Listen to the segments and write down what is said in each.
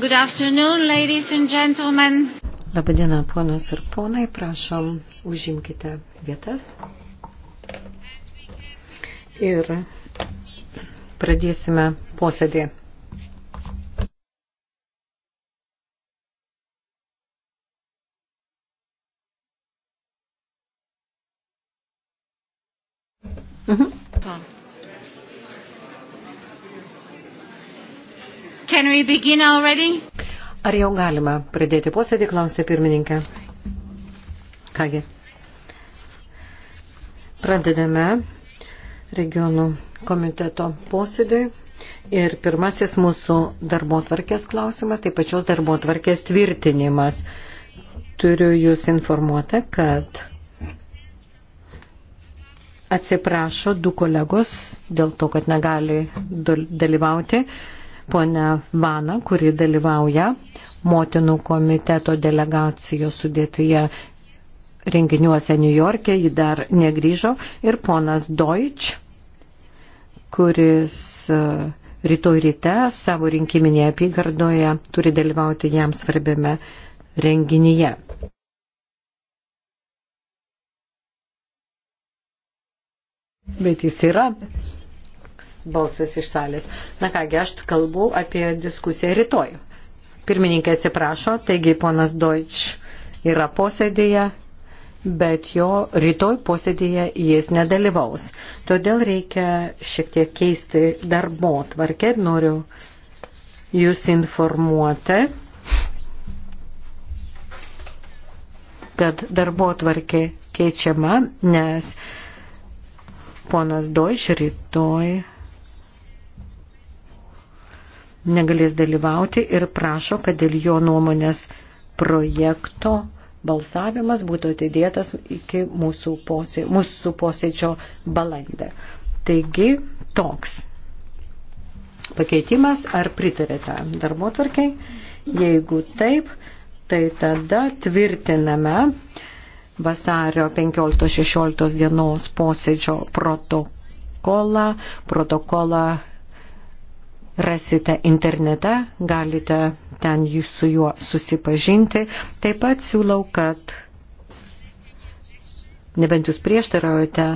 Good afternoon, ladies and gentlemen. Labadiena, ponios ir ponai, prašom, užimkite vietas. Ir pradėsime posėdį. Ar jau galima pradėti posėdį, klausė pirmininkė. Kągi, pradedame regionų komiteto posėdį. Ir pirmasis mūsų darbo tvarkės klausimas, tai pačios darbo tvarkės tvirtinimas. Turiu Jūs informuoti, kad atsiprašo du kolegos dėl to, kad negali dalyvauti ponia Vana, kuri dalyvauja motinų komiteto delegacijos sudėtyje renginiuose New York'e, ji dar negryžo, ir ponas Deutsch, kuris e, rytoj ryte savo rinkiminėje apygardoje turi dalyvauti jam svarbiame renginyje. Bet jis yra balsas iš salės. Na kągi, aš kalbu apie diskusiją rytoj. Pirmininkė atsiprašo, taigi ponas Deutsch yra posėdėje, bet jo rytoj posėdėje jis nedalyvaus. Todėl reikia šiek tiek keisti darbo tvarkę ir noriu jūs informuoti, kad darbo tvarkė keičiama, nes ponas Doiš rytoj negalės dalyvauti ir prašo, kad dėl jo nuomonės projekto balsavimas būtų atidėtas iki mūsų, posė, mūsų posėdžio balandį. Taigi toks pakeitimas, ar pritarėte darbo tvarkiai? Jeigu taip, tai tada tvirtiname vasario 15-16 dienos posėdžio protokolą, protokolą rasite internete, galite ten jūs su juo susipažinti. Taip pat siūlau, kad nebent jūs prieštaraujate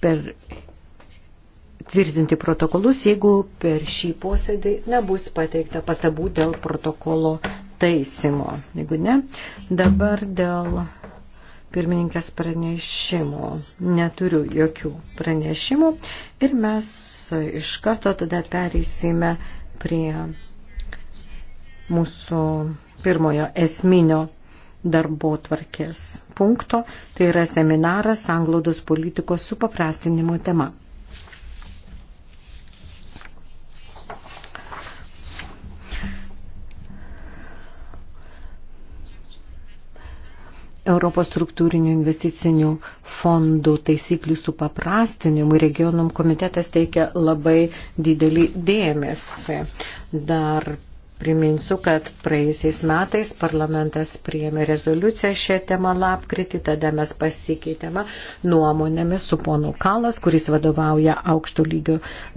per tvirtinti protokolus, jeigu per šį posėdį nebus pateikta pastabų dėl protokolo taisymo. Jeigu ne, dabar dėl pirmininkės pranešimų. Neturiu jokių pranešimų ir mes iš karto tada pereisime prie mūsų pirmojo esminio darbo tvarkės punkto, tai yra seminaras Anglodos politikos supaprastinimo tema. Europos struktūrinių investicinių fondų taisyklių supaprastinimui regionum komitetas teikia labai didelį dėmesį. Dar Priminsiu, kad praeisiais metais parlamentas priėmė rezoliuciją šią temą lapkritį, tada mes pasikeitėme nuomonėmis su ponu Kalas, kuris vadovauja aukštų lygių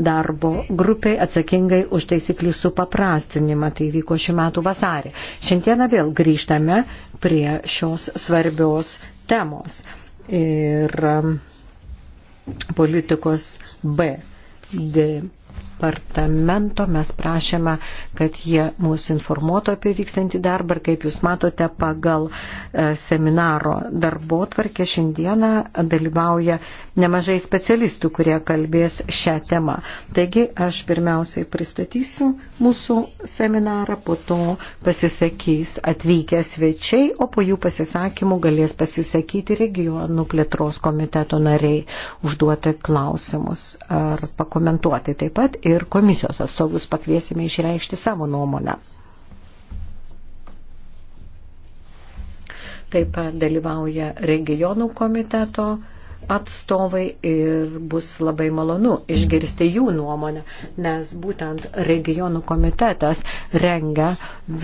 darbo grupiai atsakingai už taisyklių supaprastinimą. Tai vyko šių metų vasarį. Šiandieną vėl grįžtame prie šios svarbios temos ir um, politikos B. D departamento mes prašėme, kad jie mūsų informuotų apie vykstantį darbą ir kaip jūs matote pagal e, seminaro darbo tvarkę šiandieną dalyvauja nemažai specialistų, kurie kalbės šią temą. Taigi aš pirmiausiai pristatysiu mūsų seminarą, po to pasisakys atvykę svečiai, o po jų pasisakymų galės pasisakyti regionų plėtros komiteto nariai užduoti klausimus ar pakomentuoti taip pat ir komisijos atstovus pakviesime išreikšti savo nuomonę. Taip pat dalyvauja regionų komiteto atstovai ir bus labai malonu išgirsti jų nuomonę, nes būtent regionų komitetas rengia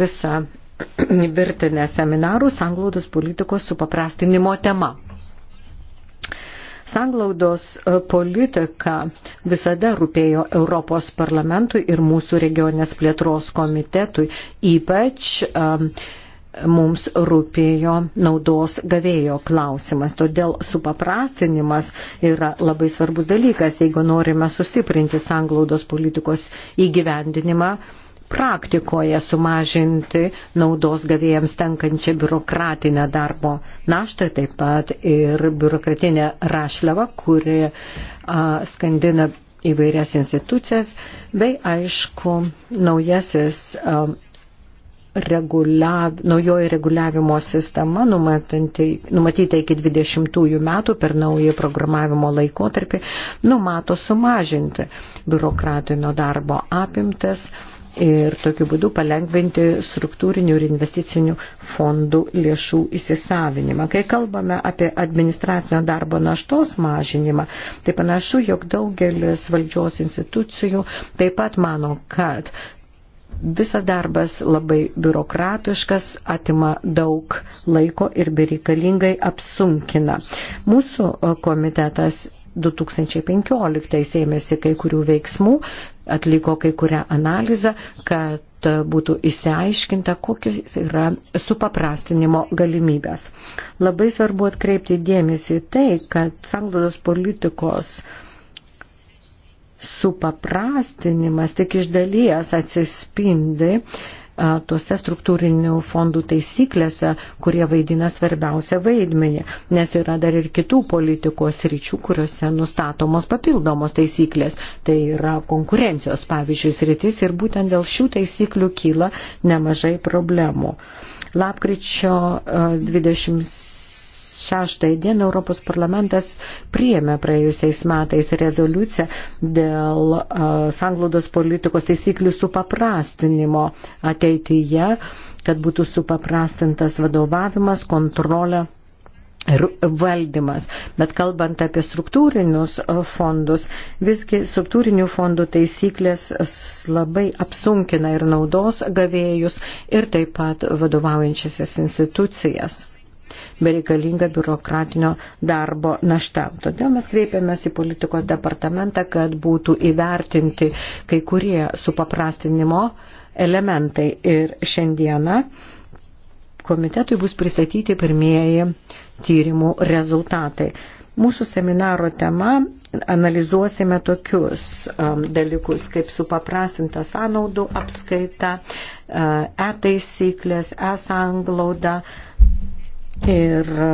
visą virtinę seminarų sanglaudos politikos supaprastinimo tema. Sanglaudos e, politika visada rūpėjo Europos parlamentui ir mūsų regionės plėtros komitetui, ypač um, mums rūpėjo naudos gavėjo klausimas. Todėl supaprastinimas yra labai svarbus dalykas, jeigu norime sustiprinti sanglaudos politikos įgyvendinimą praktikoje sumažinti naudos gavėjams tenkančią biurokratinę darbo naštą, taip pat ir biurokratinę rašliavą, kuri a, skandina įvairias institucijas, bei aišku naujasis a, reguliav, naujoji reguliavimo sistema numatyta iki 20 metų per naują programavimo laikotarpį numato sumažinti biurokratinio darbo apimtas ir tokiu būdu palengventi struktūrinių ir investicinių fondų lėšų įsisavinimą. Kai kalbame apie administracinio darbo naštos mažinimą, tai panašu, jog daugelis valdžios institucijų taip pat mano, kad Visas darbas labai biurokratiškas, atima daug laiko ir bereikalingai apsunkina. Mūsų komitetas 2015 ėmėsi kai kurių veiksmų, atliko kai kurią analizą, kad būtų įsiaiškinta, kokios yra supaprastinimo galimybės. Labai svarbu atkreipti dėmesį tai, kad sanglaudos politikos supaprastinimas tik iš dalies atsispindi tuose struktūrinių fondų taisyklėse, kurie vaidina svarbiausią vaidmenį, nes yra dar ir kitų politikos ryčių, kuriuose nustatomos papildomos taisyklės. Tai yra konkurencijos, pavyzdžiui, sritis ir būtent dėl šių taisyklių kyla nemažai problemų. Lapkričio 27 6 dieną Europos parlamentas priėmė praėjusiais metais rezoliuciją dėl sanglaudos politikos taisyklių supaprastinimo ateityje, kad būtų supaprastintas vadovavimas, kontrolė ir valdymas. Bet kalbant apie struktūrinius fondus, visgi struktūrinių fondų taisyklės labai apsunkina ir naudos gavėjus ir taip pat vadovaujančiasias institucijas bereikalinga biurokratinio darbo našta. Todėl mes kreipiamės į politikos departamentą, kad būtų įvertinti kai kurie supaprastinimo elementai. Ir šiandieną komitetui bus pristatyti pirmieji tyrimų rezultatai. Mūsų seminaro tema analizuosime tokius um, dalykus, kaip supaprastinta sąnaudų apskaita, uh, e-taisyklės, e-sanglauda, ir e,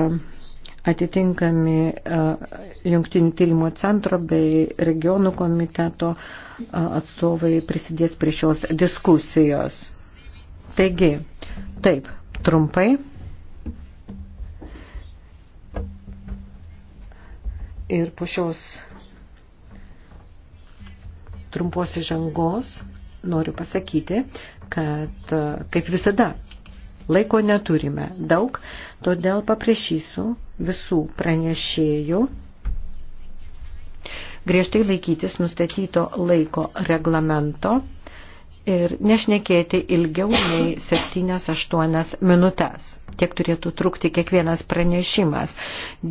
atitinkami e, jungtinių tyrimo centro bei regionų komiteto e, atstovai prisidės prie šios diskusijos. Taigi, taip, trumpai. Ir po šios trumpos įžangos noriu pasakyti, kad kaip visada laiko neturime daug, Todėl paprašysiu visų pranešėjų griežtai laikytis nustatyto laiko reglamento ir nešnekėti ilgiau nei 7-8 minutės. Tiek turėtų trukti kiekvienas pranešimas.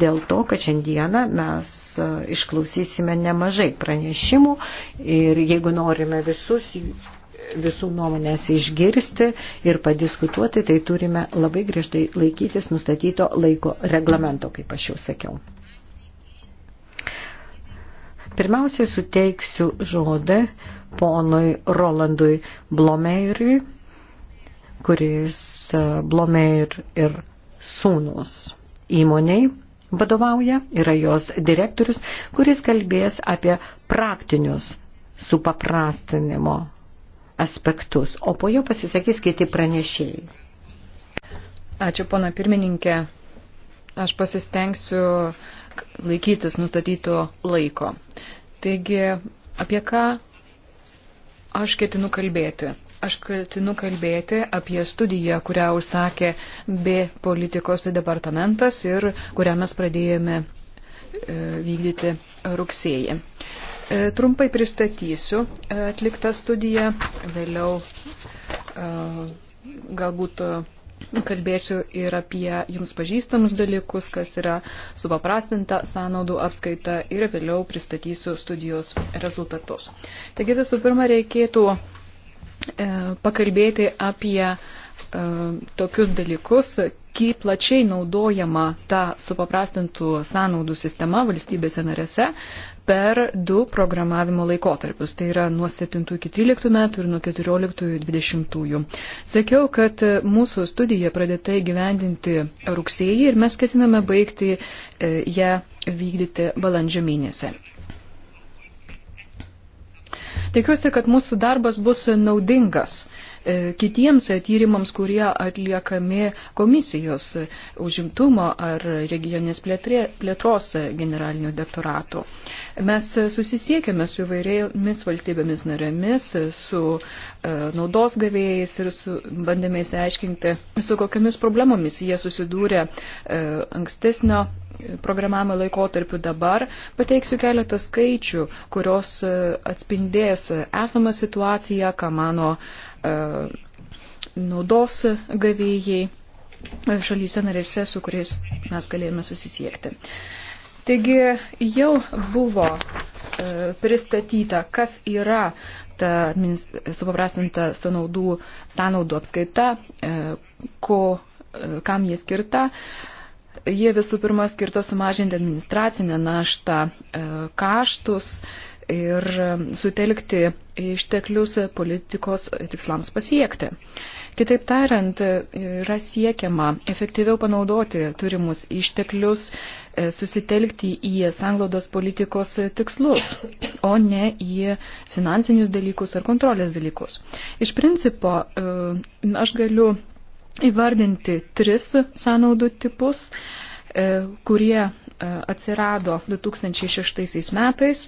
Dėl to, kad šiandieną mes e, išklausysime nemažai pranešimų ir jeigu norime visus visų nuomonės išgirsti ir padiskutuoti, tai turime labai griežtai laikytis nustatyto laiko reglamento, kaip aš jau sakiau. Pirmiausiai suteiksiu žodį ponui Rolandui Blomeiriui, kuris e, Blomeir ir sūnus įmoniai vadovauja, yra jos direktorius, kuris kalbės apie praktinius supaprastinimo aspektus, o po jo pasisakys kiti pranešėjai. Ačiū, pana pirmininkė. Aš pasistengsiu laikytis nustatyto laiko. Taigi, apie ką aš ketinu kalbėti? Aš ketinu kalbėti apie studiją, kurią užsakė B politikos departamentas ir kurią mes pradėjome e, vykdyti rugsėjį. E, trumpai pristatysiu e, atliktą studiją, vėliau e, galbūt kalbėsiu ir apie jums pažįstamus dalykus, kas yra supaprastinta sąnaudų apskaita ir vėliau pristatysiu studijos rezultatus. Taigi visų pirma reikėtų e, pakalbėti apie e, tokius dalykus, kiek plačiai naudojama ta supaprastintų sąnaudų sistema valstybėse narėse per du programavimo laikotarpius. Tai yra nuo 7 iki 13 metų ir nuo 14 iki 20. Sakiau, kad mūsų studija pradėta įgyvendinti rugsėjį ir mes ketiname baigti e, ją vykdyti balandžio mėnesį. Tikiuosi, kad mūsų darbas bus naudingas E, kitiems tyrimams, kurie atliekami komisijos užimtumo ar regionės plėtros generalinių dektoratų. Mes susisiekėme su įvairiomis valstybėmis narėmis, su e, naudos gavėjais ir su, bandėme įsiaiškinti, su kokiamis problemomis jie susidūrė e, ankstesnio programavimo laikotarpiu dabar. Pateiksiu keletą skaičių, kurios atspindės esamą situaciją, ką mano uh, E, naudos gavėjai e, šalyse narėse, su kuriais mes galėjome susisiekti. Taigi jau buvo e, pristatyta, kas yra ta supaprastinta sąnaudų, sąnaudų apskaita, ko, kam jie skirta. Jie visų pirma skirta sumažinti administracinę naštą, kaštus, ir sutelkti išteklius politikos tikslams pasiekti. Kitaip tariant, yra siekiama efektyviau panaudoti turimus išteklius, e, susitelkti į sanglaudos politikos tikslus, o ne į finansinius dalykus ar kontrolės dalykus. Iš principo, e, aš galiu įvardinti tris sąnaudų tipus, e, kurie E, atsirado 2006 metais,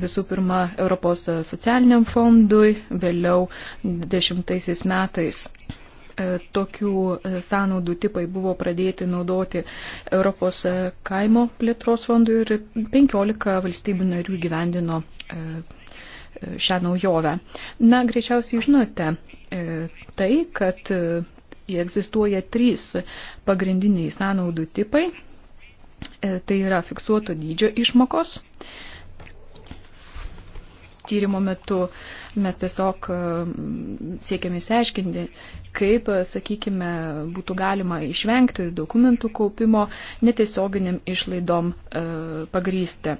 visų pirma Europos socialiniam fondui, vėliau 2010 metais. E, tokių e, sąnaudų tipai buvo pradėti naudoti Europos kaimo plėtros fondui ir 15 valstybių narių gyvendino šią naujovę. Na, greičiausiai žinote tai, kad egzistuoja trys pagrindiniai sąnaudų tipai E, tai yra fiksuoto dydžio išmokos. Tyrimo metu mes tiesiog e, siekiame įsiaiškinti, kaip, e, sakykime, būtų galima išvengti dokumentų kaupimo netiesioginiam išlaidom pagrysti.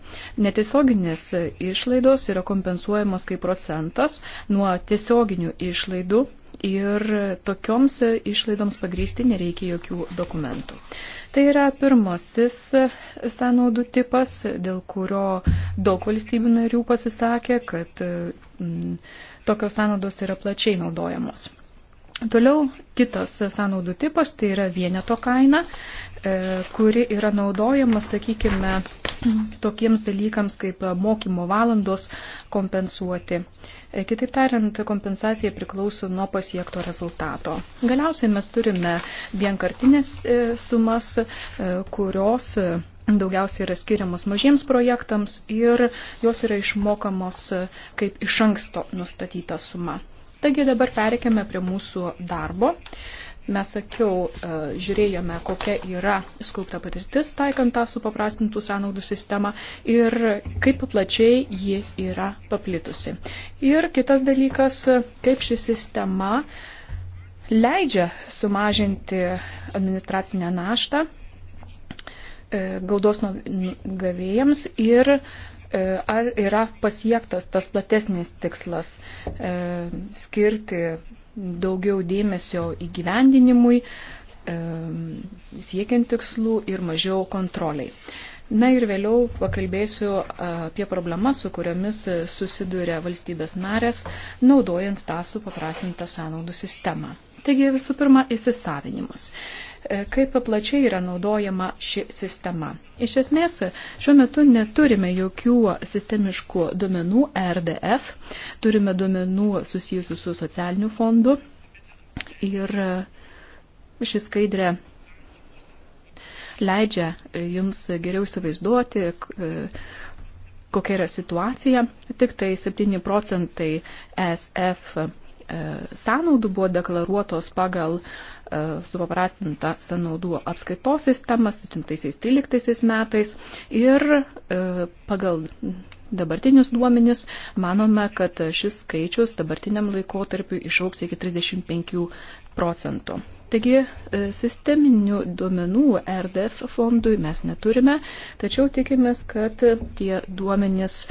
Netiesioginės išlaidos yra kompensuojamos kaip procentas nuo tiesioginių išlaidų ir tokioms išlaidoms pagrysti nereikia jokių dokumentų. Tai yra pirmasis e, sąnaudų tipas, dėl kurio daug valstybių narių pasisakė, kad e, m, tokios sąnaudos yra plačiai naudojamos. Toliau kitas sąnaudų tipas, tai yra vieneto kaina, e, kuri yra naudojama, sakykime, tokiems dalykams kaip e, mokymo valandos kompensuoti. E, kitaip tariant, kompensacija priklauso nuo pasiekto rezultato. Galiausiai mes turime vienkartinės e, sumas, kurios daugiausiai yra skiriamos mažiems projektams ir jos yra išmokamos kaip iš anksto nustatyta suma. Taigi dabar perikėme prie mūsų darbo. Mes sakiau, e, žiūrėjome, kokia yra skaupta patirtis taikant tą supaprastintų sąnaudų sistemą ir kaip plačiai ji yra paplitusi. Ir kitas dalykas, kaip ši sistema leidžia sumažinti administracinę naštą e, gaudos gavėjams ir e, ar yra pasiektas tas platesnis tikslas skirti daugiau dėmesio įgyvendinimui, e, siekiant tikslų ir mažiau kontroliai. Na ir vėliau pakalbėsiu apie problemas, su kuriomis susiduria valstybės narės, naudojant tą supaprasintą sąnaudų sistemą. Taigi visų pirma, įsisavinimas. E, kaip plačiai yra naudojama ši sistema. Iš esmės, šiuo metu neturime jokių sistemiškų duomenų e RDF, turime duomenų susijusių su socialiniu fondu ir e, ši skaidrė leidžia jums geriau įsivaizduoti, kokia yra situacija. Tik tai 7 procentai SF E, sąnaudų buvo deklaruotos pagal e, supaprastintą sąnaudų apskaitos sistemą 17-13 metais ir e, pagal dabartinius duomenis manome, kad šis skaičius dabartiniam laikotarpiu išauks iki 35 procentų. Taigi sisteminių duomenų RDF fondui mes neturime, tačiau tikimės, kad tie duomenys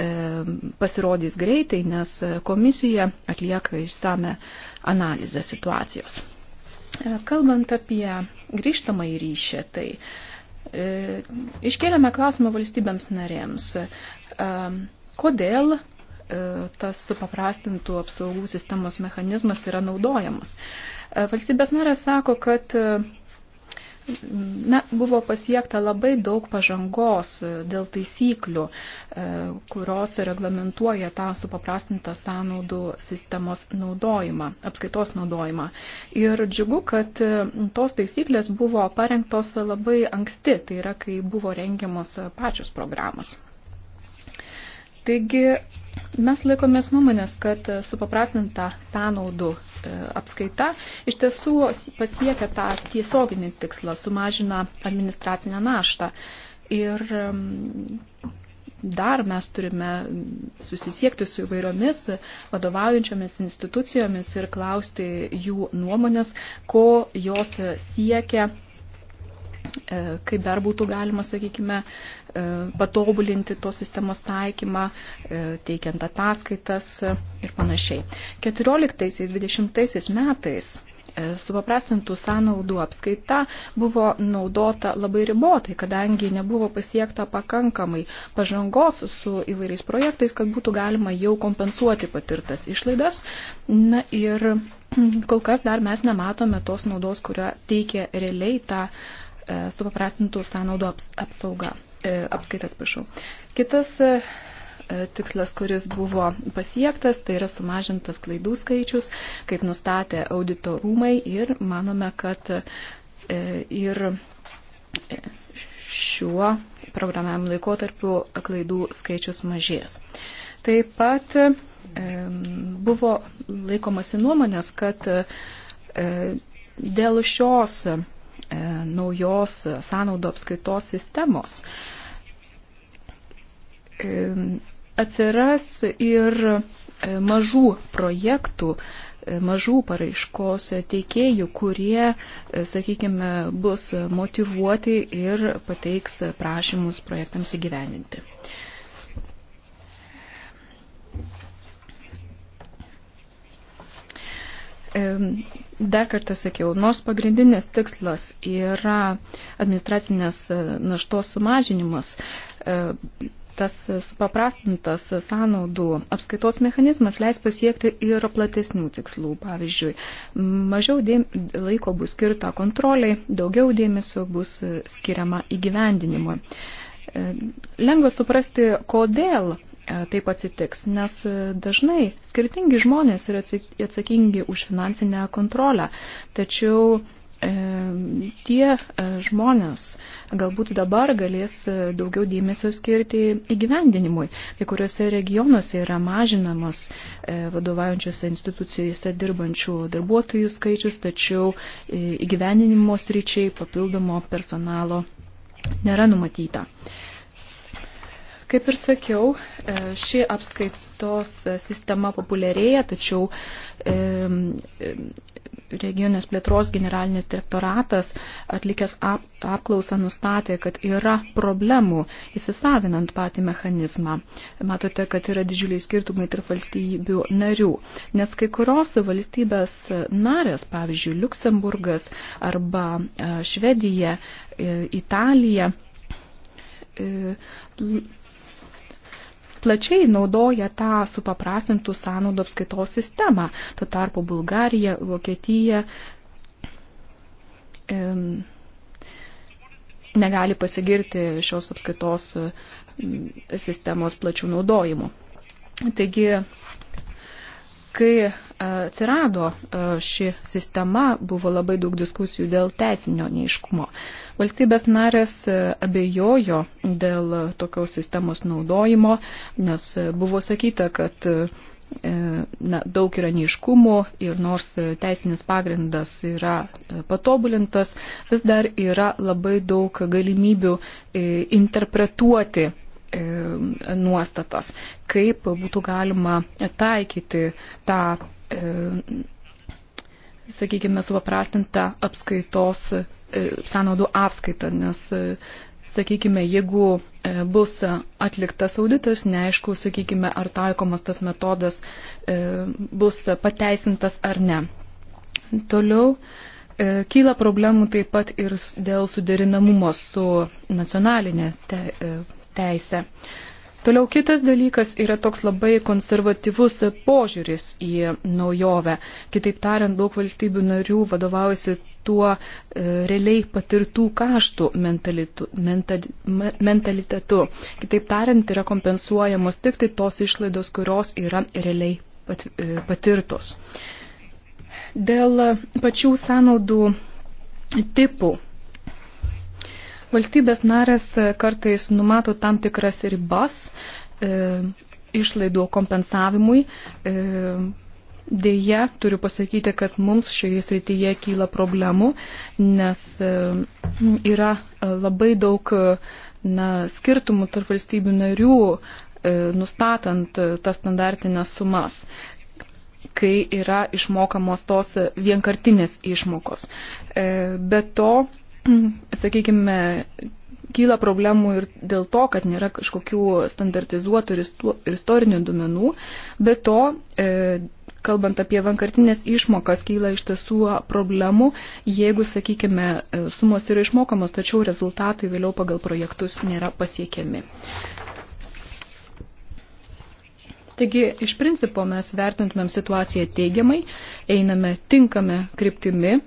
E, pasirodys greitai, nes komisija atlieka išsame analizę situacijos. E, kalbant apie grįžtamą į ryšį, tai e, iškeliame klausimą valstybėms narėms. Kodėl tas supaprastintų apsaugų sistemos mechanizmas yra naudojamas? Valstybės narės sako, kad Na, buvo pasiekta labai daug pažangos e, dėl taisyklių, e, kurios reglamentuoja tą supaprastintą sąnaudų sistemos naudojimą, apskaitos naudojimą. Ir džiugu, kad e, tos taisyklės buvo parengtos labai anksti, tai yra, kai buvo rengiamos pačios programos. Taigi mes laikomės nuomonės, kad supaprastinta sąnaudų E, apskaita iš tiesų pasiekia tą tiesioginį tikslą, sumažina administracinę naštą. Ir dar mes turime susisiekti su įvairiomis vadovaujančiomis institucijomis ir klausti jų nuomonės, ko jos siekia E, kaip dar būtų galima, sakykime, e, patobulinti tos sistemos taikymą, e, teikiant ataskaitas ir panašiai. 14-20 metais supaprastintų sąnaudų apskaita buvo naudota labai ribotai, kadangi nebuvo pasiekta pakankamai pažangos su įvairiais projektais, kad būtų galima jau kompensuoti patirtas išlaidas. Na ir kol kas dar mes nematome tos naudos, kurią teikia realiai ta uh, E, supaprastintų sąnaudų apsauga, e, apskaitas, prašau. Kitas e, tikslas, kuris buvo pasiektas, tai yra sumažintas klaidų skaičius, kaip nustatė audito rūmai ir manome, kad ir šiuo programavimo laikotarpiu klaidų skaičius mažės. Taip pat buvo laikomasi nuomonės, kad dėl šios E, naujos sąnaudo apskaitos sistemos. E, atsiras ir e, mažų projektų, mažų paraiškos teikėjų, kurie, sakykime, bus motivuoti ir pateiks prašymus projektams įgyveninti. Dar kartą sakiau, nors pagrindinis tikslas yra administracinės e, naštos sumažinimas, e, tas supaprastintas sąnaudų apskaitos mechanizmas leis pasiekti ir platesnių tikslų. Pavyzdžiui, mažiau dėm... laiko bus skirta kontroliai, daugiau dėmesio bus e, skiriama įgyvendinimui. Lengva suprasti, kodėl E, taip atsitiks, nes e, dažnai skirtingi žmonės yra atsakingi už finansinę kontrolę, tačiau e, tie žmonės galbūt dabar galės daugiau dėmesio skirti įgyvendinimui. Kai kuriuose regionuose yra mažinamas vadovaujančiose institucijose dirbančių darbuotojų skaičius, tačiau įgyvendinimo sryčiai papildomo personalo nėra numatyta. Kaip ir sakiau, e, ši apskaitos e, sistema populiarėja, tačiau e, regionės plėtros generalinis direktoratas atlikęs apklausą nustatė, kad yra problemų įsisavinant patį mechanizmą. Matote, kad yra didžiuliai skirtumai tarp valstybių narių, nes kai kurios valstybės narės, pavyzdžiui, Luksemburgas arba Švedija, Italija, plačiai naudoja tą supaprastintų sąnaudų apskaitos sistemą. Tuo tarpu Bulgarija, Vokietija um, negali pasigirti šios apskaitos sistemos plačių naudojimų. Taigi Kai e, atsirado e, ši sistema, buvo labai daug diskusijų dėl teisinio neiškumo. Valstybės narės e, abejojo dėl tokios sistemos naudojimo, nes buvo sakyta, kad na, daug yra neiškumų ir nors teisinis pagrindas yra patobulintas, vis dar yra labai daug galimybių interpretuoti E, nuostatas, kaip būtų galima taikyti tą, e, sakykime, supaprastintą apskaitos, e, sąnaudų apskaitą, nes, sakykime, jeigu bus atliktas auditas, neaišku, sakykime, ar taikomas tas metodas bus pateisintas ar ne. Toliau kyla problemų taip pat ir dėl suderinamumo su nacionalinė te, teisę. Toliau kitas dalykas yra toks labai konservatyvus požiūris į naujovę. Kitaip tariant, daug valstybių narių vadovaujasi tuo e, realiai patirtų kaštų mentalitu, mental, mentalitetu. Kitaip tariant, yra kompensuojamos tik tai tos išlaidos, kurios yra realiai pat, e, patirtos. Dėl pačių sąnaudų tipų Valstybės narės e, kartais numato tam tikras ribas e, išlaidų kompensavimui. E, Deja, turiu pasakyti, kad mums šioje srityje kyla problemų, nes e, yra e, labai daug na, skirtumų tarp valstybių narių, nustatant tas standartinės sumas kai yra išmokamos tos vienkartinės išmokos. Be to, sakykime, kyla problemų ir dėl to, kad nėra kažkokių standartizuotų ir istorinių duomenų, bet to, e, kalbant apie vankartinės išmokas, kyla iš tiesų problemų, jeigu, sakykime, e, sumos yra išmokamos, tačiau rezultatai vėliau pagal projektus nėra pasiekiami. Taigi, iš principo mes vertintumėm situaciją teigiamai, einame tinkame kryptimi,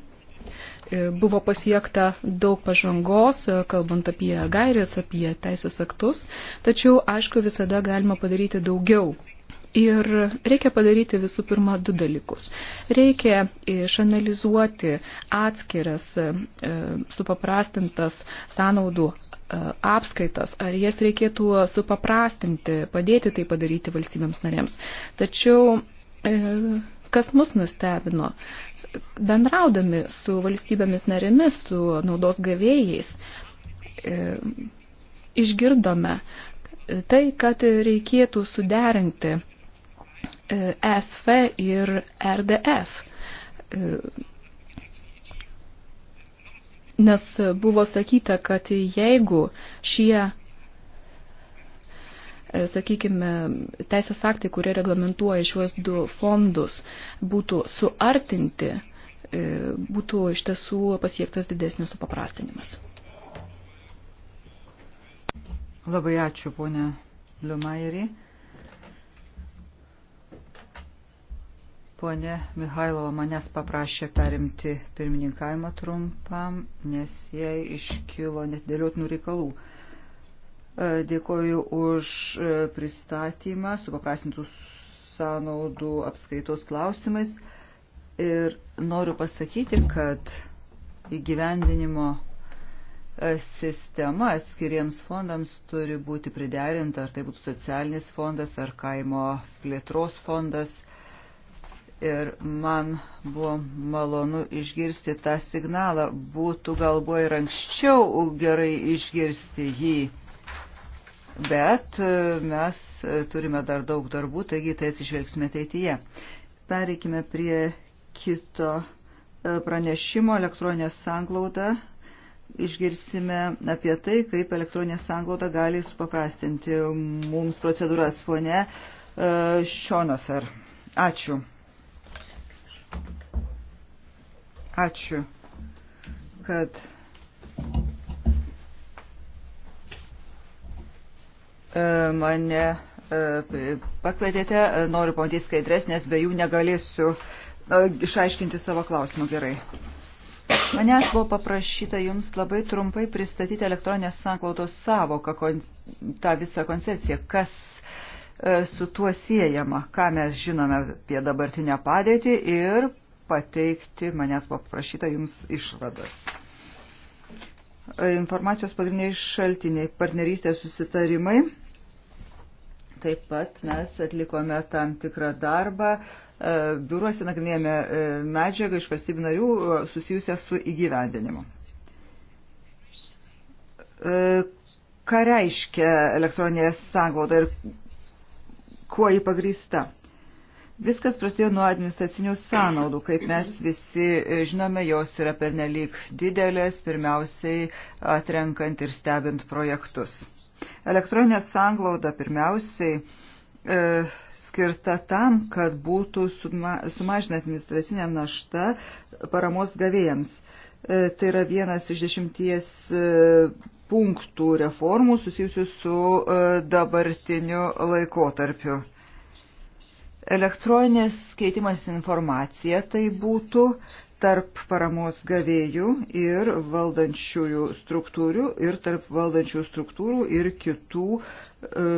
E, buvo pasiekta daug pažangos, e, kalbant apie gairės, apie teisės aktus, tačiau, aišku, visada galima padaryti daugiau. Ir reikia padaryti visų pirma du dalykus. Reikia išanalizuoti atskiras e, supaprastintas sąnaudų apskaitas, ar jas reikėtų supaprastinti, padėti tai padaryti valstybėms narėms. Tačiau kas mus nustebino. Bendraudami su valstybėmis narėmis, su naudos gavėjais, e, išgirdome tai, kad reikėtų suderinti ESF e ir RDF. E, nes buvo sakyta, kad jeigu šie E, sakykime, teisės aktai, kurie reglamentuoja šiuos du fondus, būtų suartinti, e, būtų iš tiesų pasiektas didesnis supaprastinimas. Labai ačiū, ponė Liumairį. Pone Mihailova manęs paprašė perimti pirmininkavimą trumpam, nes jai iškilo net dėliotinų reikalų. E, dėkoju už e, pristatymą su paprasintų sąnaudų apskaitos klausimais ir noriu pasakyti, kad įgyvendinimo e, sistema atskiriems fondams turi būti priderinta, ar tai būtų socialinis fondas ar kaimo plėtros fondas. Ir man buvo malonu išgirsti tą signalą. Būtų galbūt ir anksčiau gerai išgirsti jį bet e, mes e, turime dar daug darbų, taigi tai atsižvelgsime ateityje. Pereikime prie kito e, pranešimo elektroninė sanglauda. Išgirsime apie tai, kaip elektroninė sanglauda gali supaprastinti mums procedūras, ponė Šonofer. Ačiū. Ačiū, kad mane e, pakvietėte, noriu pamatyti skaidres, nes be jų negalėsiu išaiškinti savo klausimų gerai. Manęs buvo paprašyta jums labai trumpai pristatyti elektroninės sanklaudos savoką, tą visą koncepciją, kas e, su tuo siejama, ką mes žinome apie dabartinę padėtį ir pateikti manęs buvo paprašyta jums išvadas. E, informacijos pagrindiniai šaltiniai - partnerystės susitarimai Taip pat mes atlikome tam tikrą darbą. E, biuruose nagrinėjame e, medžiagą iš valstybių narių e, susijusią su įgyvendinimu. Ką reiškia elektroninė sanglauda ir kuo jį pagrįsta? Viskas prasidėjo nuo administracinių sąnaudų, kaip mes visi žinome, jos yra pernelyg didelės, pirmiausiai atrenkant ir stebint projektus. Elektroninė sanglauda pirmiausiai e, skirta tam, kad būtų suma, sumažina administracinė našta paramos gavėjams. E, tai yra vienas iš dešimties e, punktų reformų susijusių su e, dabartiniu laikotarpiu. Elektroninės keitimas informacija tai būtų tarp paramos gavėjų ir valdančiųjų struktūrių ir tarp valdančiųjų struktūrų ir kitų e,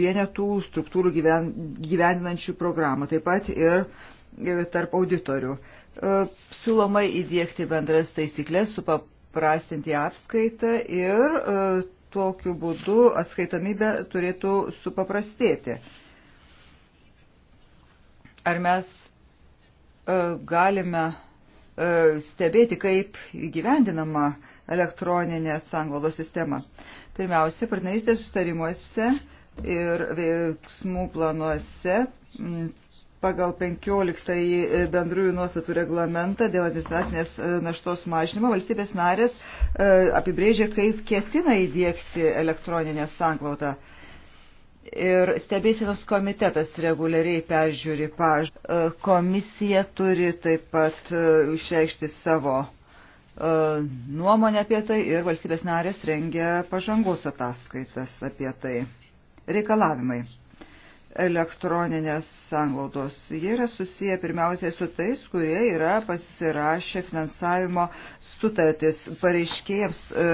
vienetų struktūrų gyven, gyvendinančių programą, taip pat ir e, tarp auditorių. E, siūloma įdėkti bendras taisyklės, supaprastinti apskaitą ir e, tokiu būdu atskaitomybė turėtų supaprastėti. Ar mes e, galime E, stebėti, kaip įgyvendinama elektroninė sanglaudos sistema. Pirmiausia, partnerystės sustarimuose ir veiksmų planuose pagal 15 bendrųjų nuostatų reglamentą dėl administracinės e, naštos mažinimo valstybės narės e, apibrėžia, kaip ketina įdėkti elektroninę sanglaudą ir stebėsienos komitetas reguliariai peržiūri paž. E, komisija turi taip pat e, išreikšti savo e, nuomonę apie tai ir valstybės narės rengia pažangos ataskaitas apie tai. Reikalavimai elektroninės sanglaudos. Jie yra susiję pirmiausiai su tais, kurie yra pasirašę finansavimo sutartis. Pareiškėjams e,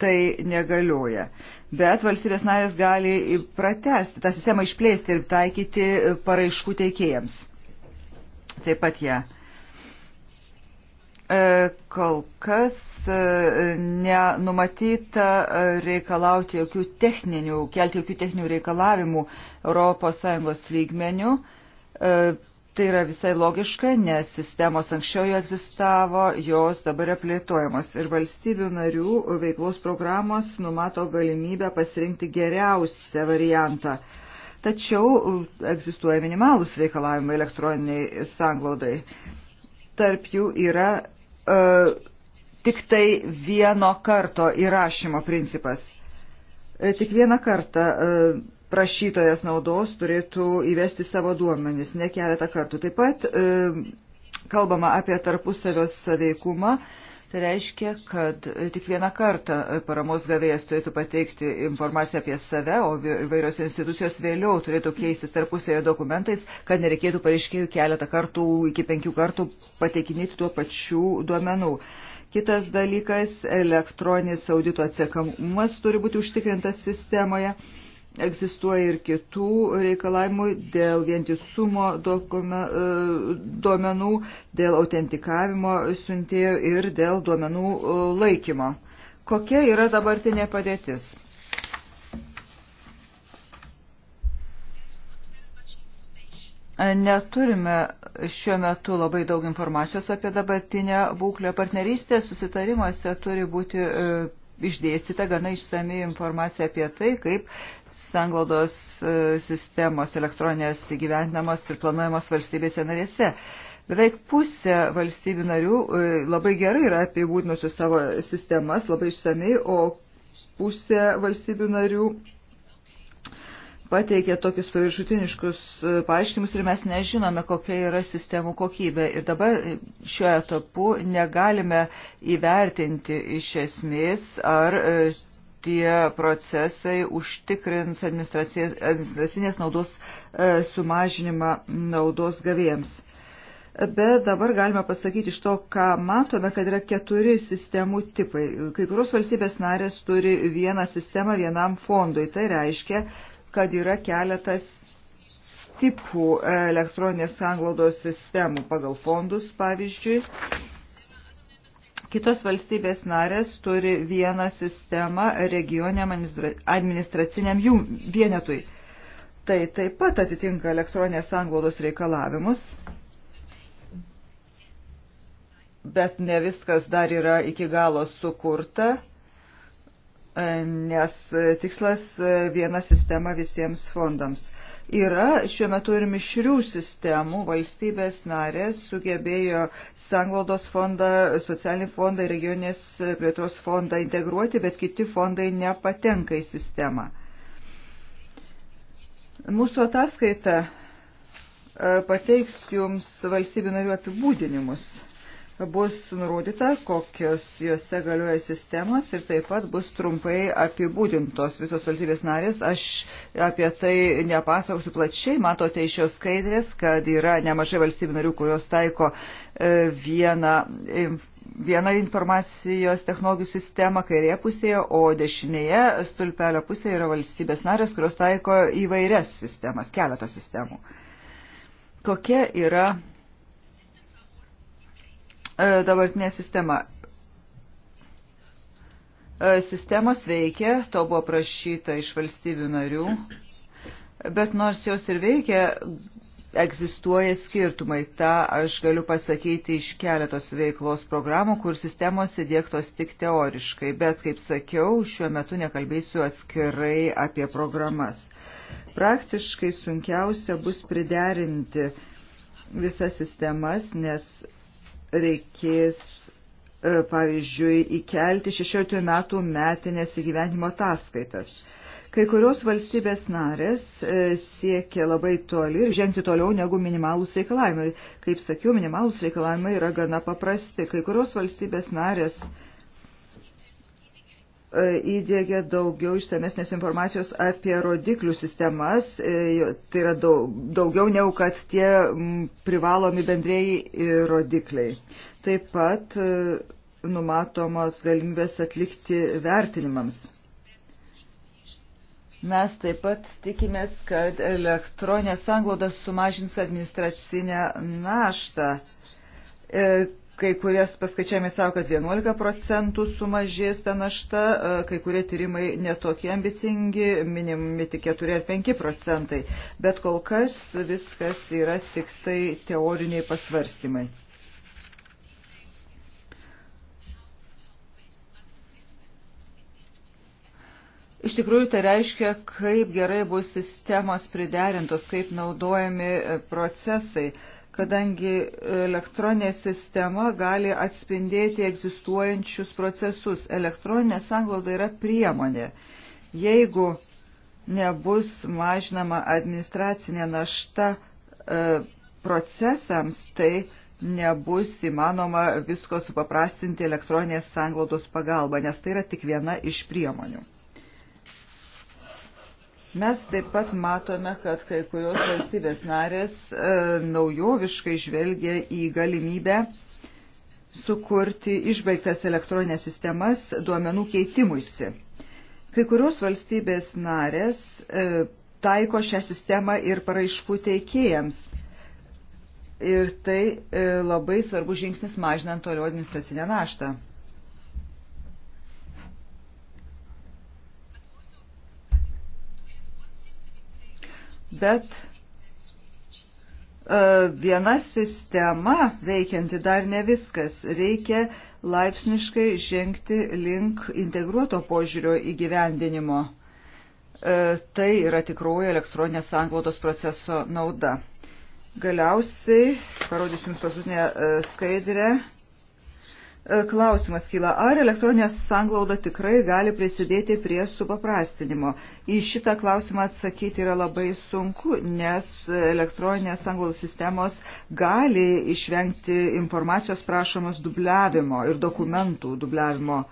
tai negalioja. Bet valstybės narės gali pratesti, tą sistemą išplėsti ir taikyti e, paraiškų teikėjams. Taip pat ją. Ja. E, kol kas e, nenumatyta reikalauti jokių techninių, kelti jokių techninių reikalavimų ES lygmenių Tai yra visai logiška, nes sistemos anksčiau jau egzistavo, jos dabar yra plėtojamos ir valstybių narių veiklos programos numato galimybę pasirinkti geriausią variantą. Tačiau egzistuoja minimalūs reikalavimai elektroniniai sanglaudai. Tarp jų yra uh, tik tai vieno karto įrašymo principas. E, tik vieną kartą. Uh, prašytojas naudos turėtų įvesti savo duomenis ne keletą kartų. Taip pat e, kalbama apie tarpusavio saveikumą. Tai reiškia, kad tik vieną kartą paramos gavėjas turėtų pateikti informaciją apie save, o vairios institucijos vėliau turėtų keistis tarpusėje dokumentais, kad nereikėtų pareiškėjų keletą kartų iki penkių kartų pateikinėti tuo pačių duomenų. Kitas dalykas - elektroninis audito atsiekamumas turi būti užtikrintas sistemoje egzistuoja ir kitų reikalavimų dėl vientisumo e, duomenų, dėl autentikavimo siuntėjo ir dėl duomenų e, laikymo. Kokia yra dabartinė padėtis? Neturime šiuo metu labai daug informacijos apie dabartinę būklę. Partnerystės susitarimuose turi būti e, išdėstyta gana išsami informacija apie tai, kaip sanglaudos e, sistemos elektroninės įgyvendinamos ir planuojamos valstybėse narėse. Beveik pusė valstybių narių e, labai gerai yra apibūdinusių savo sistemas, labai išsamei, o pusė valstybių narių pateikė tokius paviršutiniškus e, paaiškimus ir mes nežinome, kokia yra sistemų kokybė. Ir dabar šiuo etapu negalime įvertinti iš esmės, ar e, tie procesai užtikrins administracinės naudos e, sumažinimą naudos gavėjams. Bet dabar galime pasakyti iš to, ką matome, kad yra keturi sistemų tipai. Kai kurios valstybės narės turi vieną sistemą vienam fondui. Tai reiškia, kad yra keletas tipų elektroninės sanglaudos sistemų pagal fondus, pavyzdžiui. Kitos valstybės narės turi vieną sistemą regioniam administraciniam jų vienetui. Tai taip pat atitinka elektroninės sanglaudos reikalavimus, bet ne viskas dar yra iki galo sukurta nes tikslas viena sistema visiems fondams. Yra šiuo metu ir mišrių sistemų, valstybės narės sugebėjo Sanglaudos fondą, socialinį fondą ir regionės plėtros fondą integruoti, bet kiti fondai nepatenka į sistemą. Mūsų ataskaita e, pateiks jums valstybių narių apibūdinimus bus nurodyta, kokios juose galioja sistemos ir taip pat bus trumpai apibūdintos visos valstybės narės. Aš apie tai nepasakosiu plačiai, matote iš šios skaidrės, kad yra nemažai valstybių narių, kurios taiko e, vieną vieną informacijos technologijų sistemą kairėje pusėje, o dešinėje stulpelio pusėje yra valstybės narės, kurios taiko įvairias sistemas, keletą sistemų. Kokia yra E, dabartinė sistema. E, sistemos veikia, to buvo prašyta iš valstybių narių, bet nors jos ir veikia, egzistuoja skirtumai. Ta aš galiu pasakyti iš keletos veiklos programų, kur sistemos įdėktos tik teoriškai, bet, kaip sakiau, šiuo metu nekalbėsiu atskirai apie programas. Praktiškai sunkiausia bus priderinti visas sistemas, nes reikės, e, pavyzdžiui, įkelti 16 metų metinės įgyvenimo ataskaitas. Kai kurios valstybės narės e, siekia labai toli ir žengti toliau negu minimalūs reikalavimai. Kaip sakiau, minimalūs reikalavimai yra gana paprasti. Kai kurios valstybės narės uh, E, įdėgė daugiau išsamesnės informacijos apie rodiklių sistemas, e, tai yra daugiau negu kad tie privalomi bendrėjai rodikliai. Taip pat e, numatomos galimybės atlikti vertinimams. Mes taip pat tikimės, kad elektroninė sanglauda sumažins administracinę naštą Kai kurias paskaičiavimai savo, kad 11 procentų sumažės ta našta, e, kai kurie tyrimai netokie ambicingi, minimi tik 4 ar 5 procentai. Bet kol kas viskas yra tik tai teoriniai pasvarstymai. Iš tikrųjų, tai reiškia, kaip gerai bus sistemos priderintos, kaip naudojami e, procesai kadangi elektroninė sistema gali atspindėti egzistuojančius procesus. Elektroninė sanglauda yra priemonė. Jeigu nebus mažinama administracinė našta e, procesams, tai nebus įmanoma visko supaprastinti elektroninės sanglaudos pagalba, nes tai yra tik viena iš priemonių. Mes taip pat matome, kad kai kurios valstybės narės e, naujoviškai žvelgia į galimybę sukurti išbaigtas elektroninės sistemas duomenų keitimuisi. Kai kurios valstybės narės e, taiko šią sistemą ir paraiškų teikėjams. Ir tai e, labai svarbus žingsnis mažinant toliau administracinę naštą. bet e, viena sistema veikianti dar ne viskas. Reikia laipsniškai žengti link integruoto požiūrio įgyvendinimo. E, tai yra tikroji elektroninės sanglaudos proceso nauda. Galiausiai, parodysiu Jums paskutinę e, skaidrę, E, klausimas kyla, ar elektroninė sanglauda tikrai gali prisidėti prie supaprastinimo? Į šitą klausimą atsakyti yra labai sunku, nes elektroninės sanglaudų sistemos gali išvengti informacijos prašomos dubliavimo ir dokumentų dubliavimo.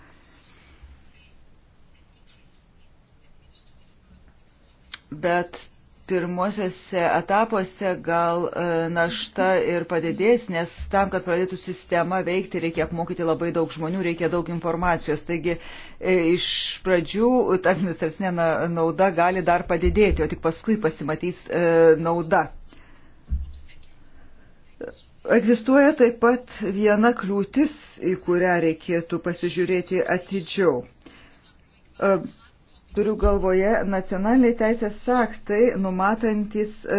Bet pirmosiuose etapuose gal e, našta ir padidės, nes tam, kad pradėtų sistema veikti, reikia apmokyti labai daug žmonių, reikia daug informacijos. Taigi e, iš pradžių ta administracinė nauda gali dar padidėti, o tik paskui pasimatys e, nauda. Egzistuoja taip pat viena kliūtis, į kurią reikėtų pasižiūrėti atidžiau Turiu galvoje nacionaliniai teisės aktai numatantis e,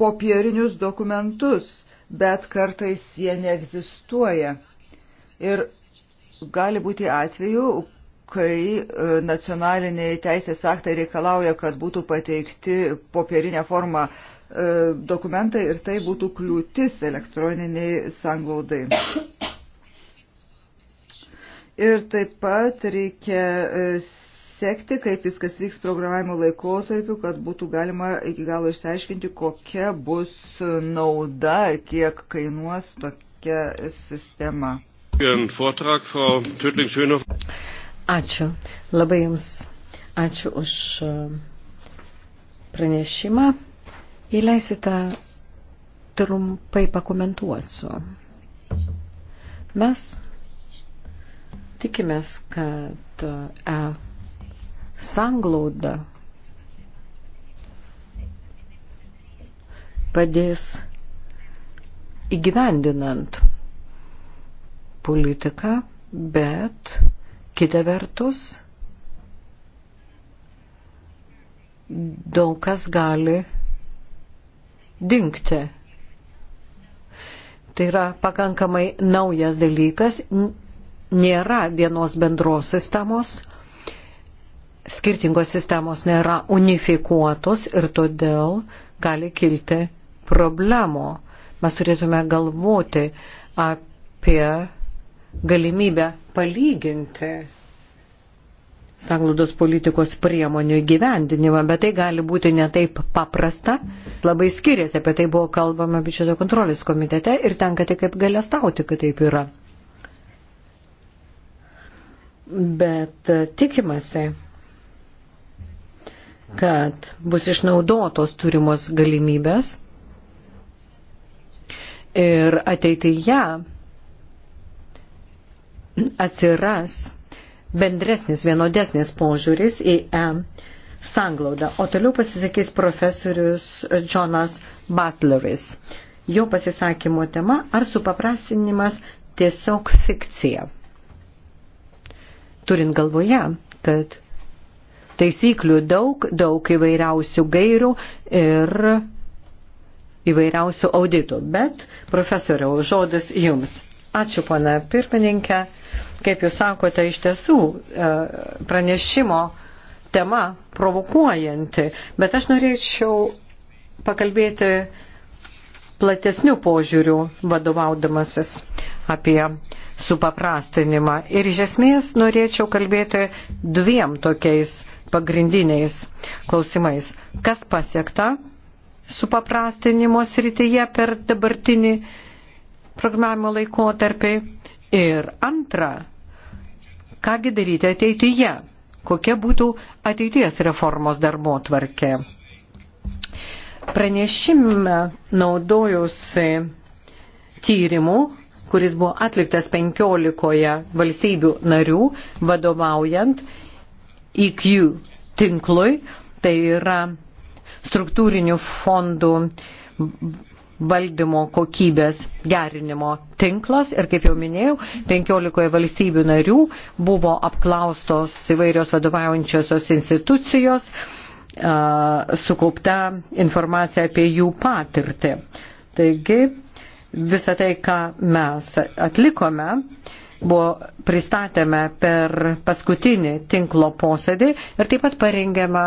popierinius dokumentus, bet kartais jie neegzistuoja. Ir gali būti atveju, kai e, nacionaliniai teisės aktai reikalauja, kad būtų pateikti popierinę formą e, dokumentai ir tai būtų kliūtis elektroniniai sanglaudai. Ir taip pat reikia e, sekti, kaip viskas vyks programavimo laikotarpiu, kad būtų galima iki galo išsiaiškinti, kokia bus nauda, kiek kainuos tokia sistema. Ačiū. Labai Jums ačiū už e, pranešimą. Įleisite trumpai pakomentuosiu. Mes tikimės, kad e sanglauda padės įgyvendinant politiką, bet kita vertus daug kas gali dinkti. Tai yra pakankamai naujas dalykas, nėra vienos bendros sistemos, skirtingos sistemos nėra unifikuotos ir todėl gali kilti problemų. Mes turėtume galvoti apie galimybę palyginti sanglaudos politikos priemonių įgyvendinimą, bet tai gali būti netaip paprasta, labai skiriasi, apie tai buvo kalbama biudžeto kontrolės komitete ir tenka tik kaip galėstauti, kad taip yra. Bet tikimasi, kad bus išnaudotos turimos galimybės ir ateityje atsiras bendresnis, vienodesnis požiūris į E sanglaudą. O toliau pasisakys profesorius Jonas Butleris. Jo pasisakymo tema ar supaprastinimas tiesiog fikcija. Turint galvoje, kad taisyklių daug, daug įvairiausių gairių ir įvairiausių auditų. Bet, profesoriau, žodis jums. Ačiū, pana pirmininkė. Kaip jūs sakote, iš tiesų e, pranešimo tema provokuojanti, bet aš norėčiau pakalbėti platesnių požiūrių vadovaudamasis apie uh, supaprastinimą. Ir iš esmės norėčiau kalbėti dviem tokiais pagrindiniais klausimais. Kas pasiekta supaprastinimo srityje per dabartinį programavimo laikotarpį? Ir antra, kągi daryti ateityje? Kokia būtų ateities reformos darbo tvarkė? Pranešime naudojusi tyrimų, kuris buvo atliktas 15 valstybių narių, vadovaujant IQ tinklui, tai yra struktūrinių fondų valdymo kokybės gerinimo tinklas ir, kaip jau minėjau, 15 valstybių narių buvo apklaustos įvairios vadovaujančiosios institucijos, sukaupta informacija apie jų patirtį. Taigi, Visą tai, ką mes atlikome, buvo pristatėme per paskutinį tinklo posėdį ir taip pat parengėme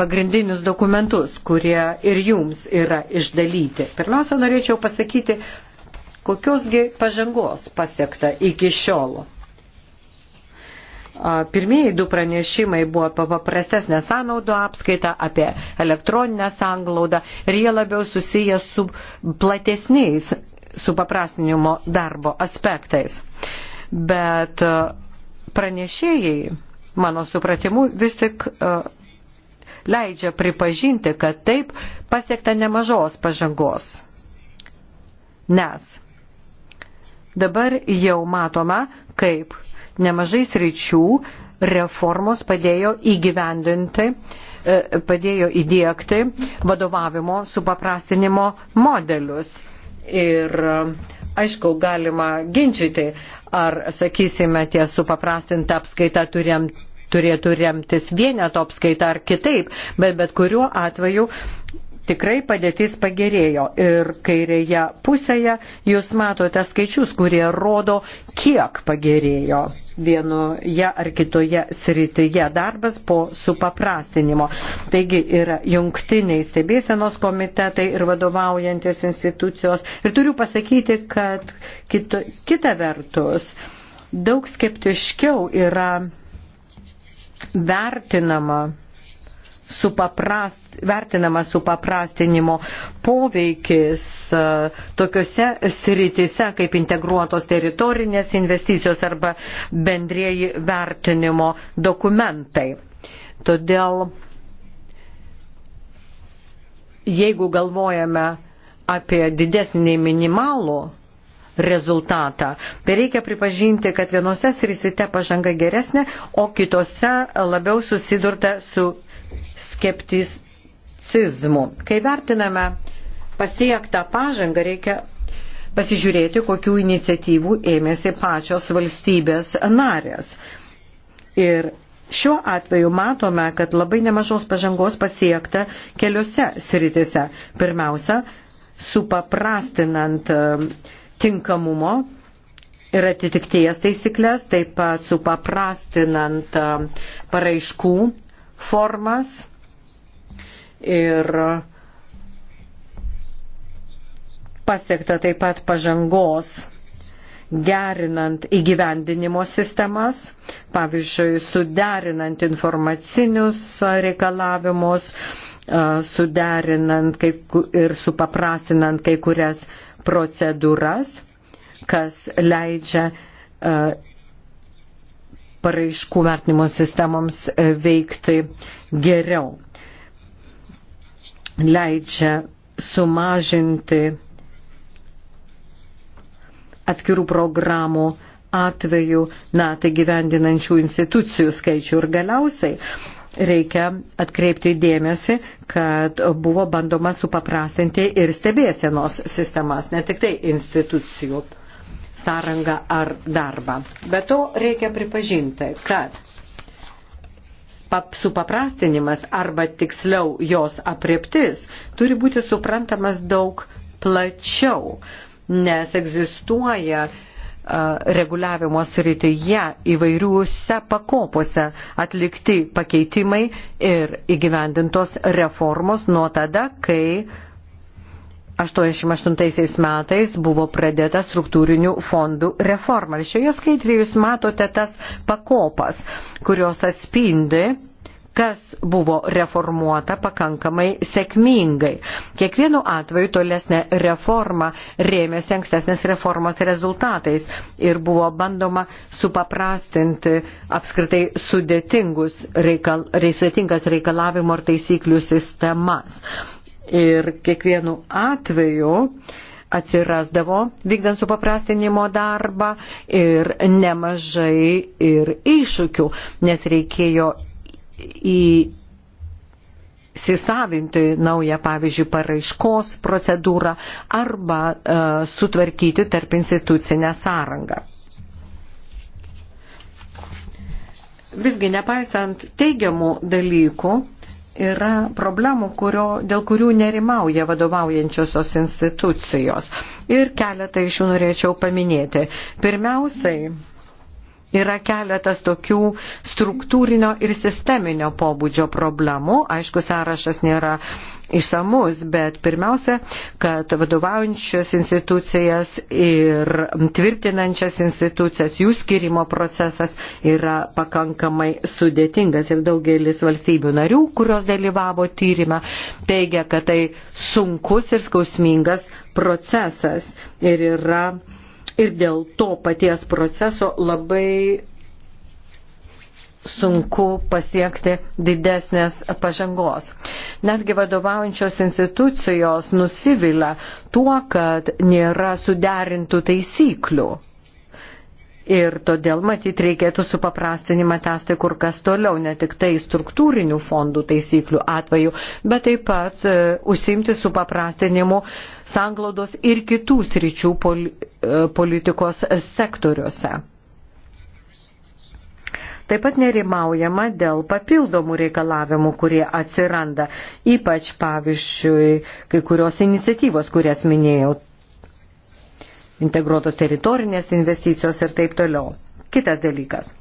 pagrindinius dokumentus, kurie ir jums yra išdalyti. Pirmiausia, norėčiau pasakyti, kokiosgi pažangos pasiekta iki šiol. Pirmieji du pranešimai buvo apie paprastesnę sąnaudų apskaitą, apie elektroninę sanglaudą ir jie labiau susiję su platesniais supaprastinimo darbo aspektais. Bet pranešėjai, mano supratimu, vis tik leidžia pripažinti, kad taip pasiekta nemažos pažangos. Nes dabar jau matoma, kaip nemažai sričių reformos padėjo įgyvendinti, e, padėjo įdėkti vadovavimo supaprastinimo modelius. Ir e, aišku, galima ginčyti, ar, sakysime, tie supaprastinta apskaita turėm, turėtų remtis vieneto apskaita ar kitaip, bet bet kuriuo atveju tikrai padėtis pagerėjo. Ir kairėje pusėje jūs matote skaičius, kurie rodo, kiek pagerėjo vienoje ar kitoje srityje darbas po supaprastinimo. Taigi yra jungtiniai stebėsenos komitetai ir vadovaujantis institucijos. Ir turiu pasakyti, kad kito, kita vertus daug skeptiškiau yra vertinama supaprast, vertinamas supaprastinimo poveikis e, tokiuose sritise kaip integruotos teritorinės investicijos arba bendrieji vertinimo dokumentai. Todėl jeigu galvojame apie didesnį nei minimalų rezultatą. Tai reikia pripažinti, kad vienose srisite pažanga geresnė, o kitose labiau susidurta su skepticizmu. Kai vertiname pasiektą pažangą, reikia pasižiūrėti, kokių iniciatyvų ėmėsi pačios valstybės narės. Ir Šiuo atveju matome, kad labai nemažos pažangos pasiekta keliose sritise. Pirmiausia, supaprastinant e, tinkamumo ir atitikties taisyklės, taip pat supaprastinant e, paraiškų formas ir pasiekta taip pat pažangos gerinant įgyvendinimo sistemas, pavyzdžiui, suderinant informacinius reikalavimus, suderinant kai, ir supaprastinant kai kurias procedūras, kas leidžia paraiškų vertinimo sistemoms e, veikti geriau. Leidžia sumažinti atskirų programų atveju, na, tai gyvendinančių institucijų skaičių ir galiausiai reikia atkreipti dėmesį, kad buvo bandoma supaprastinti ir stebėsienos sistemas, ne tik tai institucijų sąrangą ar darbą. Be to reikia pripažinti, kad supaprastinimas arba tiksliau jos apriptis turi būti suprantamas daug plačiau, nes egzistuoja reguliavimo srityje įvairiuose pakopose atlikti pakeitimai ir įgyvendintos reformos nuo tada, kai 88 metais buvo pradėta struktūrinių fondų reforma. Ir šioje skaitrėje jūs matote tas pakopas, kurios atspindi kas buvo reformuota pakankamai sėkmingai. Kiekvienu atveju tolesnė reforma rėmėsi ankstesnės reformos rezultatais ir buvo bandoma supaprastinti apskritai sudėtingas reikalavimo ir taisyklių sistemas ir kiekvienu atveju atsirasdavo vykdant supaprastinimo darbą ir nemažai ir iššūkių, nes reikėjo į įsisavinti naują, pavyzdžiui, paraiškos procedūrą arba e, sutvarkyti tarp institucinę sąrangą. Visgi, nepaisant teigiamų dalykų, yra problemų, kurio, dėl kurių nerimauja vadovaujančiosios institucijos. Ir keletą iš jų norėčiau paminėti. Pirmiausiai, yra keletas tokių struktūrinio ir sisteminio pobūdžio problemų. Aišku, sąrašas nėra išsamus, bet pirmiausia, kad vadovaujančias institucijas ir tvirtinančias institucijas, jų skirimo procesas yra pakankamai sudėtingas ir daugelis valstybių narių, kurios dalyvavo tyrimą, teigia, kad tai sunkus ir skausmingas procesas ir yra ir dėl to paties proceso labai sunku pasiekti didesnės pažangos. Netgi vadovaujančios institucijos nusivylę tuo, kad nėra suderintų taisyklių. Ir todėl, matyt, reikėtų supaprastinimą tęsti kur kas toliau, ne tik tai struktūrinių fondų taisyklių atveju, bet taip pat e, užsimti supaprastinimu sanglaudos ir kitų sričių pol, e, politikos sektoriuose. Taip pat nerimaujama dėl papildomų reikalavimų, kurie atsiranda, ypač pavyzdžiui kai kurios iniciatyvos, kurias minėjau integruotos teritorinės investicijos ir taip toliau. Kitas dalykas.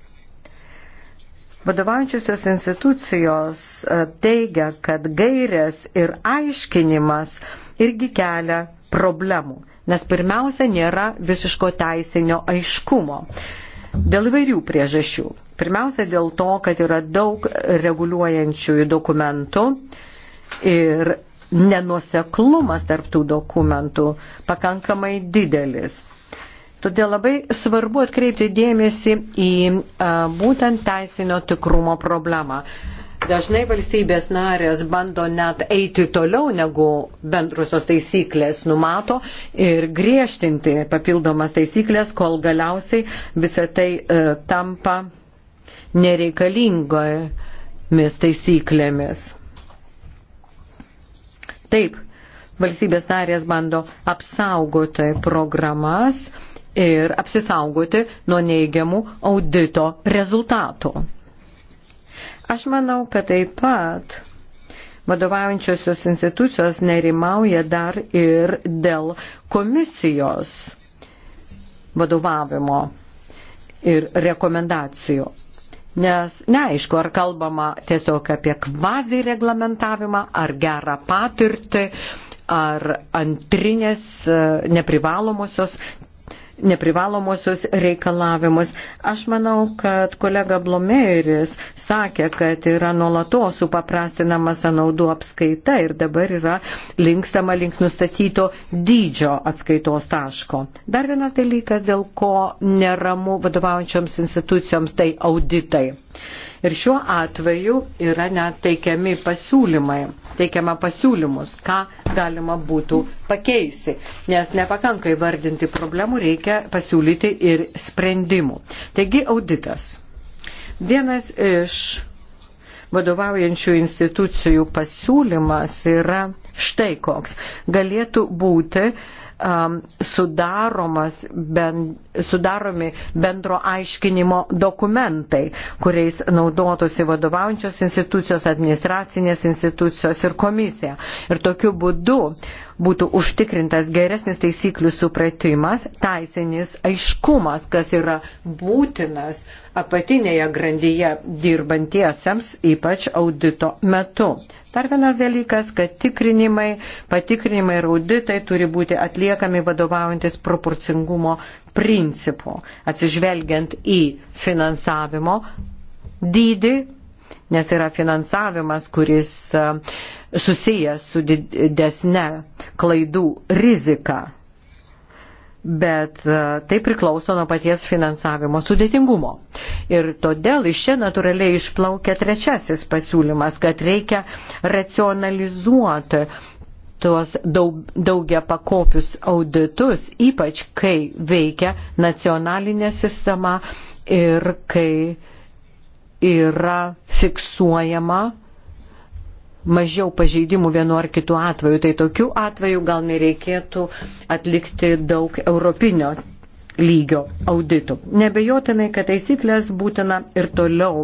Vadovaujančiosios institucijos e, teigia, kad gairės ir aiškinimas irgi kelia problemų, nes pirmiausia nėra visiško teisinio aiškumo. Dėl įvairių priežasčių. Pirmiausia, dėl to, kad yra daug reguliuojančiųjų dokumentų ir nenuseklumas tarptų dokumentų pakankamai didelis. Todėl labai svarbu atkreipti dėmesį į a, būtent teisinio tikrumo problemą. Dažnai valstybės narės bando net eiti toliau negu bendrusios taisyklės numato ir griežtinti papildomas taisyklės, kol galiausiai visą tai e, tampa nereikalingomis taisyklėmis. Taip, valstybės narės bando apsaugoti programas ir apsisaugoti nuo neigiamų audito rezultatų. Aš manau, kad taip pat vadovaujančiosios institucijos nerimauja dar ir dėl komisijos vadovavimo ir rekomendacijų. Nes neaišku, ar kalbama tiesiog apie kvazį reglamentavimą, ar gerą patirtį, ar antrinės neprivalomosios neprivalomosius reikalavimus. Aš manau, kad kolega Blomeris sakė, kad yra nuolatos supaprastinama sąnaudų apskaita ir dabar yra linkstama link nustatyto dydžio atskaitos taško. Dar vienas dalykas, dėl ko neramu vadovaujančioms institucijoms, tai auditai. Ir šiuo atveju yra net teikiami pasiūlymai, teikiama pasiūlymus, ką galima būtų pakeisti. Nes nepakanka įvardinti problemų, reikia pasiūlyti ir sprendimų. Taigi auditas. Vienas iš vadovaujančių institucijų pasiūlymas yra štai koks. Galėtų būti um, sudaromas ben, sudaromi bendro aiškinimo dokumentai, kuriais naudotųsi vadovaujančios institucijos, administracinės institucijos ir komisija. Ir tokiu būdu būtų užtikrintas geresnis taisyklių supratimas, teisinis aiškumas, kas yra būtinas apatinėje grandyje dirbantiesiems, ypač audito metu. Dar vienas dalykas, kad tikrinimai, patikrinimai ir auditai turi būti atliekami vadovaujantis proporcingumo principu, atsižvelgiant į finansavimo dydį, nes yra finansavimas, kuris susijęs su didesne klaidų rizika bet e, tai priklauso nuo paties finansavimo sudėtingumo. Ir todėl iš čia natūraliai išplaukia trečiasis pasiūlymas, kad reikia racionalizuoti tuos daug, daugia pakopius auditus, ypač kai veikia nacionalinė sistema ir kai yra fiksuojama mažiau pažeidimų vienu ar kitu atveju, tai tokiu atveju gal nereikėtų atlikti daug europinio lygio auditų. Nebejotinai, kad taisyklės būtina ir toliau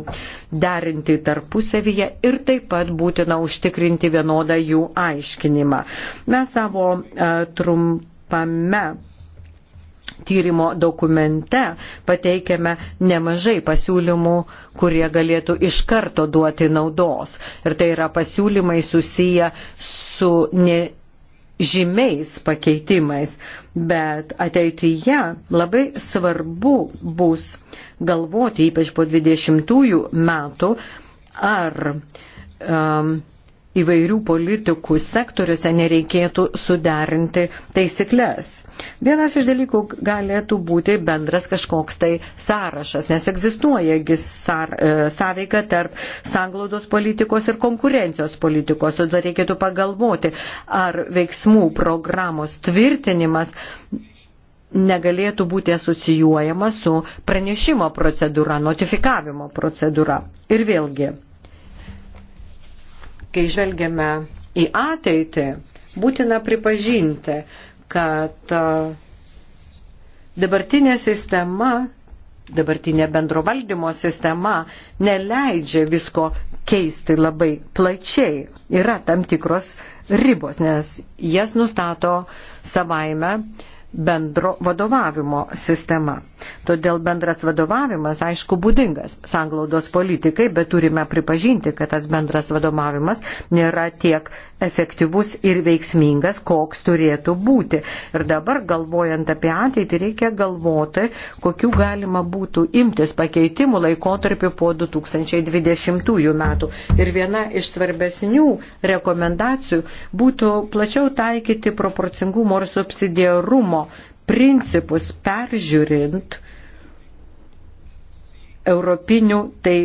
derinti tarpusavyje ir taip pat būtina užtikrinti vienodą jų aiškinimą. Mes savo uh, trumpame tyrimo dokumente pateikiame nemažai pasiūlymų, kurie galėtų iš karto duoti naudos. Ir tai yra pasiūlymai susiję su ne žymiais pakeitimais, bet ateityje labai svarbu bus galvoti, ypač po 20 metų, ar um, įvairių politikų sektoriuose nereikėtų suderinti taisyklės. Vienas iš dalykų galėtų būti bendras kažkoks tai sąrašas, nes egzistuojagi sąr, e, sąveika tarp sanglaudos politikos ir konkurencijos politikos. Todėl reikėtų pagalvoti, ar veiksmų programos tvirtinimas negalėtų būti asocijuojama su pranešimo procedūra, notifikavimo procedūra. Ir vėlgi, kai žvelgiame į ateitį, būtina pripažinti, kad dabartinė sistema, dabartinė bendrovaldymo sistema neleidžia visko keisti labai plačiai. Yra tam tikros ribos, nes jas nustato savaime uh, bendro vadovavimo sistema. Todėl bendras vadovavimas, aišku, būdingas sanglaudos politikai, bet turime pripažinti, kad tas bendras vadovavimas nėra tiek efektyvus ir veiksmingas, koks turėtų būti. Ir dabar, galvojant apie ateitį, reikia galvoti, kokiu galima būtų imtis pakeitimų laikotarpiu po 2020 metų. Ir viena iš svarbesnių rekomendacijų būtų plačiau taikyti proporcingumo ir subsidiarumo principus peržiūrint europinių tai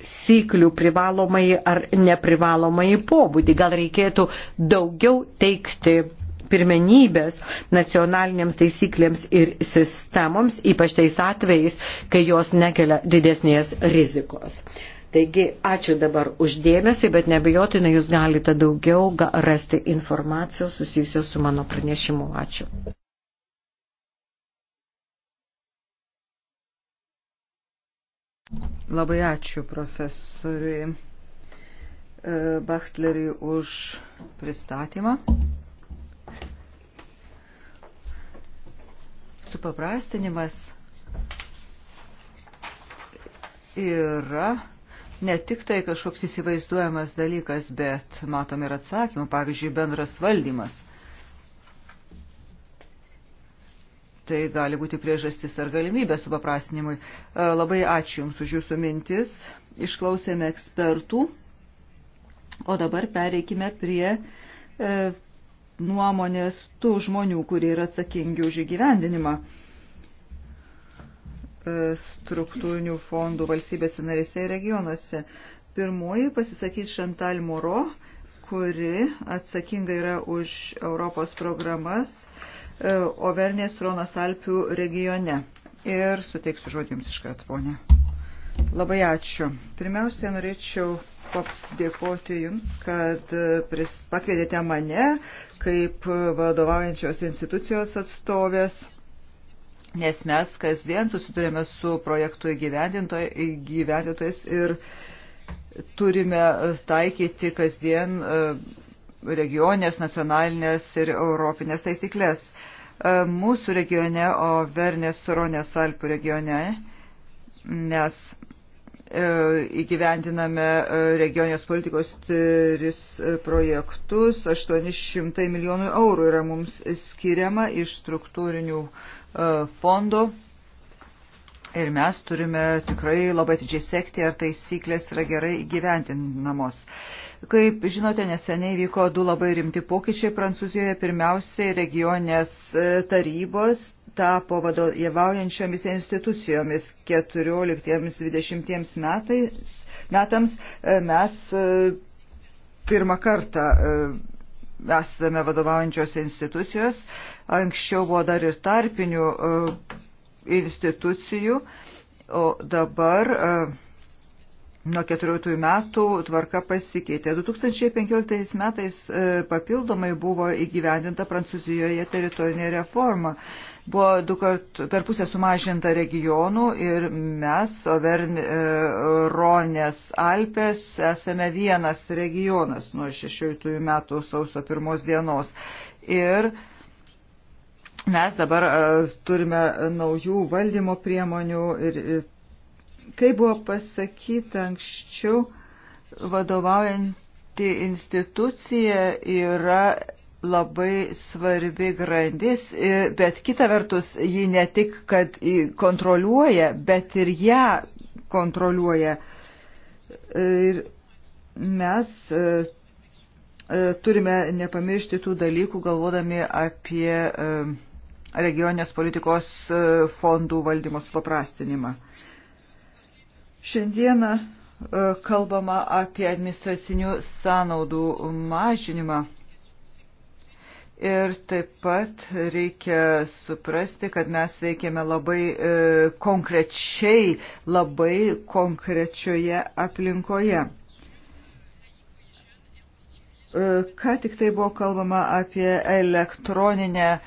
taisyklių privalomai ar neprivalomai pobūdį. Gal reikėtų daugiau teikti pirmenybės nacionalinėms taisyklėms ir sistemoms, ypač tais atvejais, kai jos nekelia didesnės rizikos. Taigi, ačiū dabar uždėmesi, bet nebejotinai jūs galite daugiau rasti informacijos susijusios su mano pranešimu. Ačiū. Labai ačiū profesoriui e, Bachtleriui už pristatymą. Supaprastinimas yra ne tik tai kažkoks įsivaizduojamas dalykas, bet matom ir atsakymą, pavyzdžiui, bendras valdymas – tai gali būti priežastis ar galimybė supaprastinimui. E, labai ačiū Jums už Jūsų mintis. Išklausėme ekspertų. O dabar pereikime prie e, nuomonės tų žmonių, kurie yra atsakingi už įgyvendinimą e, struktūrinių fondų valstybėse narėse ir regionuose. Pirmoji pasisakys Šantal Moro, kuri atsakinga yra už Europos programas E, Overnės Ronas Alpių regione. Ir suteiksiu žodį Jums iš karto, ponė. Labai ačiū. Pirmiausia, norėčiau padėkoti Jums, kad e, pakvietėte mane kaip vadovaujančios institucijos atstovės nes mes kasdien susidurėme su projektų įgyvendintojais ir turime taikyti kasdien e, regionės, nacionalinės ir europinės taisyklės. E, mūsų regione, o Vernės Soronės Alpių regione, mes e, įgyvendiname e, regionės politikos tris projektus. 800 milijonų eurų yra mums skiriama iš struktūrinių fondų. Ir mes turime tikrai labai didžiai sekti, ar taisyklės yra gerai įgyvendinamos. Uh, Kaip žinote, neseniai vyko du labai rimti pokyčiai Prancūzijoje. Pirmiausiai regionės e, tarybos tapo vadovaujančiomis institucijomis 14-20 metais, metams. E, mes e, pirmą kartą esame vadovaujančios institucijos. Anksčiau buvo dar ir tarpinių institucijų, o dabar Nuo 14 metų tvarka pasikeitė. 2015 metais e, papildomai buvo įgyvendinta Prancūzijoje teritorinė reforma. Buvo du kart per pusę sumažinta regionų ir mes, Overn, e, Ronės, Alpės, esame vienas regionas nuo 16 metų sausio pirmos dienos. Ir mes dabar e, turime naujų valdymo priemonių ir Kaip buvo pasakyta anksčiau, vadovaujanti institucija yra labai svarbi grandis, bet kita vertus, ji ne tik, kad kontroliuoja, bet ir ją kontroliuoja. Ir mes e, e, turime nepamiršti tų dalykų, galvodami apie e, regioninės politikos fondų valdymo supaprastinimą. Šiandieną e, kalbama apie administracinių sąnaudų mažinimą. Ir taip pat reikia suprasti, kad mes veikiame labai e, konkrečiai, labai konkrečioje aplinkoje. E, ką tik tai buvo kalbama apie elektroninę e,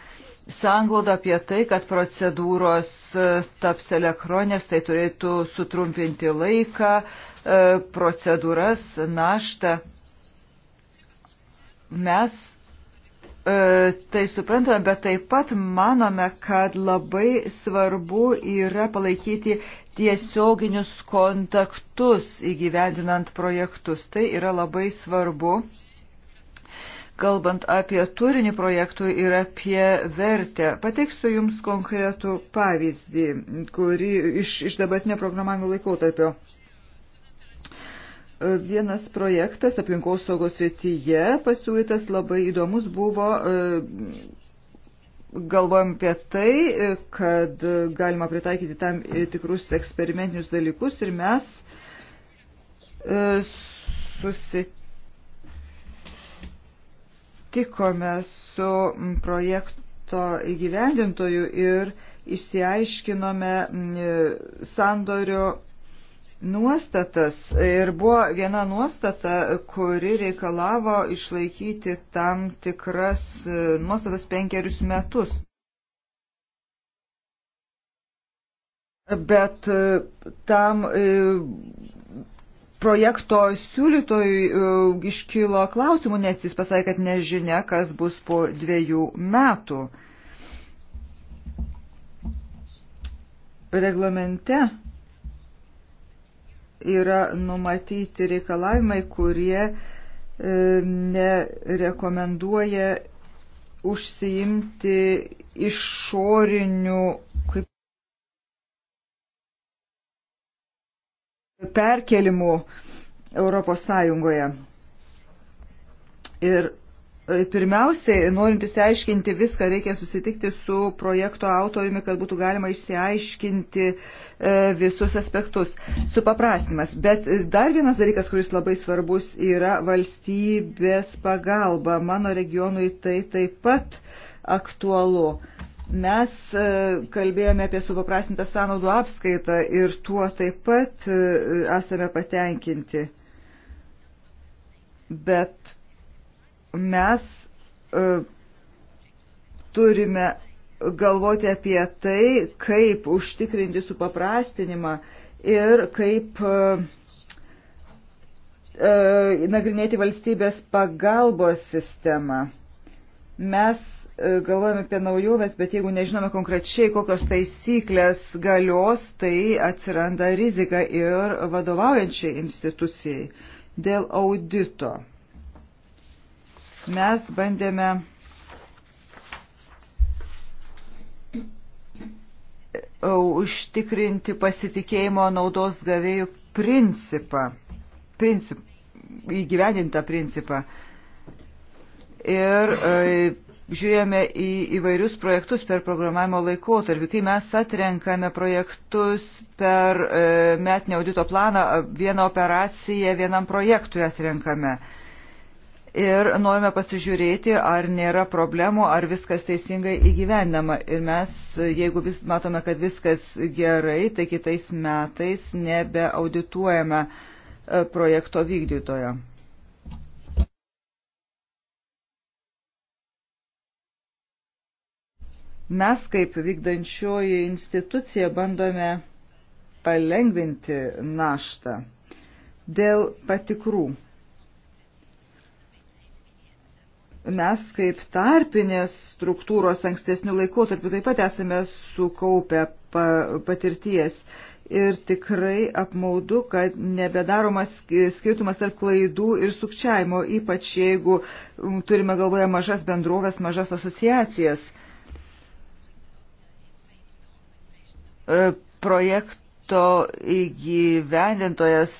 sangloda apie tai, kad procedūros e, taps elektronės, tai turėtų sutrumpinti laiką, e, procedūras, naštą. Mes e, tai suprantame, bet taip pat manome, kad labai svarbu yra palaikyti tiesioginius kontaktus įgyvendinant projektus. Tai yra labai svarbu kalbant apie turinį projektų ir apie vertę. Pateiksiu Jums konkretų pavyzdį, kurį iš, iš dabartinio programavimo laikotarpio. Vienas projektas aplinkos saugos rytyje pasiūlytas labai įdomus buvo, e, galvojam apie tai, kad galima pritaikyti tam tikrus eksperimentinius dalykus ir mes e, susitikėme susitikome su projekto įgyvendintoju ir išsiaiškinome mm, sandorio nuostatas. Ir buvo viena nuostata, kuri reikalavo išlaikyti tam tikras mm, nuostatas penkerius metus. Bet mm, tam projekto siūlytojui e, iškilo klausimų, nes jis pasakė, kad nežinia, kas bus po dviejų metų. Reglamente yra numatyti reikalavimai, kurie e, nerekomenduoja užsiimti išorinių kaip perkelimų Europos Sąjungoje. Ir e, pirmiausiai, norint įsiaiškinti viską, reikia susitikti su projekto autoriumi, kad būtų galima išsiaiškinti e, visus aspektus. Supaprastimas. Bet e, dar vienas dalykas, kuris labai svarbus, yra valstybės pagalba. Mano regionui tai taip pat aktualu. Mes e, kalbėjome apie supaprastintą sąnaudų apskaitą ir tuo taip pat e, esame patenkinti. Bet mes e, turime galvoti apie tai, kaip užtikrinti supaprastinimą ir kaip nagrinėti valstybės pagalbos sistemą. Mes galvojame apie naujoves, bet jeigu nežinome konkrečiai, kokios taisyklės galios, tai atsiranda rizika ir vadovaujančiai institucijai dėl audito. Mes bandėme užtikrinti pasitikėjimo naudos gavėjų principą, princip, įgyvendintą principą. Ir e, žiūrėjome į įvairius projektus per programavimo laikotarpį. Kai mes atrenkame projektus per e, metinį audito planą, vieną operaciją vienam projektui atrenkame. Ir norime pasižiūrėti, ar nėra problemų, ar viskas teisingai įgyvendama. Ir mes, jeigu vis matome, kad viskas gerai, tai kitais metais nebeaudituojame e, projekto vykdytojo. Mes kaip vykdančioji institucija bandome palengvinti naštą dėl patikrų. Mes kaip tarpinės struktūros ankstesnių laikotarpių taip pat esame sukaupę patirties ir tikrai apmaudu, kad nebedaromas skirtumas tarp klaidų ir sukčiavimo, ypač jeigu turime galvoje mažas bendrovės, mažas asociacijas E, projekto įgyvendintojas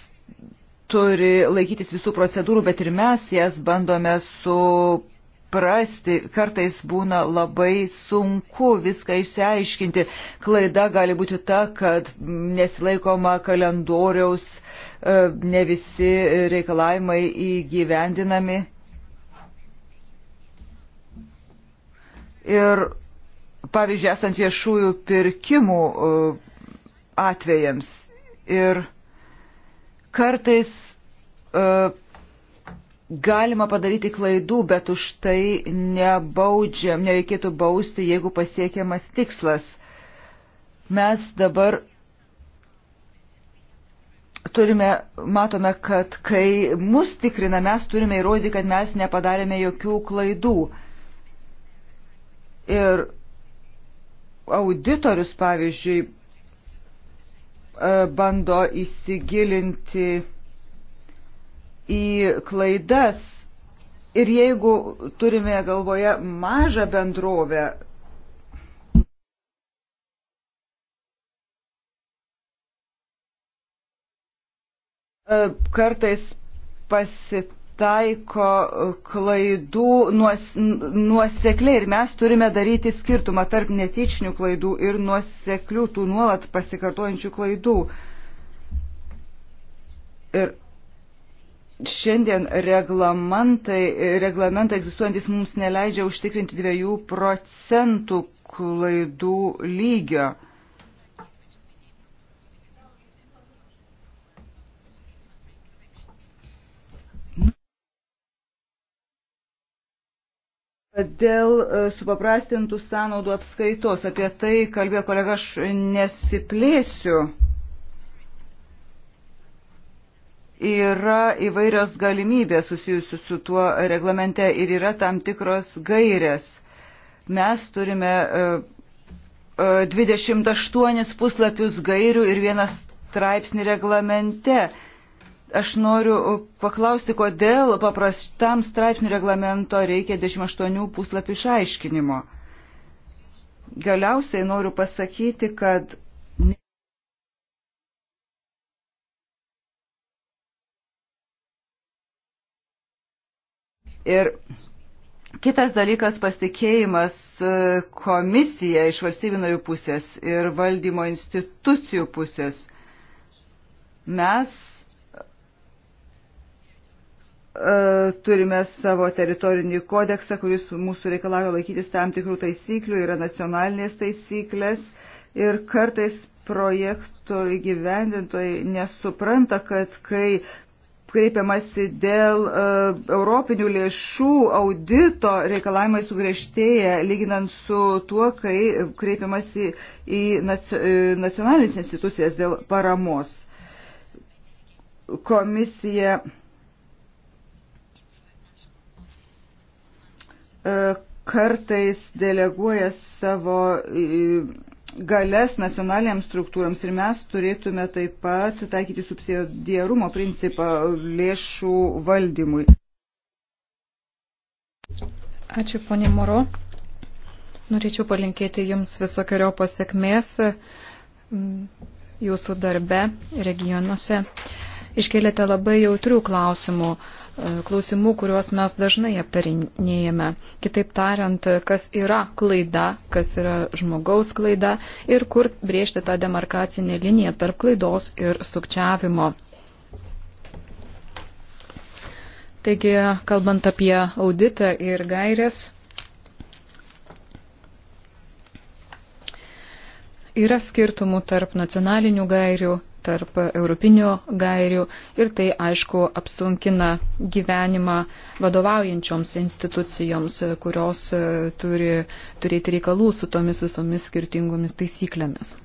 turi laikytis visų procedūrų, bet ir mes jas bandome suprasti. Kartais būna labai sunku viską išsiaiškinti. Klaida gali būti ta, kad nesilaikoma kalendoriaus, e, ne visi reikalavimai įgyvendinami. Ir pavyzdžiui, esant viešųjų pirkimų e, atvejams. Ir kartais e, galima padaryti klaidų, bet už tai nebaudžiam, nereikėtų bausti, jeigu pasiekiamas tikslas. Mes dabar turime, matome, kad kai mus tikrina, mes turime įrodyti, kad mes nepadarėme jokių klaidų. Ir auditorius, pavyzdžiui, e, bando įsigilinti į klaidas. Ir jeigu turime galvoje mažą bendrovę, e, kartais pasitaiko, taiko klaidų nuos, nuosekliai ir mes turime daryti skirtumą tarp netyčinių klaidų ir nuoseklių tų nuolat pasikartojančių klaidų. Ir šiandien reglamentai, reglamentai egzistuojantis mums neleidžia užtikrinti dviejų procentų klaidų lygio. Dėl e, supaprastintų sąnaudų apskaitos, apie tai kalbėjo kolega, aš nesiplėsiu. Yra įvairios galimybės susijusių su tuo reglamente ir yra tam tikros gairės. Mes turime 28 e, e, puslapius gairių ir vienas straipsnį reglamente. Aš noriu paklausti, kodėl paprastam straipsnių reglamento reikia 18 puslapių išaiškinimo. Galiausiai noriu pasakyti, kad Ir kitas dalykas pasitikėjimas e, komisija iš valstybių narių pusės ir valdymo institucijų pusės. Mes E, turime savo teritorinį kodeksą, kuris mūsų reikalauja laikytis tam tikrų taisyklių, yra nacionalinės taisyklės ir kartais projekto įgyvendintojai nesupranta, kad kai kreipiamasi dėl uh, europinių lėšų audito reikalavimai sugriežtėja, lyginant su tuo, kai kreipiamasi į e, nacionalinės institucijas dėl paramos. Komisija uh, E, kartais deleguoja savo e, galės nacionaliniams struktūrams ir mes turėtume taip pat taikyti subsidiarumo principą lėšų valdymui. Ačiū, ponė Moro. Norėčiau palinkėti Jums visokiojo pasiekmės Jūsų darbe regionuose iškėlėte labai jautrių klausimų, e, klausimų, kuriuos mes dažnai aptarinėjame. Kitaip tariant, kas yra klaida, kas yra žmogaus klaida ir kur brėžti tą demarkacinę liniją tarp klaidos ir sukčiavimo. Taigi, kalbant apie auditą ir gairės, yra skirtumų tarp nacionalinių gairių tarp europinių gairių ir tai, aišku, apsunkina gyvenimą vadovaujančioms institucijoms, kurios e, turi turėti reikalų su tomis visomis skirtingomis taisyklėmis.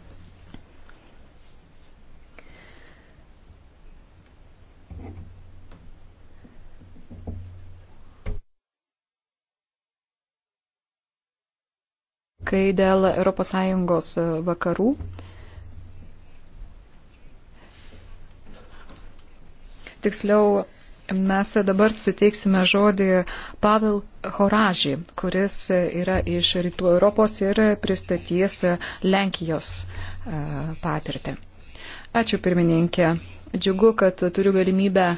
kai dėl ES vakarų Tiksliau, mes dabar suteiksime žodį Pavel Horažį, kuris yra iš Rytų Europos ir pristatys Lenkijos e, patirtį. Ačiū pirmininkė. Džiugu, kad turiu galimybę e,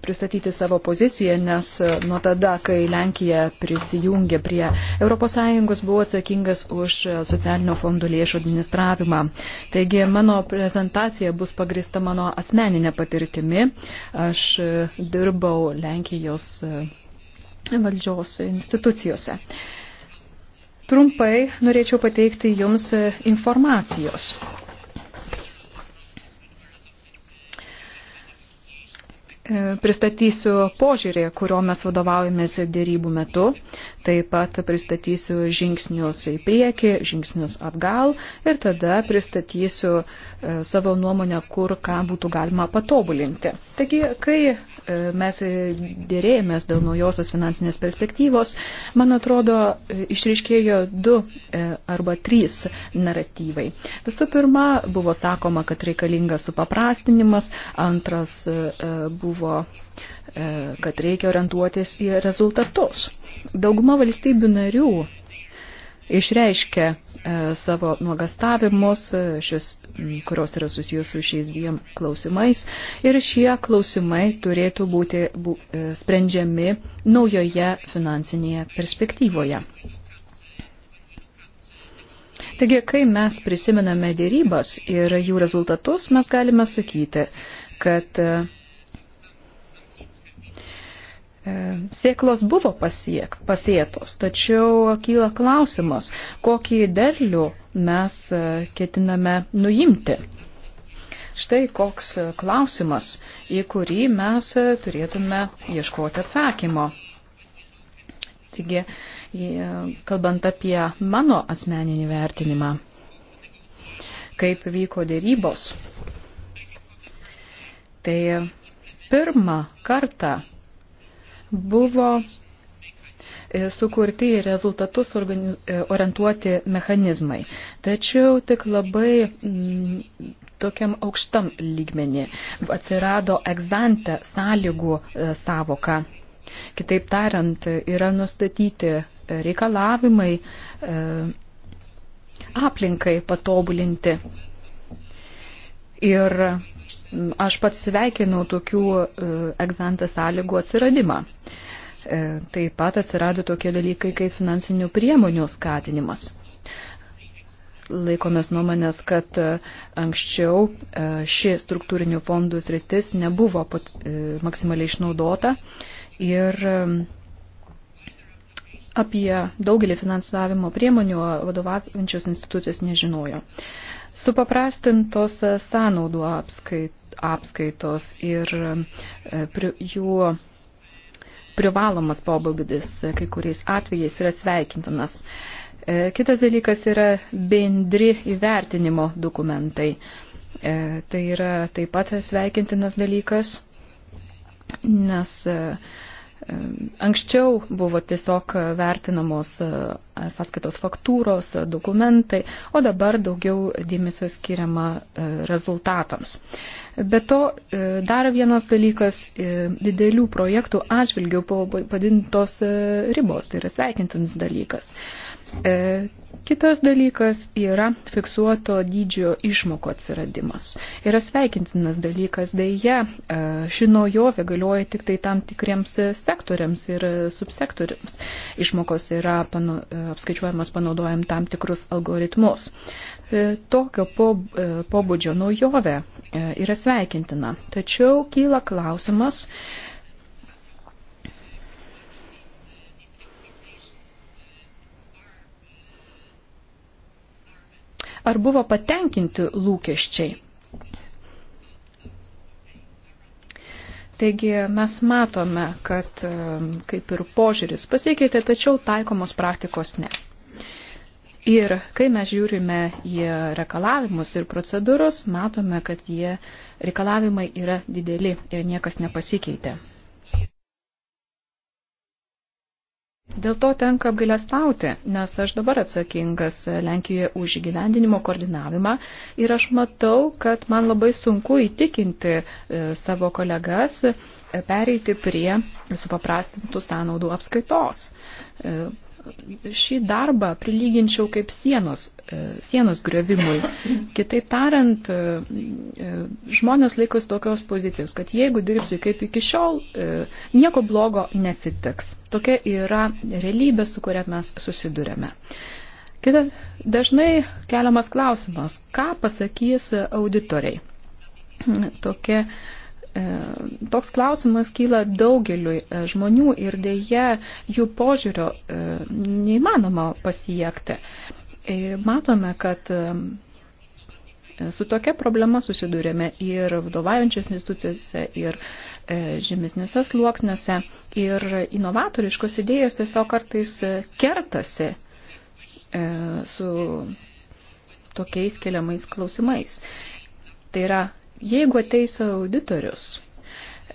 pristatyti savo poziciją, nes e, nuo tada, kai Lenkija prisijungė prie ES, buvo atsakingas už e, socialinio fondo lėšų administravimą. Taigi mano prezentacija bus pagrista mano asmeninė patirtimi. Aš dirbau Lenkijos valdžios institucijose. Trumpai norėčiau pateikti Jums informacijos E, pristatysiu požiūrį, kurio mes vadovaujamės dėrybų metu, taip pat pristatysiu žingsnius į priekį, žingsnius atgal ir tada pristatysiu e, savo nuomonę, kur ką būtų galima patobulinti. Taigi, kai E, mes dėrėjomės dėl naujosios finansinės perspektyvos, man atrodo, e, išriškėjo du e, arba trys naratyvai. Visų pirma, buvo sakoma, kad reikalingas supaprastinimas, antras buvo kad reikia orientuotis į rezultatus. Dauguma valstybių narių išreiškė e, savo nuogastavimus, e, šis, kurios yra susijusios su šiais dviem klausimais. Ir šie klausimai turėtų būti bu, e, sprendžiami naujoje finansinėje perspektyvoje. Taigi, kai mes prisimename dėrybas ir jų rezultatus, mes galime sakyti, kad uh, E, sėklos buvo pasiek, pasėtos, tačiau kyla klausimas, kokį derlių mes e, ketiname nuimti. Štai koks klausimas, į kurį mes e, turėtume ieškoti atsakymo. Taigi, kalbant apie mano asmeninį vertinimą, kaip vyko dėrybos, tai pirmą kartą buvo e, sukurti rezultatus e, orientuoti mechanizmai. Tačiau tik labai m, mm, tokiam aukštam lygmenį atsirado egzantę sąlygų e, savoka. Kitaip tariant, yra nustatyti reikalavimai aplinkai patobulinti. Ir Aš pats sveikinu tokių e, egzantą sąlygų atsiradimą. E, taip pat atsirado tokie dalykai kaip finansinių priemonių skatinimas. Laikomės nuomonės, kad e, anksčiau ši struktūrinių fondų sritis nebuvo pat, maksimaliai išnaudota ir apie daugelį finansavimo priemonių vadovaujančios institucijos nežinojo. Supaprastintos sąnaudų apskait, apskaitos ir e, jų privalomas pobūdis kai kuriais atvejais yra sveikintinas. E, kitas dalykas yra bendri įvertinimo dokumentai. E, tai yra taip pat sveikintinas dalykas, nes Anksčiau buvo tiesiog vertinamos sąskaitos faktūros, dokumentai, o dabar daugiau dėmesio skiriama rezultatams. Be to, e, dar vienas dalykas, e, didelių projektų atžvilgių padintos e, ribos, tai yra sveikintinis dalykas. Kitas dalykas yra fiksuoto dydžio išmoko atsiradimas. Yra sveikintinas dalykas, dėja, ši naujovė galioja tik tai tam tikriems sektoriams ir subsektoriams. Išmokos yra pano, apskaičiuojamas panaudojant tam tikrus algoritmus. E, tokio e, pobūdžio naujovė e, yra sveikintina. Tačiau kyla klausimas, ar buvo patenkinti lūkesčiai. Taigi mes matome, kad kaip ir požiūris pasikeitė, tačiau taikomos praktikos ne. Ir kai mes žiūrime į reikalavimus ir procedūros, matome, kad jie reikalavimai yra dideli ir niekas nepasikeitė. Dėl to tenka apgailestauti, nes aš dabar atsakingas Lenkijoje už gyvendinimo koordinavimą ir aš matau, kad man labai sunku įtikinti e, savo kolegas e, pereiti prie supaprastintų sąnaudų apskaitos e, šį darbą prilyginčiau kaip sienos, e, sienos grevimui. Kitaip tariant, e, e, žmonės laikosi tokios pozicijos, kad jeigu dirbsi kaip iki šiol, nieko blogo nesitiks. Tokia yra realybė, su kuria mes susidurėme. Kita, dažnai keliamas klausimas, ką pasakys auditoriai. Tokia E, toks klausimas kyla daugeliui e, žmonių ir dėje jų požiūrio e, neįmanoma pasiekti. Matome, kad su tokia problema susidurėme ir vadovaujančios institucijose, ir žemesniuose sluoksniuose, ir inovatoriškos idėjos tiesiog kartais kertasi su tokiais keliamais klausimais. Tai yra Jeigu ateis auditorius,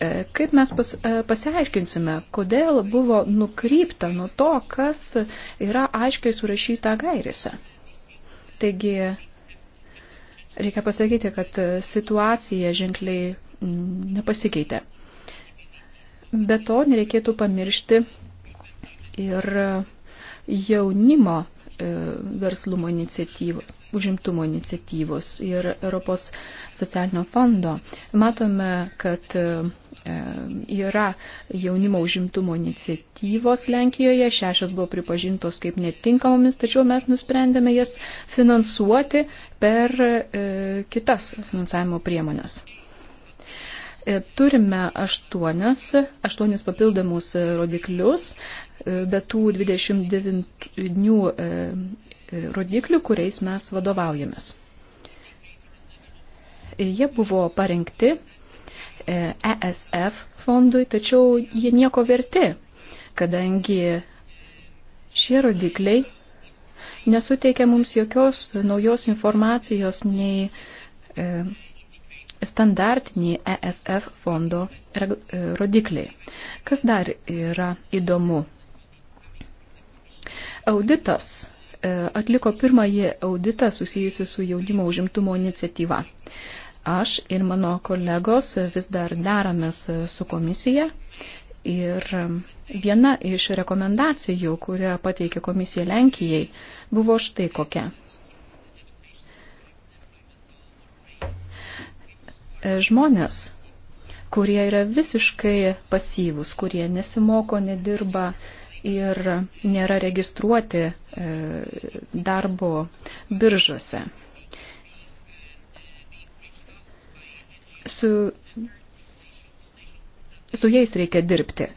e, kaip mes pas, e, pasiaiškinsime, kodėl buvo nukrypta nuo to, kas yra aiškiai surašyta gairėse. Taigi, reikia pasakyti, kad situacija ženkliai mm, nepasikeitė. Be to, nereikėtų pamiršti ir jaunimo e, verslumo iniciatyvų užimtumo iniciatyvos ir Europos socialinio fondo. Matome, kad e, yra jaunimo užimtumo iniciatyvos Lenkijoje, šešios buvo pripažintos kaip netinkamomis, tačiau mes nusprendėme jas finansuoti per e, kitas finansavimo priemonės. E, turime aštuonias, aštuonis papildomus rodiklius, bet tų 29 rodiklių, kuriais mes vadovaujamės. Jie buvo parengti ESF e fondui, tačiau jie nieko verti, kadangi šie rodikliai nesuteikia mums jokios naujos informacijos nei e, standartiniai ESF fondo e, rodikliai. Kas dar yra įdomu? Auditas E, atliko pirmąjį auditą susijusi su jaunimo užimtumo iniciatyva. Aš ir mano kolegos vis dar deramės su komisija ir viena iš rekomendacijų, kurią pateikė komisija Lenkijai, buvo štai kokia. E, žmonės, kurie yra visiškai pasyvus, kurie nesimoko, nedirba, ir nėra registruoti e, darbo biržose. Su, su jais reikia dirbti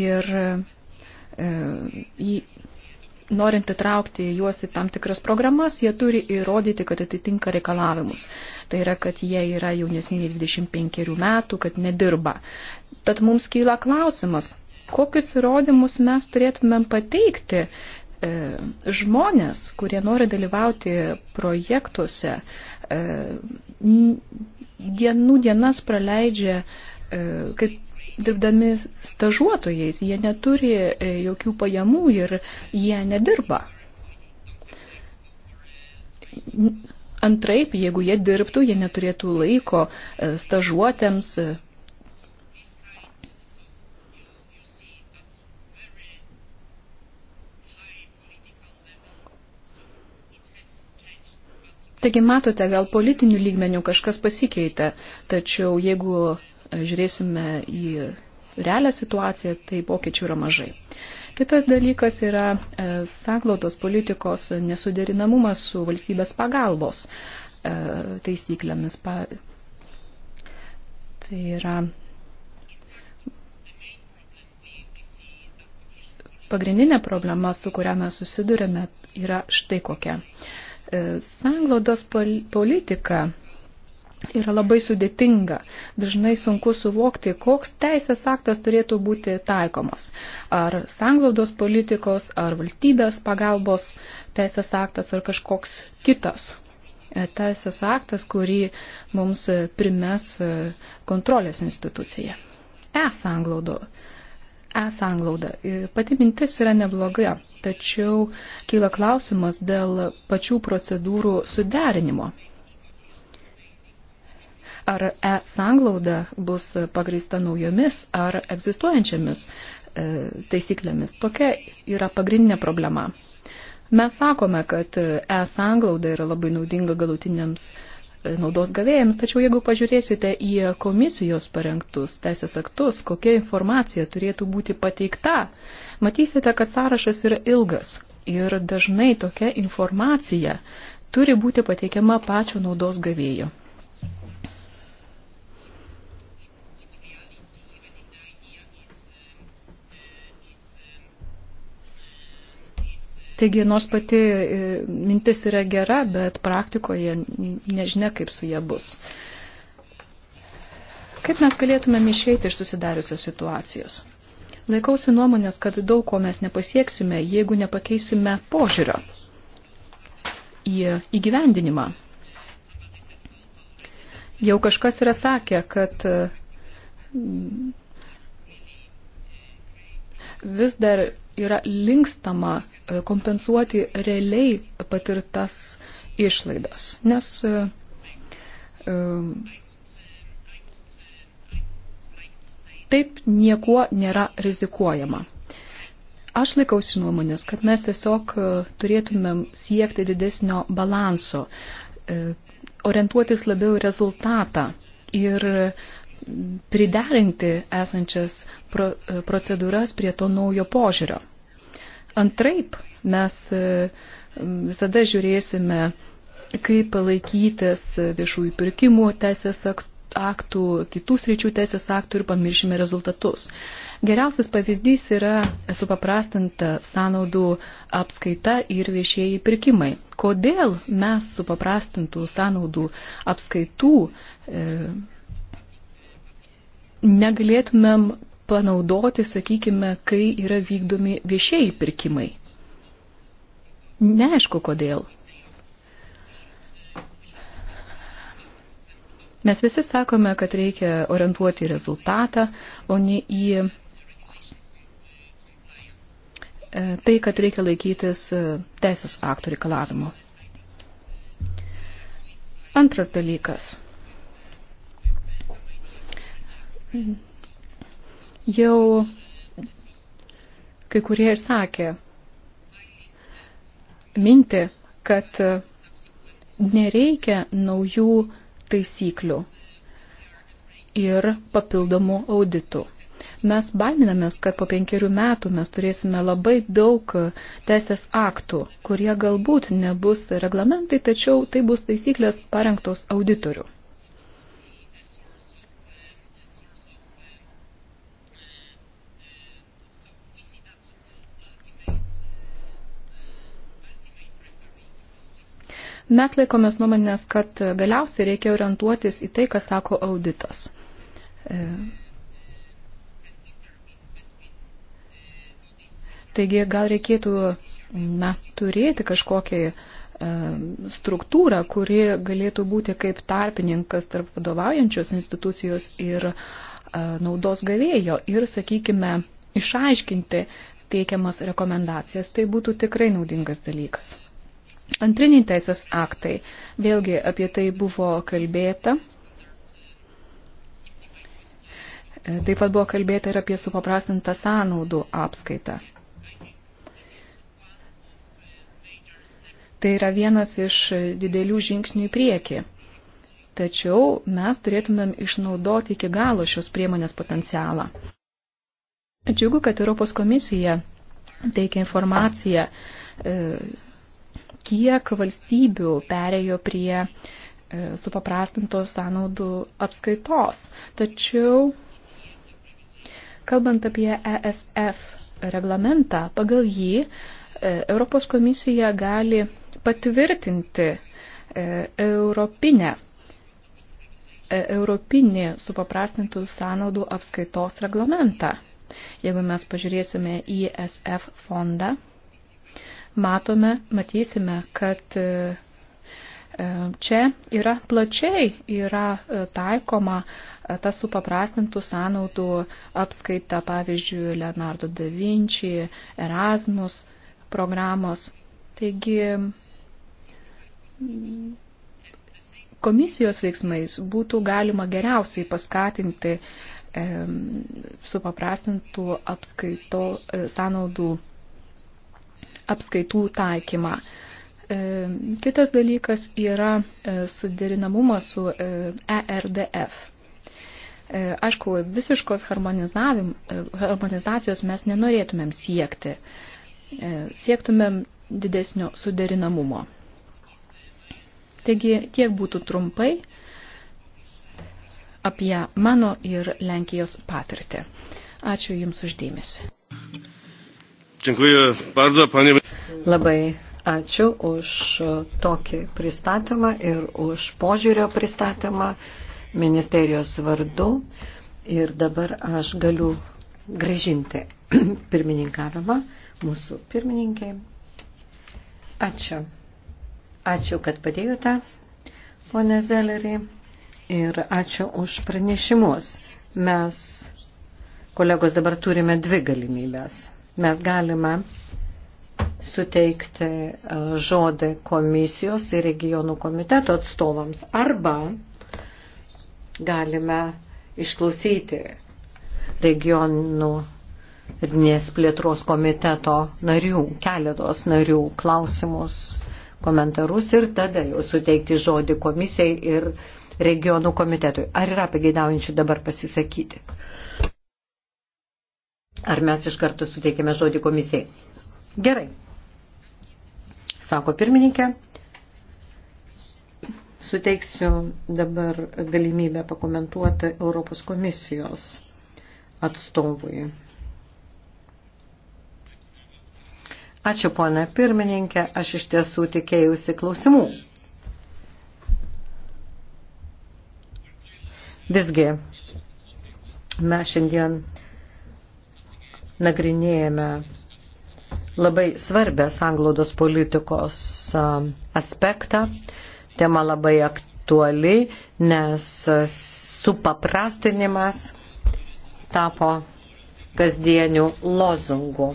ir e, į, norint įtraukti juos į tam tikras programas, jie turi įrodyti, kad atitinka reikalavimus. Tai yra, kad jie yra jaunesni nei 25 metų, kad nedirba. Tad mums kyla klausimas, kokius įrodymus mes turėtumėm pateikti e, žmonės, kurie nori dalyvauti projektuose, e, dienų dienas praleidžia e, kaip dirbdami stažuotojais, jie neturi jokių pajamų ir jie nedirba. Antraip, jeigu jie dirbtų, jie neturėtų laiko stažuotėms, Taigi matote, gal politinių lygmenių kažkas pasikeitė, tačiau jeigu e, žiūrėsime į realią situaciją, tai pokyčių yra mažai. Kitas dalykas yra e, sanglautos politikos nesuderinamumas su valstybės pagalbos e, taisyklėmis. Tai yra pagrindinė problema, su kuria mes susidurėme, yra štai kokia. E, sanglaudos politika yra labai sudėtinga. Dažnai sunku suvokti, koks teisės aktas turėtų būti taikomas. Ar sanglaudos politikos, ar valstybės pagalbos teisės aktas, ar kažkoks kitas e, teisės aktas, kurį mums primes e, kontrolės institucija. E sanglaudo e-sanglauda. E, pati mintis yra nebloga, tačiau kyla klausimas dėl pačių procedūrų suderinimo. Ar e-sanglauda bus pagrįsta naujomis ar egzistuojančiamis e, taisyklėmis? Tokia yra pagrindinė problema. Mes sakome, kad e-sanglauda yra labai naudinga galutiniams uh, naudos gavėjams, tačiau jeigu pažiūrėsite į komisijos parengtus teisės aktus, kokia informacija turėtų būti pateikta, matysite, kad sąrašas yra ilgas ir dažnai tokia informacija turi būti pateikiama pačio naudos gavėjo. Taigi, nors pati e, mintis yra gera, bet praktikoje nežinia, kaip su jie bus. Kaip mes galėtumėm išeiti iš susidariusios situacijos? Laikausi nuomonės, kad daug ko mes nepasieksime, jeigu nepakeisime požiūrio į įgyvendinimą. Jau kažkas yra sakę, kad vis dar yra linkstama e, kompensuoti realiai patirtas išlaidas, nes e, e, taip niekuo nėra rizikuojama. Aš laikausi nuomonės, kad mes tiesiog turėtumėm siekti didesnio balanso, orientuotis labiau rezultatą ir priderinti esančias procedūras prie to naujo požiūrio. Antraip, mes e, visada žiūrėsime, kaip palaikytis viešųjų pirkimų teisės aktų, kitų sričių teisės aktų ir pamiršime rezultatus. Geriausias pavyzdys yra supaprastinta sąnaudų apskaita ir viešieji pirkimai. Kodėl mes supaprastintų sąnaudų apskaitų e, negalėtumėm panaudoti, sakykime, kai yra vykdomi viešieji pirkimai. Neaišku kodėl. Mes visi sakome, kad reikia orientuoti į rezultatą, o ne į e, tai, kad reikia laikytis e, teisės aktų reikalavimo. Antras dalykas. jau kai kurie ir sakė minti, kad nereikia naujų taisyklių ir papildomų auditų. Mes baiminamės, kad po penkerių metų mes turėsime labai daug teisės aktų, kurie galbūt nebus reglamentai, tačiau tai bus taisyklės parengtos auditorių. Mes laikomės nuomonės, kad galiausiai reikia orientuotis į tai, ką sako auditas. E, taigi gal reikėtų na, turėti kažkokį e, struktūrą, kuri galėtų būti kaip tarpininkas tarp vadovaujančios institucijos ir e, naudos gavėjo ir, sakykime, išaiškinti teikiamas rekomendacijas. Tai būtų tikrai naudingas dalykas. Antriniai teisės aktai. Vėlgi apie tai buvo kalbėta. Taip pat buvo kalbėta ir apie supaprastintą sąnaudų apskaitą. Tai yra vienas iš didelių žingsnių į priekį. Tačiau mes turėtumėm išnaudoti iki galo šios priemonės potencialą. Džiugu, kad Europos komisija teikia informaciją e, kiek valstybių perėjo prie e, supaprastintos sąnaudų apskaitos. Tačiau, kalbant apie ESF reglamentą, pagal jį e, Europos komisija gali patvirtinti e, europinę, europinį supaprastintų sąnaudų apskaitos reglamentą. Jeigu mes pažiūrėsime į ESF fondą, matome, matysime, kad e, e, čia yra plačiai yra e, taikoma ta supaprastintų sąnaudų apskaita, pavyzdžiui, Leonardo da Vinci, Erasmus programos. Taigi komisijos veiksmais būtų galima geriausiai paskatinti supaprastintų apskaito sąnaudų apskaitų taikymą. E, kitas dalykas yra e, suderinamumas su ERDF. E aišku, visiškos harmonizacijos mes nenorėtumėm siekti. Siektumėm didesnio suderinamumo. Taigi tiek būtų trumpai apie mano ir Lenkijos patirtį. Ačiū Jums uždėmesi. Labai ačiū už tokį pristatymą ir už požiūrio pristatymą ministerijos vardu. Ir dabar aš galiu gražinti pirmininkavimą mūsų pirmininkiai. Ačiū. Ačiū, kad padėjote, ponė Zelerį, ir ačiū už pranešimus. Mes, kolegos, dabar turime dvi galimybės mes galime suteikti e, žodį komisijos ir regionų komiteto atstovams arba galime išklausyti regionų Dnės plėtros komiteto narių, keletos narių klausimus, komentarus ir tada jau suteikti žodį komisijai ir regionų komitetui. Ar yra pageidaujančių dabar pasisakyti? Ar mes iš karto suteikėme žodį komisijai? Gerai, sako pirmininkė. Suteiksiu dabar galimybę pakomentuoti Europos komisijos atstovui. Ačiū, ponė pirmininkė, aš iš tiesų tikėjusi klausimų. Visgi, mes šiandien nagrinėjame labai svarbę sanglaudos politikos aspektą. Tema labai aktuali, nes supaprastinimas tapo kasdienių lozungų.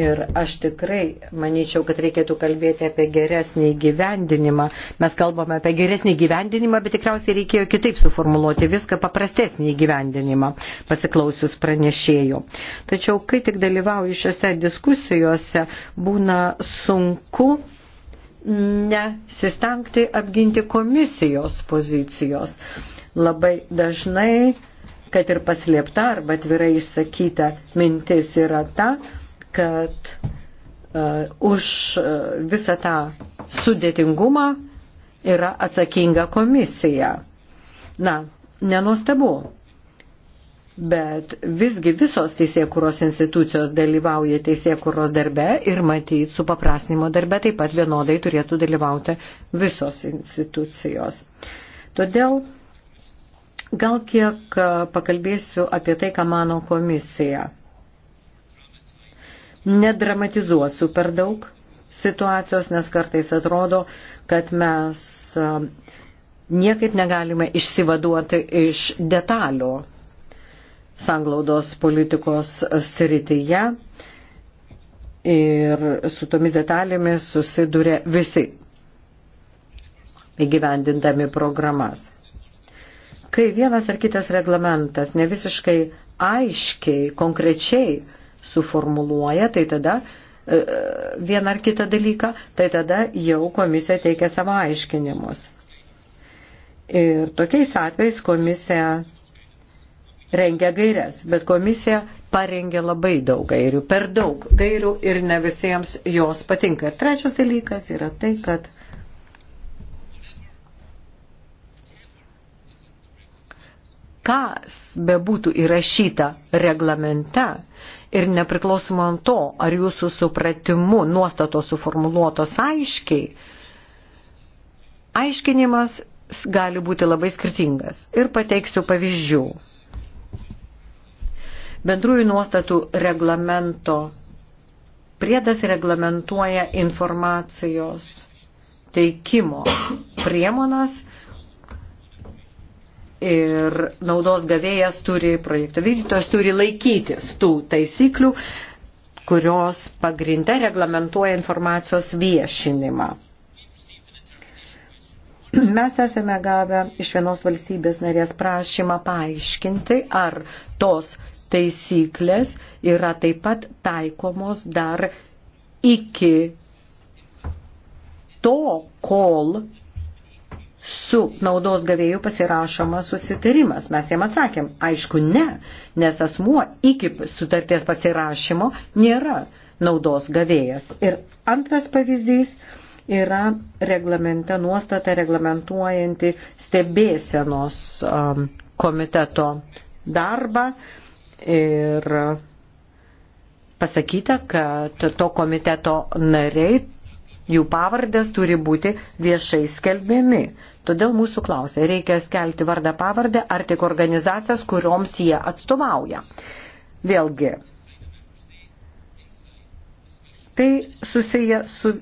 Ir aš tikrai manyčiau, kad reikėtų kalbėti apie geresnį gyvendinimą. Mes kalbame apie geresnį gyvendinimą, bet tikriausiai reikėjo kitaip suformuluoti viską paprastesnį gyvendinimą, pasiklausius pranešėjų. Tačiau, kai tik dalyvauju šiuose diskusijose, būna sunku nesistengti apginti komisijos pozicijos. Labai dažnai, kad ir paslėpta arba atvirai išsakyta mintis yra ta, kad uh, už uh, visą tą sudėtingumą yra atsakinga komisija. Na, nenustabu, bet visgi visos teisėkuros institucijos dalyvauja teisėkuros darbe ir matyt su paprasnimo darbe taip pat vienodai turėtų dalyvauti visos institucijos. Todėl gal kiek e, pakalbėsiu apie tai, ką mano komisija nedramatizuosiu per daug situacijos, nes kartais atrodo, kad mes niekaip negalime išsivaduoti iš detalių sanglaudos politikos srityje ir su tomis detalėmis susiduria visi įgyvendindami programas. Kai vienas ar kitas reglamentas nevisiškai aiškiai, konkrečiai suformuluoja, tai tada e, vieną ar kitą dalyką, tai tada jau komisija teikia savo aiškinimus. Ir tokiais atvejais komisija rengia gairias, bet komisija parengė labai daug gairių, per daug gairių ir ne visiems jos patinka. Ir trečias dalykas yra tai, kad kas bebūtų įrašyta reglamente, ir nepriklausomai ant to, ar jūsų supratimu nuostatos suformuluotos aiškiai, aiškinimas gali būti labai skirtingas. Ir pateiksiu pavyzdžių. Bendrųjų nuostatų reglamento priedas reglamentuoja informacijos teikimo priemonas, ir naudos gavėjas turi, projekto vykdytojas turi laikytis tų taisyklių, kurios pagrinde reglamentuoja informacijos viešinimą. Mes esame gavę iš vienos valstybės narės prašymą paaiškinti, ar tos taisyklės yra taip pat taikomos dar iki to, kol su naudos gavėjų pasirašomas susitarimas. Mes jam atsakėm, aišku, ne, nes asmuo iki sutarties pasirašymo nėra naudos gavėjas. Ir antras pavyzdys yra reglamente nuostata reglamentuojanti stebėsenos um, komiteto darbą ir pasakyta, kad to komiteto nariai, jų pavardės turi būti viešai skelbiami. Todėl mūsų klausia, reikia skelbti vardą pavardę ar tik organizacijas, kurioms jie atstovauja. Vėlgi, tai susiję su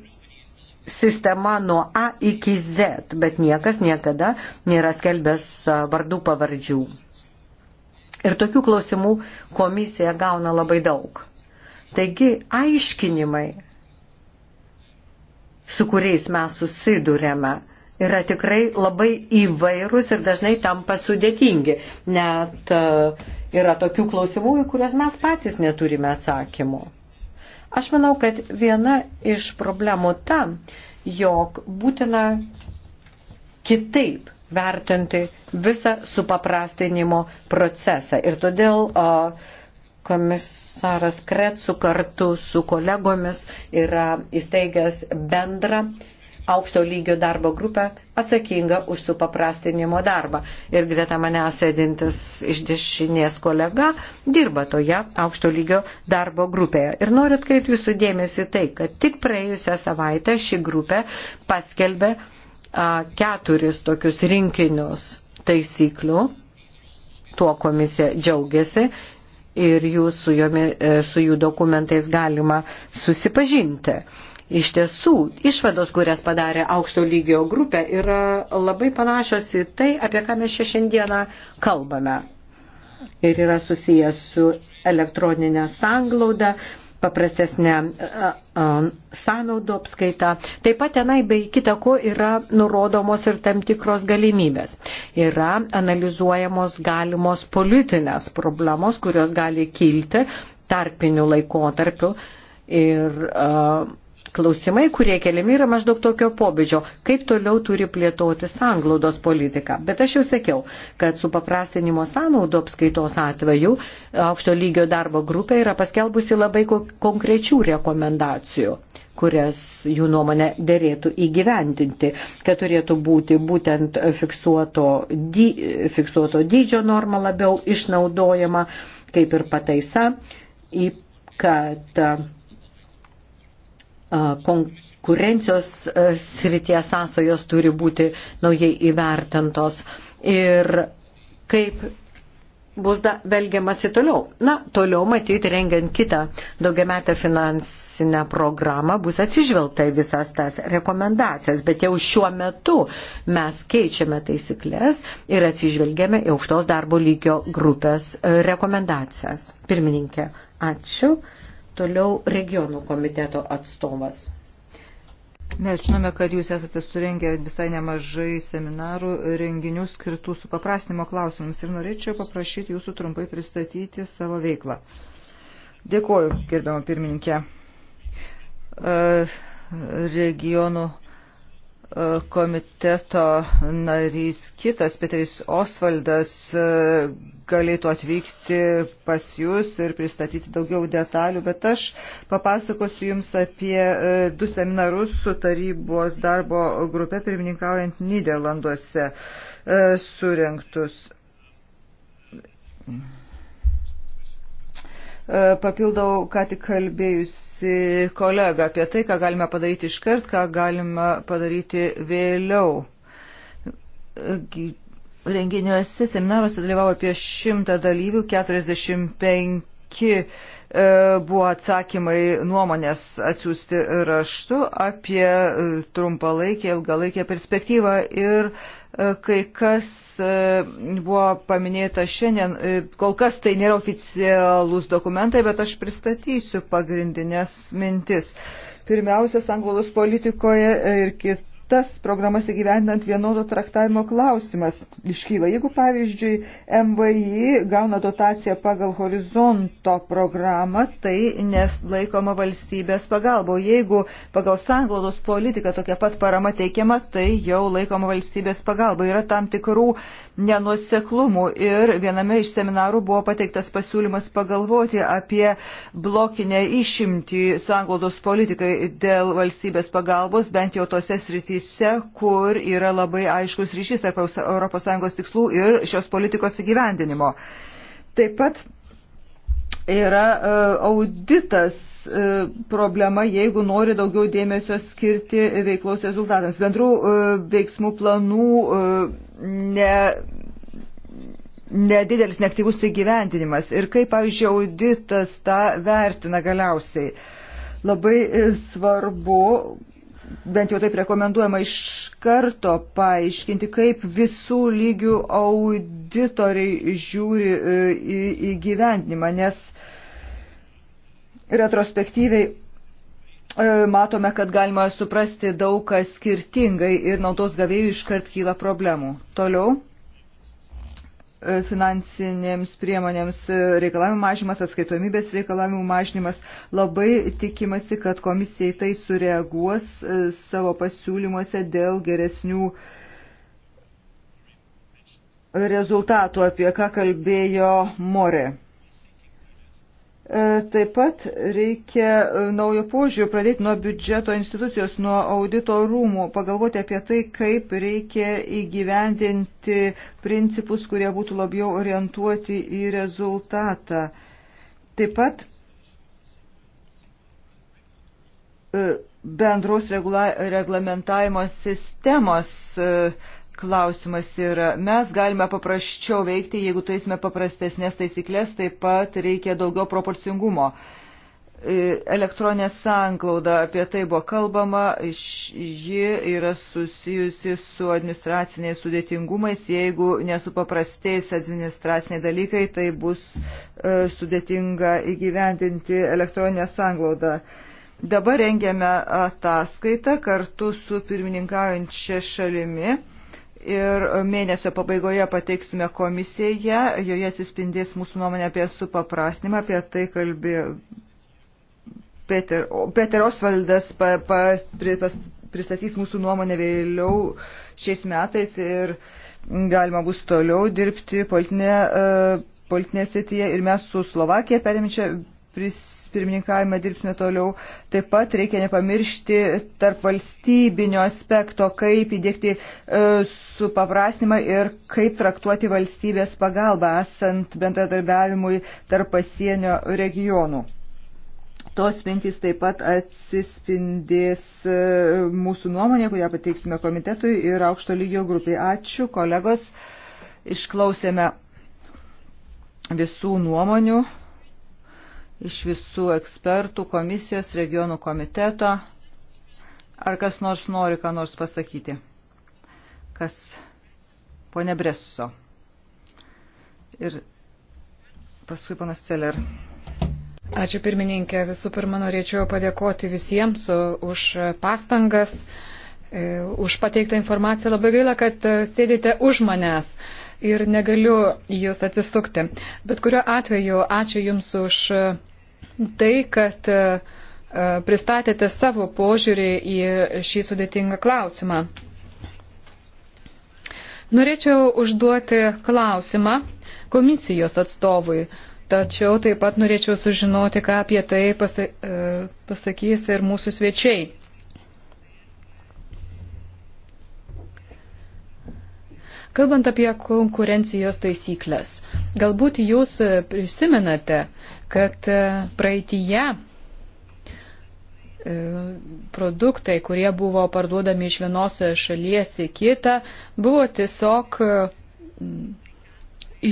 sistema nuo A iki Z, bet niekas niekada nėra skelbęs vardų pavardžių. Ir tokių klausimų komisija gauna labai daug. Taigi, aiškinimai, su kuriais mes susidurėme, yra tikrai labai įvairūs ir dažnai tampa sudėtingi. Net e, yra tokių klausimų, į kuriuos mes patys neturime atsakymų. Aš manau, kad viena iš problemų ta, jog būtina kitaip vertinti visą supaprastinimo procesą. Ir todėl o, e, komisaras Kretsu kartu su kolegomis yra įsteigęs bendrą aukšto lygio darbo grupę atsakingą už supaprastinimo darbą. Ir greta mane sėdintis iš dešinės kolega dirba toje aukšto lygio darbo grupėje. Ir noriu atkreipti jūsų dėmesį tai, kad tik praėjusią savaitę ši grupė paskelbė a, keturis tokius rinkinius taisyklių. Tuo komisija džiaugiasi ir jūs su, jomi, e, su jų dokumentais galima susipažinti. Iš tiesų, išvados, kurias padarė aukšto lygio grupė, yra labai panašios į tai, apie ką mes čia šiandieną kalbame. Ir yra susijęs su elektroninė sanglauda, paprastesnė sąnaudų apskaita. Taip pat tenai bei kita ko yra nurodomos ir tam tikros galimybės. Yra analizuojamos galimos politinės problemos, kurios gali kilti tarpinių laikotarpių ir uh, klausimai, kurie keliami, yra maždaug tokio pobėdžio, kaip toliau turi plėtoti sanglaudos politiką. Bet aš jau sakiau, kad su paprastinimo sąnaudų apskaitos atveju aukšto lygio darbo grupė yra paskelbusi labai konkrečių rekomendacijų kurias jų nuomonė dėrėtų įgyvendinti, kad turėtų būti būtent fiksuoto, dy, fiksuoto dydžio norma labiau išnaudojama, kaip ir pataisa, kad konkurencijos srityje sąsajos turi būti naujai įvertintos ir kaip bus da, velgiamasi toliau. Na, toliau matyti, rengiant kitą daugiametę finansinę programą, bus atsižvelgta į visas tas rekomendacijas, bet jau šiuo metu mes keičiame taisyklės ir atsižvelgiame į aukštos darbo lygio grupės rekomendacijas. Pirmininkė, ačiū. Toliau regionų komiteto atstovas. Mes žinome, kad jūs esate surengę visai nemažai seminarų, renginių skirtų su paprastinimo klausimams ir norėčiau paprašyti jūsų trumpai pristatyti savo veiklą. Dėkuoju, gerbiamo pirmininkė. Regionų komiteto narys kitas, Peteris Osvaldas, galėtų atvykti pas jūs ir pristatyti daugiau detalių, bet aš papasakosiu jums apie e, du seminarus su tarybos darbo grupė pirmininkaujant Niderlanduose e, surinktus. E, papildau ką tik kalbėjusi kolega apie tai, ką galime padaryti iškart, ką galime padaryti vėliau. Renginiuose seminaruose dalyvavo apie 100 dalyvių, 45 e, buvo atsakymai nuomonės atsiųsti raštu apie e, trumpalaikę, ilgalaikę perspektyvą ir uh, E, kai kas e, buvo paminėta šiandien. E, kol kas tai nėra oficialūs dokumentai, bet aš pristatysiu pagrindinės mintis. Pirmiausia, sanglaudos politikoje ir kitų tas programas įgyvendinant vienodo traktavimo klausimas iškyla. Jeigu, pavyzdžiui, MVI gauna dotaciją pagal horizonto programą, tai neslaikoma valstybės pagalba. O jeigu pagal sanglaudos politiką tokia pat parama teikiama, tai jau laikoma valstybės pagalba. Yra tam tikrų nenuoseklumų ir viename iš seminarų buvo pateiktas pasiūlymas pagalvoti apie blokinę išimtį sanglaudos politikai dėl valstybės pagalbos, bent jau tose srityse srityse, kur yra labai aiškus ryšys tarp ES tikslų ir šios politikos įgyvendinimo. Taip pat yra e, auditas e, problema, jeigu nori daugiau dėmesio skirti veiklos rezultatams. Bendrų e, veiksmų planų ne nedidelis, neaktyvus įgyvendinimas ir kaip, pavyzdžiui, auditas tą vertina galiausiai. Labai svarbu bent jau taip rekomenduojama iš karto paaiškinti, kaip visų lygių auditoriai žiūri e, į, į gyvendimą, nes retrospektyviai e, matome, kad galima suprasti daug kas skirtingai ir naudos gavėjų iškart kyla problemų. Toliau finansinėms priemonėms reikalavimų mažinimas, atskaitomybės reikalavimų mažinimas. Labai tikimasi, kad komisija į tai sureaguos e, savo pasiūlymuose dėl geresnių rezultatų, apie ką kalbėjo More. E, taip pat reikia e, naujo požiūrio pradėti nuo biudžeto institucijos, nuo audito rūmų, pagalvoti apie tai, kaip reikia įgyvendinti principus, kurie būtų labiau orientuoti į rezultatą. Taip pat e, bendros regla, reglamentavimo sistemos klausimas yra, mes galime paprasčiau veikti, jeigu turėsime paprastesnės taisyklės, taip pat reikia daugiau proporcingumo. E, elektroninė sanklauda, apie tai buvo kalbama, ji yra susijusi su administraciniais sudėtingumais, jeigu nesupaprastės administraciniai dalykai, tai bus e, sudėtinga įgyvendinti elektroninę sanklaudą. Dabar rengiame ataskaitą kartu su pirmininkaujančia šalimi ir mėnesio pabaigoje pateiksime komisiją, joje atsispindės mūsų nuomonė apie supaprastinimą, apie tai kalbėjo Peter, Peter Osvaldas pa, pa, pri, pas, pristatys mūsų nuomonę vėliau šiais metais ir galima bus toliau dirbti politinė, e, politinė sityje ir mes su Slovakija perimčia pirmininkavimą dirbsime toliau. Taip pat reikia nepamiršti tarp valstybinio aspekto, kaip įdėkti e, supaprasnimą ir kaip traktuoti valstybės pagalbą esant bendradarbiavimui tarp pasienio regionų. Tos mintys taip pat atsispindės e, mūsų nuomonė, kurią pateiksime komitetui ir aukšto lygio grupiai. Ačiū, kolegos. Išklausėme visų nuomonių iš visų ekspertų, komisijos, regionų komiteto. Ar kas nors nori ką nors pasakyti? Kas? Pone Bresso. Ir paskui panas Celer. Ačiū pirmininkė. Visų pirma, norėčiau padėkoti visiems už pastangas, e, už pateiktą informaciją. Labai gaila, kad e, sėdite už manęs ir negaliu jūs atsisukti. Bet kuriuo atveju, ačiū Jums už tai, kad e, e, pristatėte savo požiūrį į šį sudėtingą klausimą. Norėčiau užduoti klausimą komisijos atstovui, tačiau taip pat norėčiau sužinoti, ką apie tai e, pasakys ir mūsų svečiai. Kalbant apie konkurencijos taisyklės, galbūt jūs prisimenate, kad e, praeitįje e, produktai, kurie buvo parduodami iš vienos šalies į kitą, buvo tiesiog e,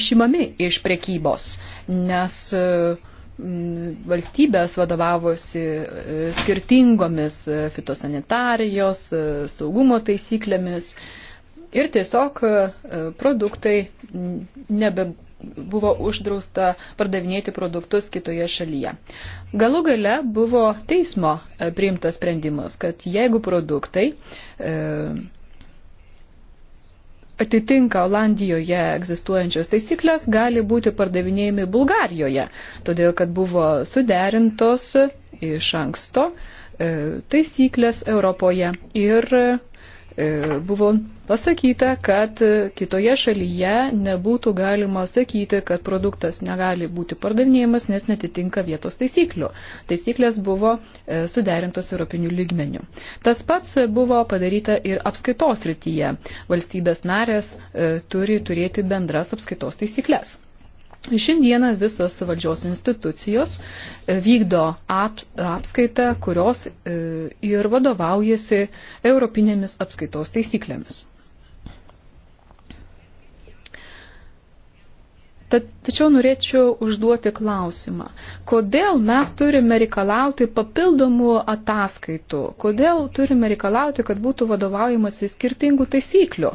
išimami iš prekybos, nes valstybės vadovavosi skirtingomis fitosanitarijos, saugumo taisyklėmis ir tiesiog e, produktai nebe buvo uždrausta pardavinėti produktus kitoje šalyje. Galų gale buvo teismo e, priimtas sprendimas, kad jeigu produktai e, atitinka Olandijoje egzistuojančios taisyklės, gali būti pardavinėjami Bulgarijoje, todėl kad buvo suderintos iš anksto e, taisyklės Europoje ir E, buvo pasakyta, kad e, kitoje šalyje nebūtų galima sakyti, kad produktas negali būti pardavinėjimas, nes netitinka vietos taisyklių. Taisyklės buvo e, suderintos europinių lygmenių. Tas pats buvo padaryta ir apskaitos rytyje. Valstybės narės turi turėti bendras apskaitos taisyklės. Šiandieną visos valdžios institucijos e, vykdo ap, apskaitą, kurios e, ir vadovaujasi europinėmis apskaitos taisyklėmis. Tačiau norėčiau užduoti klausimą. Kodėl mes turime reikalauti papildomų ataskaitų? Kodėl turime reikalauti, kad būtų vadovaujamasi skirtingų taisyklių?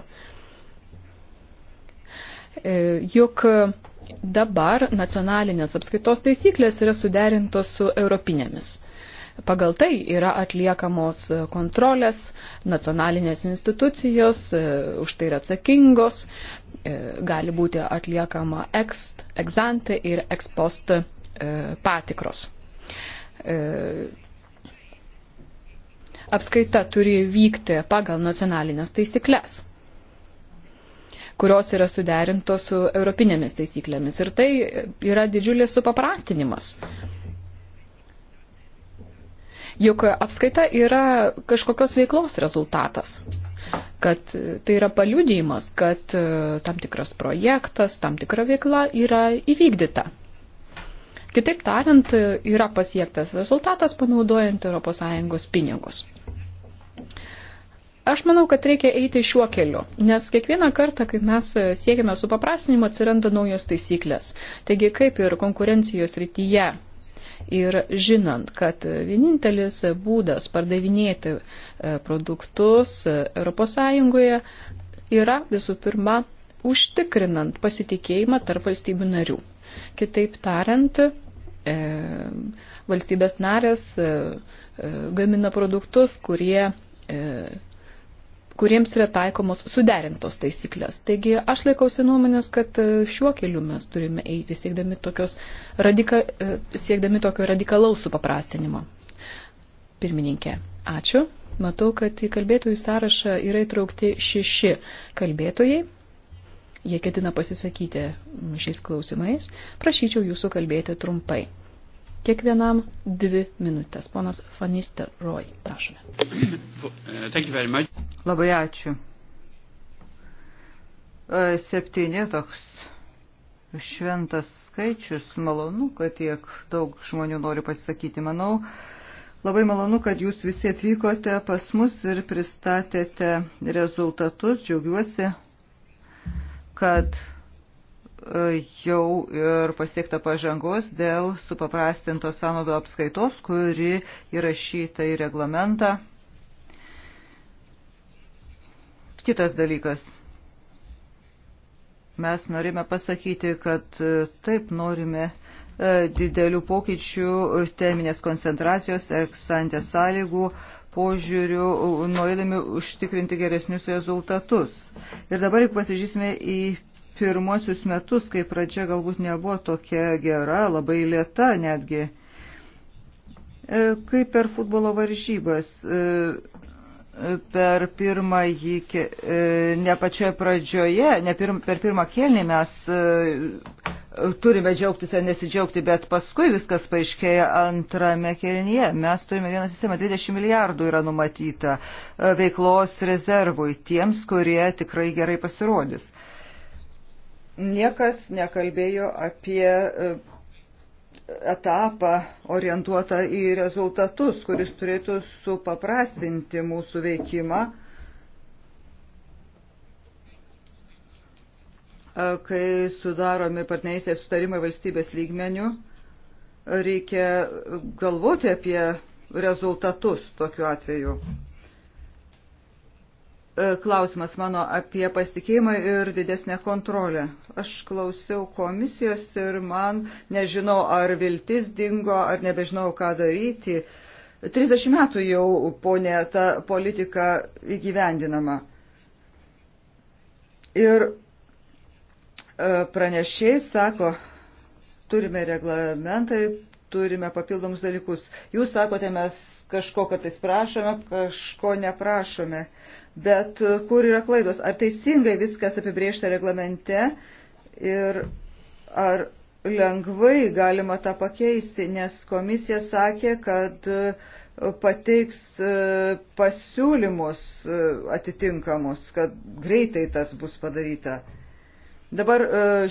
E, juk Dabar nacionalinės apskaitos taisyklės yra suderintos su europinėmis. Pagal tai yra atliekamos kontrolės, nacionalinės institucijos e, už tai yra atsakingos, e, gali būti atliekama ex, exante ir ex post e, patikros. Apskaita turi vykti pagal nacionalinės taisyklės kurios yra suderintos su europinėmis taisyklėmis. Ir tai yra didžiulis supaprastinimas. Juk apskaita yra kažkokios veiklos rezultatas, kad tai yra paliudijimas, kad e, tam tikras projektas, tam tikra veikla yra įvykdyta. Kitaip tariant, yra pasiektas rezultatas panaudojant ES pinigus. Aš manau, kad reikia eiti šiuo keliu, nes kiekvieną kartą, kai mes e, siekiame supaprastinimo, atsiranda naujos taisyklės. Taigi, kaip ir konkurencijos rytyje ir žinant, kad vienintelis būdas pardavinėti e, produktus ES yra visų pirma užtikrinant pasitikėjimą tarp valstybių narių. Kitaip tariant, e, valstybės narės gamina produktus, kurie kuriems yra taikomos suderintos taisyklės. Taigi aš laikausi nuomonės, kad e, šiuo keliu mes turime eiti siekdami, tokios, radika, e, siekdami tokio radikalaus supaprastinimo. Pirmininkė, ačiū. Matau, kad į kalbėtojų sąrašą yra įtraukti šeši kalbėtojai. Jie ketina pasisakyti šiais klausimais. Prašyčiau jūsų kalbėti trumpai. Kiekvienam dvi minutės. Ponas Fanister Roy, prašome. Labai ačiū. E, septyni toks šventas skaičius. Malonu, kad tiek daug žmonių nori pasisakyti. Manau, Labai malonu, kad jūs visi atvykote pas mus ir pristatėte rezultatus. Džiaugiuosi, kad jau ir pasiekta pažangos dėl supaprastintos sąnaudų apskaitos, kuri įrašyta į reglamentą. Kitas dalykas. Mes norime pasakyti, kad taip norime e, didelių pokyčių teminės koncentracijos, eksantės sąlygų, požiūrių, norėdami užtikrinti geresnius rezultatus. Ir dabar, jeigu pasižiūrėsime į pirmuosius metus, kai pradžia galbūt nebuvo tokia gera, labai lėta netgi, e, kaip per futbolo varžybas. E, per pirmąjį, e, ne pačioje pradžioje, ne pirm, per pirmą kėlinį mes turime džiaugtis ar nesidžiaugti, bet paskui viskas paaiškėja antrame kėlinyje. Mes turime vieną sistemą, 20 milijardų yra numatyta veiklos rezervui tiems, kurie tikrai gerai pasirodys. Uh, Niekas nekalbėjo apie e, etapą orientuotą į rezultatus, kuris turėtų supaprastinti mūsų veikimą, e, kai sudaromi partnerystės sustarimai valstybės lygmenių, reikia galvoti apie rezultatus tokiu atveju. E, klausimas mano apie pasitikėjimą ir didesnę kontrolę. Aš klausiau komisijos ir man nežinau, ar viltis dingo, ar nebežinau, ką daryti. 30 metų jau, ponė, ta politika įgyvendinama. Ir e, pranešėjai sako, turime reglamentai, turime papildomus dalykus. Jūs sakote, mes kažko kartais prašome, kažko neprašome bet e, kur yra klaidos? Ar teisingai viskas apibriešta reglamente ir ar lengvai galima tą pakeisti, nes komisija sakė, kad e, pateiks e, pasiūlymus atitinkamus, kad greitai tas bus padaryta. Dabar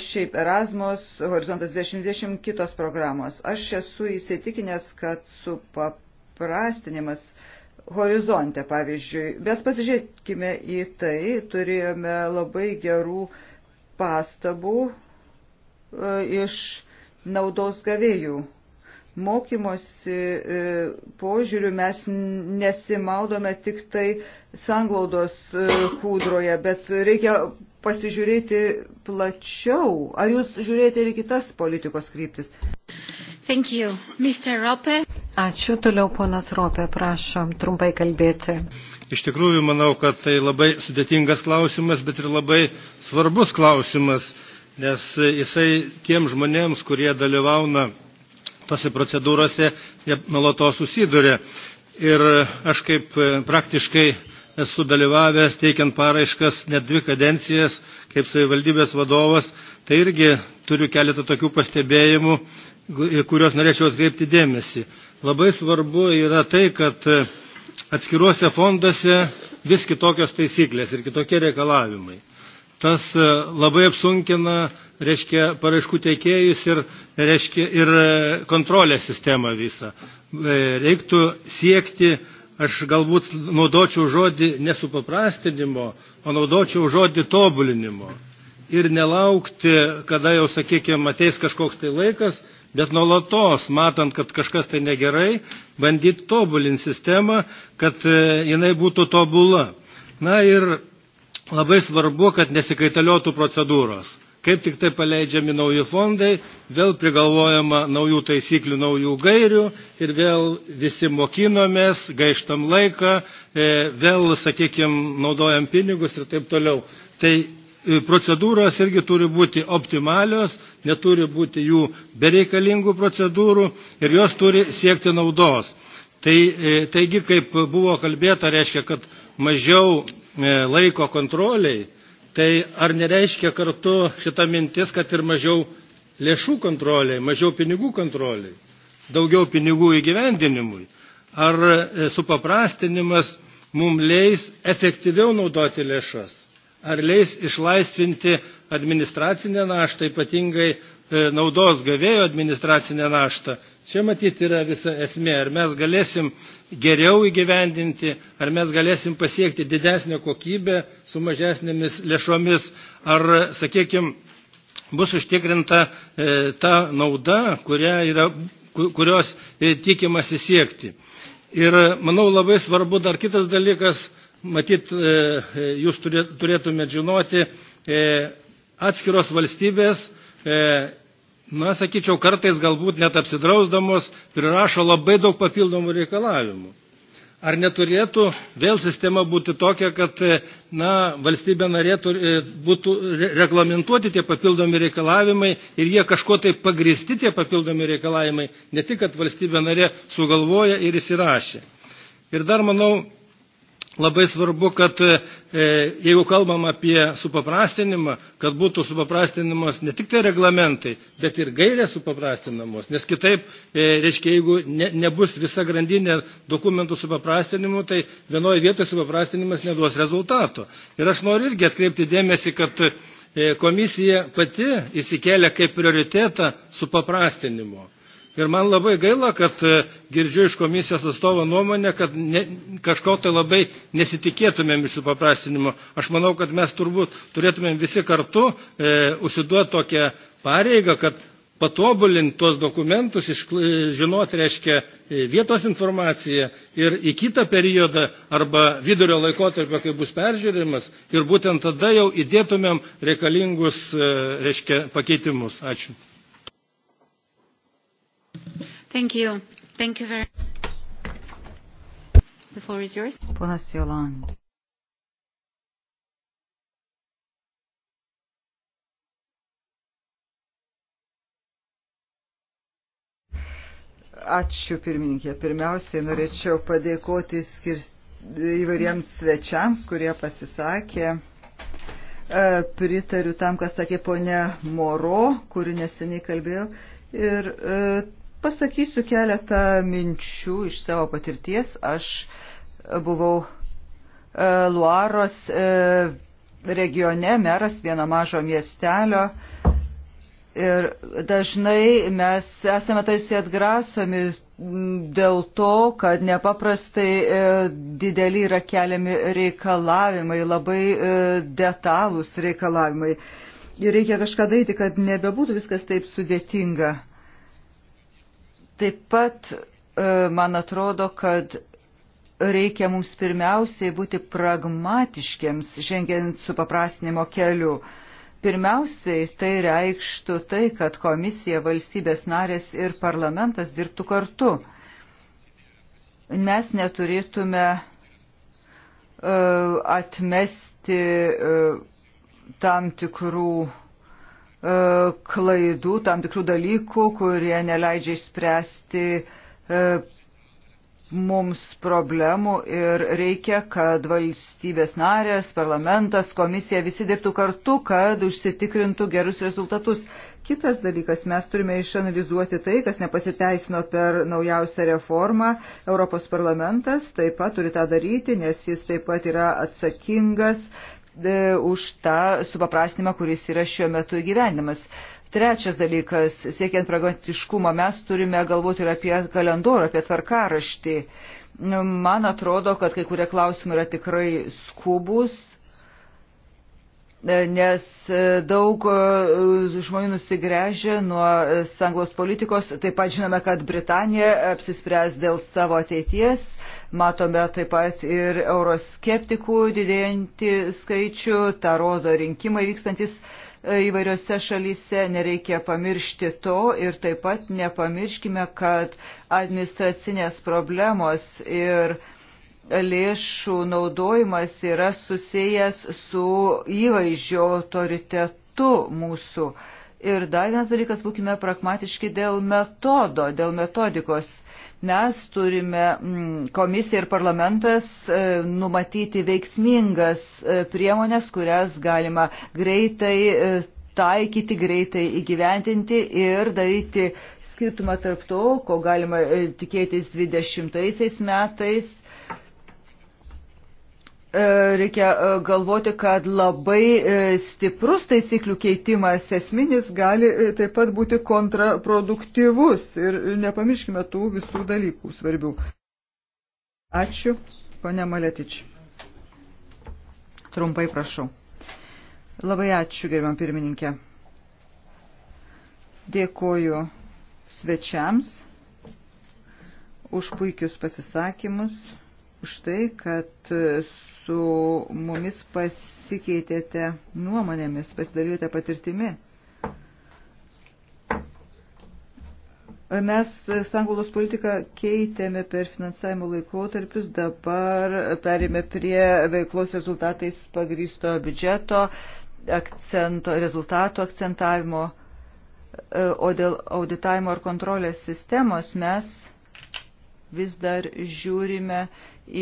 šiaip Erasmus, Horizontas 2020, kitos programos. Aš esu įsitikinęs, kad supaprastinimas uh, horizonte, pavyzdžiui. Mes pasižiūrėkime į tai, turėjome labai gerų pastabų e, iš naudos gavėjų. Mokymosi e, požiūrių mes nesimaudome tik tai sanglaudos e, kūdroje, bet reikia pasižiūrėti plačiau. Ar jūs žiūrėjote ir kitas politikos kryptis? Thank you, Mr. Rope. Ačiū. Toliau ponas Ropė, prašom trumpai kalbėti. Iš tikrųjų, manau, kad tai labai sudėtingas klausimas, bet ir labai svarbus klausimas, nes jisai tiem žmonėms, kurie dalyvauna tose procedūrose, jie nuolatos susiduria. Ir aš kaip e, praktiškai esu dalyvavęs teikiant paraiškas net dvi kadencijas kaip savivaldybės vadovas, tai irgi turiu keletą tokių pastebėjimų, kuriuos norėčiau atkreipti dėmesį labai svarbu yra tai, kad e, atskiruose fonduose vis kitokios taisyklės ir kitokie reikalavimai. Tas e, labai apsunkina, reiškia, paraiškų teikėjus ir, reiškia, ir e, kontrolės sistemą visą. Reiktų siekti, aš galbūt naudočiau žodį nesupaprastinimo, o naudočiau žodį tobulinimo. Ir nelaukti, kada jau, sakykime, ateis kažkoks tai laikas, bet nuolatos, matant, kad kažkas tai negerai, bandyti tobulinti sistemą, kad e, jinai būtų tobula. Na ir labai svarbu, kad nesikaitaliotų procedūros. Kaip tik tai paleidžiami nauji fondai, vėl prigalvojama naujų taisyklių, naujų gairių ir vėl visi mokinomės, gaištam laiką, e, vėl, sakykime, naudojam pinigus ir taip toliau. Tai E, procedūros irgi turi būti optimalios, neturi būti jų bereikalingų procedūrų ir jos turi siekti naudos. Tai, e, taigi, kaip buvo kalbėta, reiškia, kad mažiau e, laiko kontroliai, tai ar nereiškia kartu šita mintis, kad ir mažiau lėšų kontroliai, mažiau pinigų kontroliai, daugiau pinigų įgyvendinimui? Ar supaprastinimas mums leis efektyviau naudoti lėšas? ar leis išlaisvinti administracinę naštą, ypatingai e, naudos gavėjo administracinę naštą. Čia matyti yra visa esmė, ar mes galėsim geriau įgyvendinti, ar mes galėsim pasiekti didesnę kokybę su mažesnėmis lėšomis, ar, sakykime, bus užtikrinta e, ta nauda, yra, kurios e, tikimasi siekti. Ir manau labai svarbu dar kitas dalykas matyt, e, e, jūs turėtumėte žinoti, e, atskiros valstybės, na, sakyčiau, kartais galbūt net apsidrausdamos prirašo labai daug papildomų reikalavimų. Ar neturėtų vėl sistema būti tokia, kad na, valstybė narė būtų reglamentuoti tie papildomi reikalavimai ir jie kažko tai pagristi tie papildomi reikalavimai, ne tik, kad valstybė narė sugalvoja ir įsirašė. Ir dar, manau, labai svarbu, kad e, jeigu kalbam apie supaprastinimą, kad būtų supaprastinamos ne tik tai reglamentai, bet ir gairės supaprastinamos, nes kitaip, e, reiškia, jeigu ne, nebus visa grandinė dokumentų supaprastinimų, tai vienoje vietoje supaprastinimas neduos rezultato. Ir aš noriu irgi atkreipti dėmesį, kad e, komisija pati įsikėlė kaip prioritetą supaprastinimo Ir man labai gaila, kad e, girdžiu iš komisijos atstovo nuomonę, kad ne, kažko tai labai nesitikėtumėm iš supaprastinimo. Aš manau, kad mes turbūt turėtumėm visi kartu e, užsiduoti tokią pareigą, kad patobulinti tuos dokumentus, e, žinoti, reiškia, e, vietos informaciją ir į kitą periodą arba vidurio laikotarpio, kai bus peržiūrimas, ir būtent tada jau įdėtumėm reikalingus, reiškia, pakeitimus. Ačiū. Thank you. Thank you very much. The floor is yours. Ponas Joland. Ačiū pirmininkė. Pirmiausiai norėčiau padėkoti skirti įvairiems svečiams, kurie pasisakė. E, pritariu tam, kas sakė ponė Moro, kuri neseniai kalbėjo. Ir e, Pasakysiu keletą minčių iš savo patirties. Aš e, buvau e, Luaros e, regione meras vieno mažo miestelio. Ir dažnai mes esame tarsi atgrasomi dėl to, kad nepaprastai dideli yra keliami reikalavimai, labai detalūs reikalavimai. Ir reikia kažką daryti, kad nebebūtų viskas taip sudėtinga. Taip pat e, man atrodo, kad reikia mums pirmiausiai būti pragmatiškiams, žengiant su paprastinimo keliu. Pirmiausiai tai reikštų tai, kad komisija, valstybės narės ir parlamentas dirbtų kartu. Mes neturėtume uh, atmesti uh, tam tikrų E, klaidų, tam tikrų dalykų, kurie neleidžia išspręsti e, mums problemų ir reikia, kad valstybės narės, parlamentas, komisija visi dirbtų kartu, kad užsitikrintų gerus rezultatus. Kitas dalykas, mes turime išanalizuoti tai, kas nepasiteisino per naujausią reformą. Europos parlamentas taip pat turi tą daryti, nes jis taip pat yra atsakingas E, už tą supaprastinimą, kuris yra šiuo metu gyvenimas. Trečias dalykas, siekiant pragmatiškumo, mes turime galvoti ir apie kalendorą, apie tvarkaraštį. Nu, man atrodo, kad kai kurie klausimai yra tikrai skubus, e, nes e, daug žmonių nusigręžia nuo sanglos politikos. Taip pat žinome, kad Britanija apsispręs dėl savo ateities Matome taip pat ir euroskeptikų didėjantį skaičių, tą rodo rinkimai vykstantis e, įvairiose šalyse, nereikia pamiršti to ir taip pat nepamirškime, kad administracinės problemos ir lėšų naudojimas yra susijęs su įvaizdžio autoritetu mūsų. Ir dar vienas dalykas, būkime pragmatiški dėl metodo, dėl metodikos. Uh, Mes turime, mm, komisija ir parlamentas, e, numatyti veiksmingas e, priemonės, kurias galima greitai e, taikyti, greitai įgyventinti ir daryti skirtumą tarp to, ko galima tikėtis 20 metais E, reikia e, galvoti, kad labai e, stiprus taisyklių keitimas esminis gali taip pat būti kontraproduktyvus ir nepamirškime tų visų dalykų svarbių. Ačiū, ponia Maletič. Trumpai prašau. Labai ačiū, gerbiam pirmininkė. Dėkoju svečiams už puikius pasisakymus, už tai, kad su mumis pasikeitėte nuomonėmis, pasidalijote patirtimi. Mes sanglaudos politiką keitėme per finansavimo laikotarpius, dabar perėmė prie veiklos rezultatais pagrysto biudžeto, akcento, rezultatų akcentavimo, e, o dėl auditavimo ir kontrolės sistemos mes vis dar žiūrime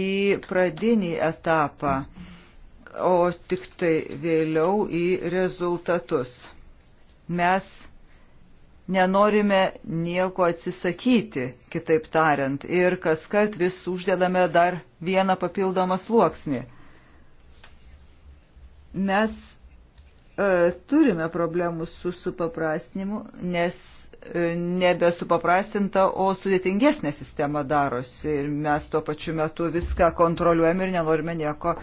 į pradinį etapą, o tik tai vėliau į rezultatus. Mes nenorime nieko atsisakyti, kitaip tariant, ir kas kart vis uždedame dar vieną papildomą sluoksnį. Mes E, turime problemų su supaprastinimu, nes e, nebe supaprastinta, o sudėtingesnė sistema darosi ir mes tuo pačiu metu viską kontroliuojame ir nenorime nieko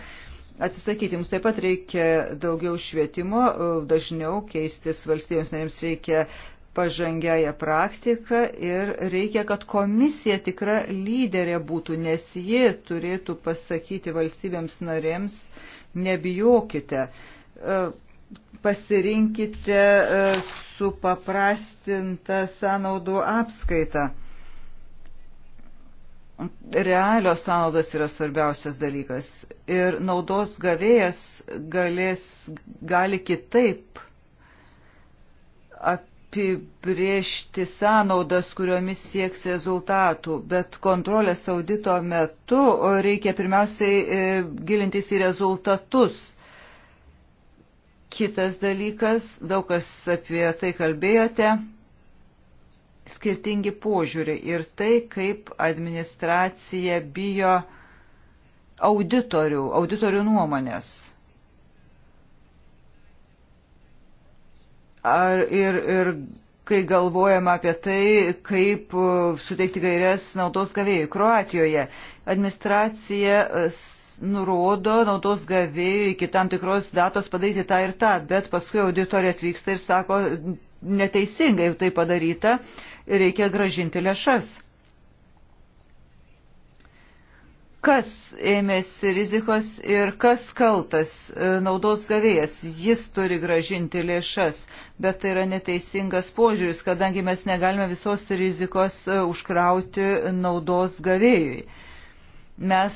atsisakyti. Mums taip pat reikia daugiau švietimo, e, dažniau keistis valstybėms narėms reikia pažangiają praktiką ir reikia, kad komisija tikra lyderė būtų, nes ji turėtų pasakyti valstybėms narėms, nebijokite pasirinkite e, supaprastintą sąnaudų apskaitą. Realios sąnaudos yra svarbiausias dalykas ir naudos gavėjas galės, gali kitaip apibriežti sąnaudas, kuriomis sieks rezultatų, bet kontrolės audito metu reikia pirmiausiai e, gilintis į rezultatus Kitas dalykas, daug kas apie tai kalbėjote, skirtingi požiūriai ir tai, kaip administracija bijo auditorių, auditorių nuomonės. Ar ir, ir kai galvojama apie tai, kaip suteikti gairias naudos gavėjai. Kroatijoje administracija nurodo naudos gavėjui iki tam tikros datos padaryti tą ir tą, bet paskui auditorė atvyksta ir sako, neteisingai tai padaryta ir reikia gražinti lėšas. Kas ėmėsi rizikos ir kas kaltas e, naudos gavėjas? Jis turi gražinti lėšas, bet tai yra neteisingas požiūris, kadangi mes negalime visos rizikos e, užkrauti naudos gavėjui. Mes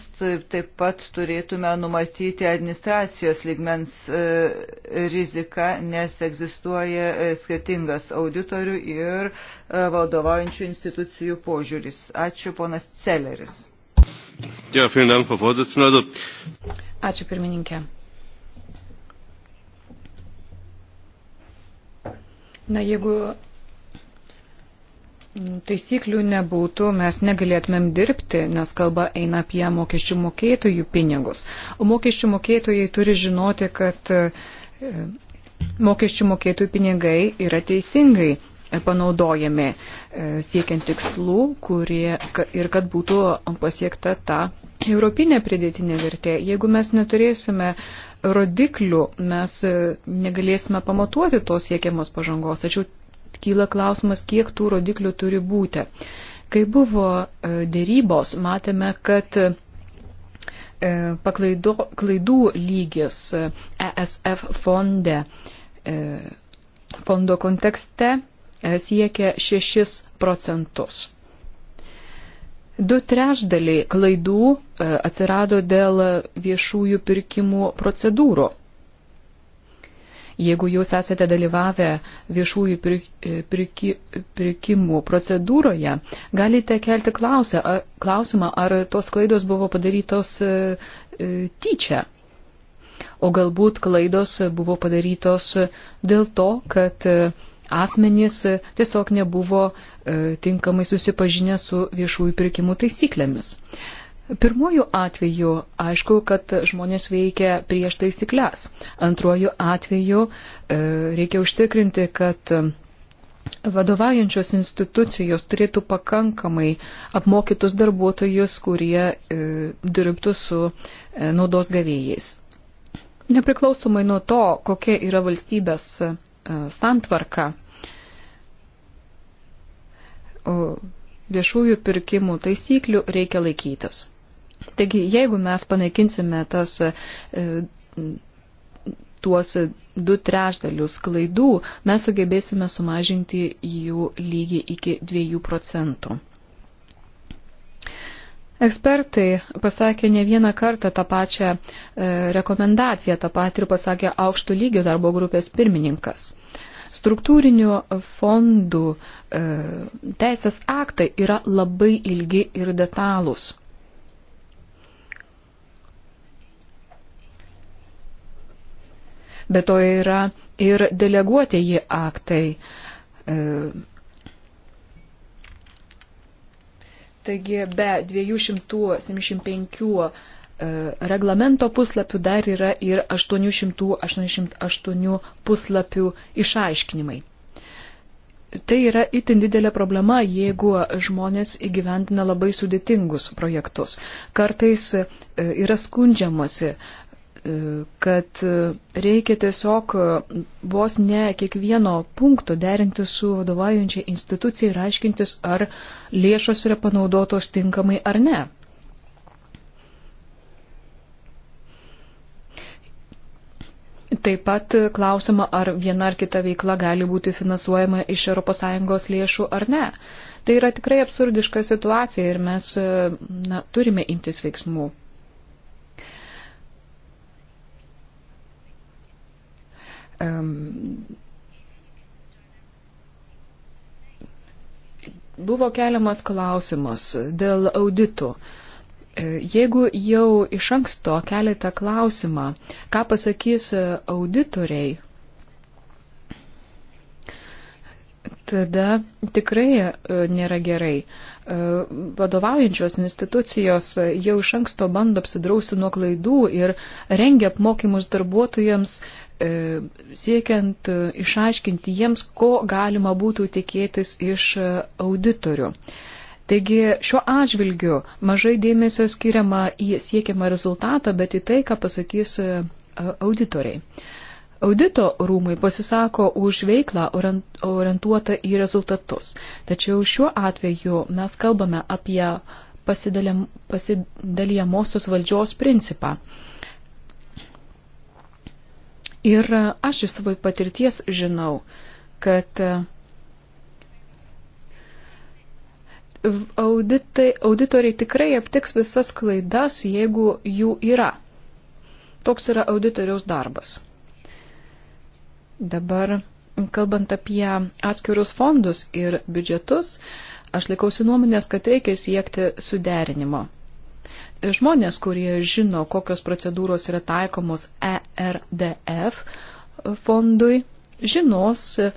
taip pat turėtume numatyti administracijos ligmens e, riziką, nes egzistuoja e, skirtingas auditorių ir e, vadovaujančių institucijų požiūris. Ačiū, ponas Celeris. Ja, Dank, Ačiū, pirmininkė. Na, jeigu taisyklių nebūtų, mes negalėtumėm dirbti, nes kalba eina apie mokesčių mokėtojų pinigus. O mokesčių mokėtojai turi žinoti, kad e, mokesčių mokėtojų pinigai yra teisingai e, panaudojami e, siekiant tikslų kurie, ir kad būtų pasiekta ta europinė pridėtinė vertė. Jeigu mes neturėsime rodiklių, mes negalėsime pamatuoti tos siekiamos pažangos. Tačiau kyla klausimas, kiek tų rodiklių turi būti. Kai buvo e, dėrybos, matėme, kad e, paklaido, klaidų lygis ESF e fonde, fondo kontekste siekia 6 procentus. Du trešdaliai klaidų atsirado dėl viešųjų pirkimų procedūrų Jeigu jūs esate dalyvavę viešųjų pirki, e, pirkimų procedūroje, galite kelti klausimą, ar tos klaidos buvo padarytos e, e, tyčia. O galbūt klaidos buvo padarytos dėl to, kad asmenys tiesiog nebuvo tinkamai susipažinę su viešųjų pirkimų taisyklėmis. Pirmuoju atveju aišku, kad žmonės veikia prieš taisyklės. Antruoju atveju e, reikia užtikrinti, kad e, vadovaujančios institucijos turėtų pakankamai apmokytus darbuotojus, kurie e, dirbtų su naudos gavėjais. Nepriklausomai nuo to, kokia yra valstybės santvarka, viešųjų pirkimų taisyklių reikia laikytis. Taigi, jeigu mes panaikinsime tas, e, tuos du trešdalius klaidų, mes sugebėsime sumažinti jų lygį iki 2 procentų. Ekspertai pasakė ne vieną kartą tą pačią e, rekomendaciją, tą patį ir pasakė aukštų lygio darbo grupės pirmininkas. Struktūrinių fondų e, teisės aktai yra labai ilgi ir detalūs. bet to yra ir deleguotieji aktai. E, taigi be 275 e, reglamento puslapių dar yra ir 888 puslapių išaiškinimai. Tai yra itin didelė problema, jeigu žmonės įgyventina labai sudėtingus projektus. Kartais e, yra skundžiamasi kad reikia tiesiog vos ne kiekvieno punkto derinti su vadovaujančia institucija ir aiškintis, ar lėšos yra panaudotos tinkamai ar ne. Taip pat klausima, ar viena ar kita veikla gali būti finansuojama iš ES lėšų ar ne. Tai yra tikrai absurdiška situacija ir mes na, turime imtis veiksmų. Ehm, buvo keliamas klausimas dėl auditų. E, jeigu jau iš anksto keliate klausimą, ką pasakys auditoriai, tada tikrai e, nėra gerai. E, vadovaujančios institucijos e, jau iš anksto bando apsidrausti nuo klaidų ir rengia apmokymus darbuotojams, siekiant išaiškinti jiems, ko galima būtų tikėtis iš auditorių. Taigi šiuo atžvilgiu mažai dėmesio skiriama į siekiamą rezultatą, bet į tai, ką pasakys auditoriai. Audito rūmai pasisako už veiklą orientuotą į rezultatus, tačiau šiuo atveju mes kalbame apie pasidalijamosios valdžios principą. Ir aš iš savo patirties žinau, kad auditai, auditoriai tikrai aptiks visas klaidas, jeigu jų yra. Toks yra auditoriaus darbas. Dabar, kalbant apie atskirus fondus ir biudžetus, aš laikausi nuomonės, kad reikia siekti suderinimo. Žmonės, kurie žino, kokios procedūros yra taikomos ERDF fondui, žinos, e,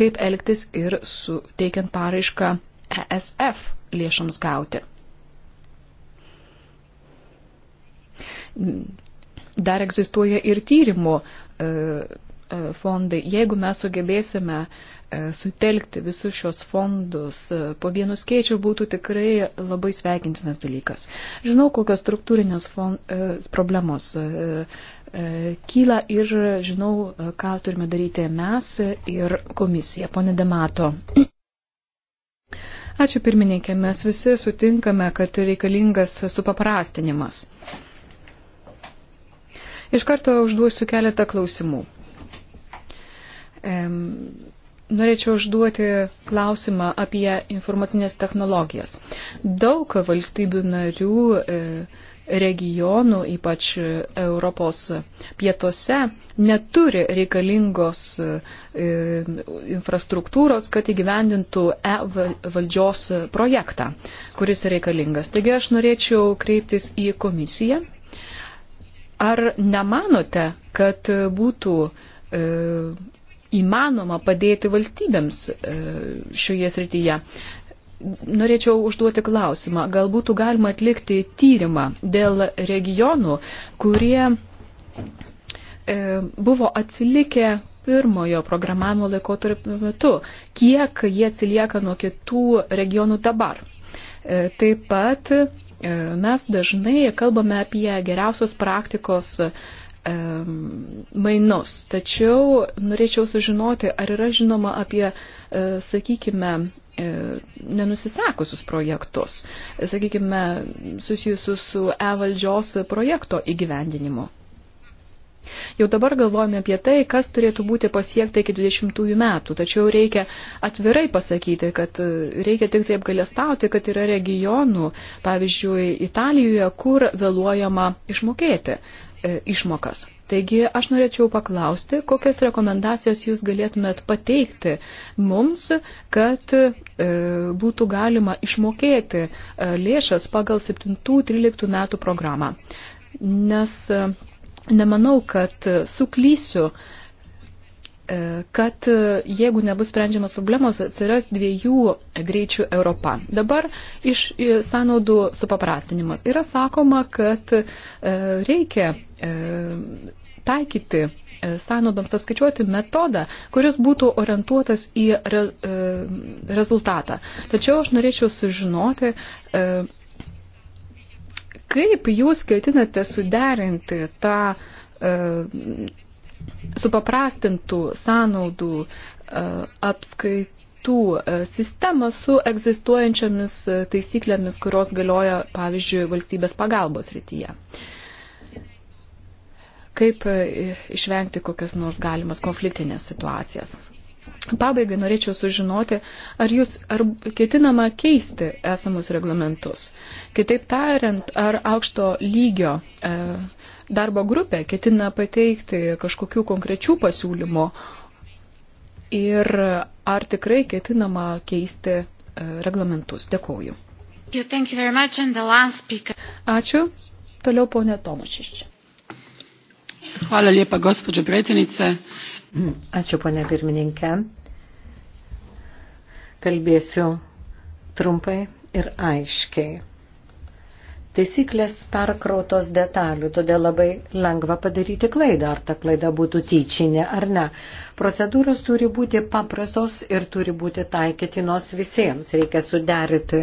kaip elgtis ir su teikiant paraišką ESF lėšoms gauti. Dar egzistuoja ir tyrimų e, E, fondai. Jeigu mes sugebėsime e, sutelkti visus šios fondus e, po vienu skėčiu, būtų tikrai labai sveikintinas dalykas. Žinau, kokios struktūrinės fond, problemos kyla ir žinau, ką turime daryti mes ir komisija. Pone Demato. Ačiū pirmininkė, mes visi sutinkame, kad reikalingas supaprastinimas. Iš karto užduosiu keletą klausimų. Norėčiau užduoti klausimą apie informacinės technologijas. Daug valstybių narių e, regionų, ypač Europos pietuose, neturi reikalingos e, infrastruktūros, kad įgyvendintų e valdžios projektą, kuris reikalingas. Taigi aš norėčiau kreiptis į komisiją. Ar nemanote, kad būtų e, įmanoma padėti valstybėms e, šioje srityje. Norėčiau užduoti klausimą. Gal būtų galima atlikti tyrimą dėl regionų, kurie e, buvo atsilikę pirmojo programavimo laikotarpio metu, kiek jie atsilieka nuo kitų regionų dabar. E, taip pat mes dažnai kalbame apie geriausios praktikos mainus. Tačiau norėčiau sužinoti, ar yra žinoma apie, e, sakykime, e, nenusisekusius projektus, sakykime, susijusius su e-valdžios projekto įgyvendinimu. Jau dabar galvojame apie tai, kas turėtų būti pasiekta iki 20 metų, tačiau reikia atvirai pasakyti, kad e, reikia tik taip galėstauti, kad yra regionų, pavyzdžiui, Italijoje, kur vėluojama išmokėti E, išmokas. Taigi aš norėčiau paklausti, kokias rekomendacijas jūs galėtumėt pateikti mums, kad e, būtų galima išmokėti e, lėšas pagal 7-13 metų programą. Nes e, nemanau, kad e, suklysiu, e, E, kad e, jeigu nebus sprendžiamas problemos, atsiras dviejų greičių Europa. Dabar iš e, sąnaudų supaprastinimas. Yra sakoma, kad reikia taikyti sąnaudoms apskaičiuoti metodą, kuris būtų orientuotas į re, rezultatą. Tačiau aš norėčiau sužinoti, kaip jūs ketinate suderinti tą supaprastintų sąnaudų e, apskaitų e, sistemą su egzistuojančiamis e, taisyklėmis, kurios galioja, pavyzdžiui, valstybės pagalbos rytyje. Kaip išvengti kokias nors galimas konfliktinės situacijas. Pabaigai norėčiau sužinoti, ar jūs ar ketinama keisti esamus reglamentus. Kitaip tariant, ar aukšto lygio e, darbo grupė ketina pateikti kažkokių konkrečių pasiūlymų ir ar tikrai ketinama keisti e, reglamentus. Dėkuoju. Ačiū. Toliau ponė Tomašiščia. Hvala lijepa, gospođo predsjednice. Ačiū, ponė pirmininkė. Kalbėsiu trumpai ir aiškiai. Taisyklės perkrautos detalių, todėl labai lengva padaryti klaidą, ar ta klaida būtų tyčinė ar ne. Procedūros turi būti paprastos ir turi būti taikytinos visiems. Reikia suderinti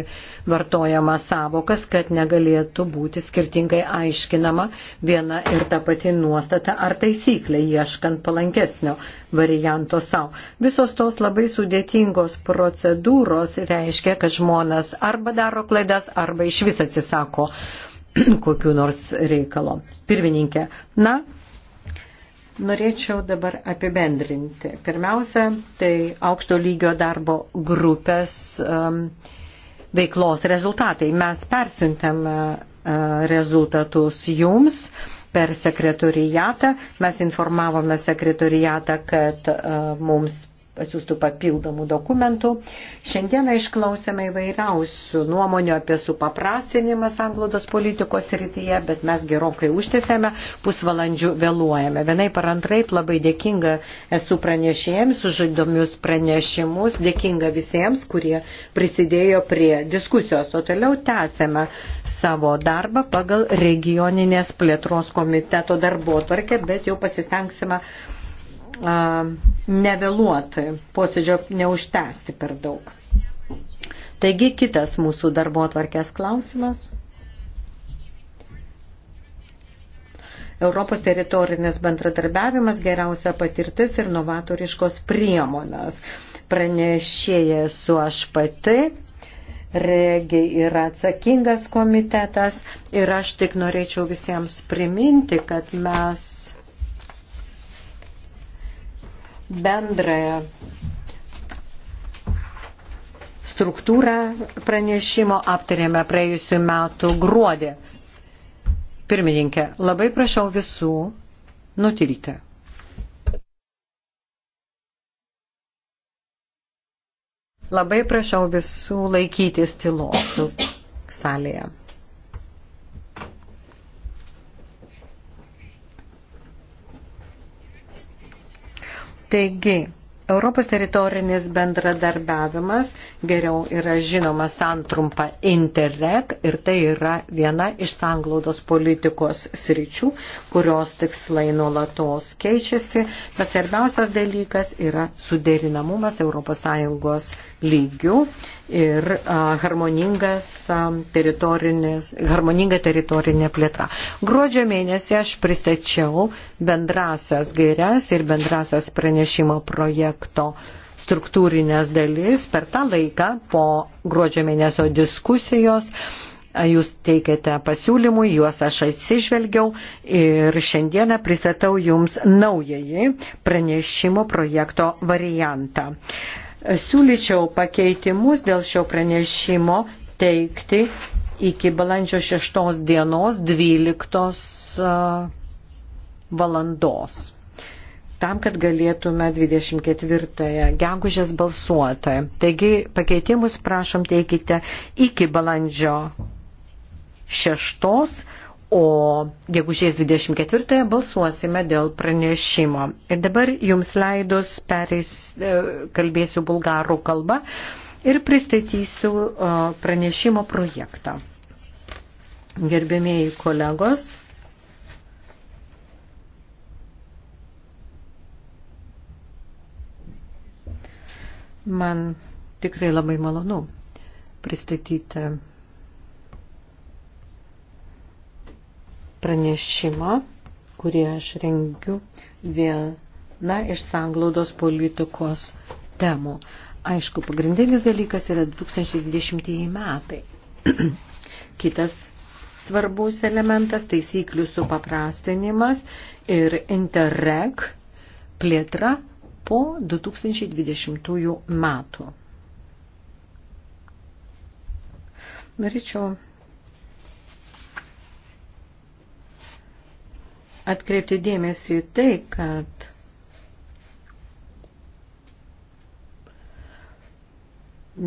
vartojamą savokas, kad negalėtų būti skirtingai aiškinama viena ir ta pati nuostata ar taisyklė, ieškant palankesnio varianto savo. Visos tos labai sudėtingos procedūros reiškia, kad žmonės arba daro klaidas, arba iš vis atsisako kokiu nors reikalo. Pirmininkė, na, Norėčiau dabar apibendrinti. Pirmiausia, tai aukšto lygio darbo grupės um, veiklos rezultatai. Mes persiuntėme uh, rezultatus jums per sekretorijatą. Mes informavome sekretorijatą, kad uh, mums pasiūstų papildomų dokumentų. Šiandieną išklausėme įvairiausių nuomonių apie supaprastinimą sanglaudos politikos rytyje, bet mes gerokai užtėsėme, pusvalandžių vėluojame. Vienai par antraip labai dėkinga esu pranešėjams, už įdomius pranešimus, dėkinga visiems, kurie prisidėjo prie diskusijos. O toliau tęsėme savo darbą pagal regioninės plėtros komiteto darbo tvarkę, bet jau pasistengsime nevėluoti, posėdžio neužtęsti per daug. Taigi kitas mūsų darbo atvarkės klausimas. Europos teritorinės bendradarbiavimas geriausia patirtis ir novatoriškos priemonės. Pranešėja su aš pati, regiai yra atsakingas komitetas ir aš tik norėčiau visiems priminti, kad mes bendrąją struktūrą pranešimo aptarėme praėjusiu metu gruodį. Pirmininkė, labai prašau visų nutilti. Labai prašau visų laikytis tylos salėje. Taigi, Europos teritorinis bendradarbiavimas geriau yra žinoma santrumpa Interreg ir tai yra viena iš sanglaudos politikos sričių, kurios tikslai nuolatos keičiasi, bet svarbiausias dalykas yra suderinamumas ES lygių ir harmoningas harmoninga teritorinė plėtra. Gruodžio mėnesį aš pristačiau bendrasias gairias ir bendrasias pranešimo projekto struktūrinės dalis. Per tą laiką po gruodžio mėnesio diskusijos jūs teikiate pasiūlymų, juos aš atsižvelgiau ir šiandieną pristatau jums naująjį pranešimo projekto variantą siūlyčiau pakeitimus dėl šio pranešimo teikti iki balandžio 6 dienos 12 valandos. Tam, kad galėtume 24 gegužės balsuoti. Taigi pakeitimus prašom teikite iki balandžio 6 O gegužės 24 balsuosime dėl pranešimo. Ir dabar jums leidus pereis, e, kalbėsiu bulgarų kalbą ir pristatysiu e, pranešimo projektą. Gerbėmėjai kolegos. Man tikrai labai malonu pristatyti pranešimą, kurį aš rengiu viena iš sanglaudos politikos temų. Aišku, pagrindinis dalykas yra 2020 metai. Kitas svarbus elementas - taisyklių supaprastinimas ir interreg plėtra po 2020 metų. Norėčiau atkreipti dėmesį tai, kad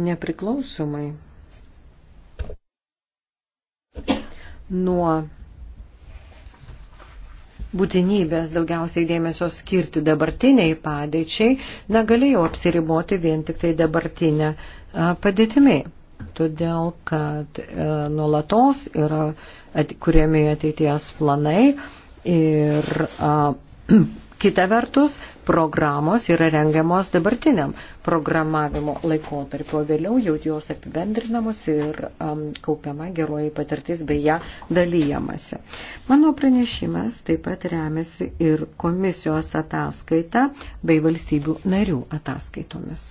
nepriklausomai nuo būtinybės daugiausiai dėmesio skirti dabartiniai padėčiai, negalėjau apsiriboti vien tik tai dabartinę padėtimi. Todėl, kad e, nuolatos yra at, kuriami ateities planai, Ir a, kita vertus, programos yra rengiamos dabartiniam programavimo laikotarpio, vėliau jau jos apibendrinamos ir a, kaupiama geroji patirtis bei ją dalyjamasi. Mano pranešimas taip pat remiasi ir komisijos ataskaita bei valstybių narių ataskaitomis.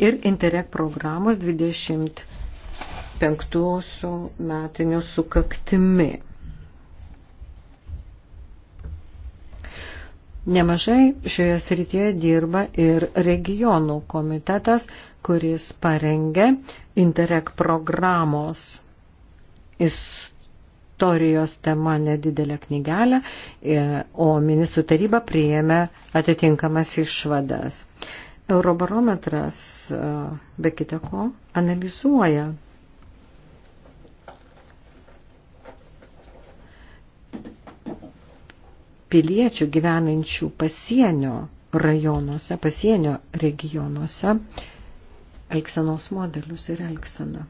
ir Interreg programos 25 metinių sukaktimi. Nemažai šioje srityje dirba ir regionų komitetas, kuris parengė Interreg programos istorijos tema nedidelę knygelę, e, o ministrų taryba priėmė atitinkamas išvadas. Eurobarometras e, be kitako analizuoja piliečių gyvenančių pasienio rajonuose, pasienio regionuose elksenos modelius ir elkseną.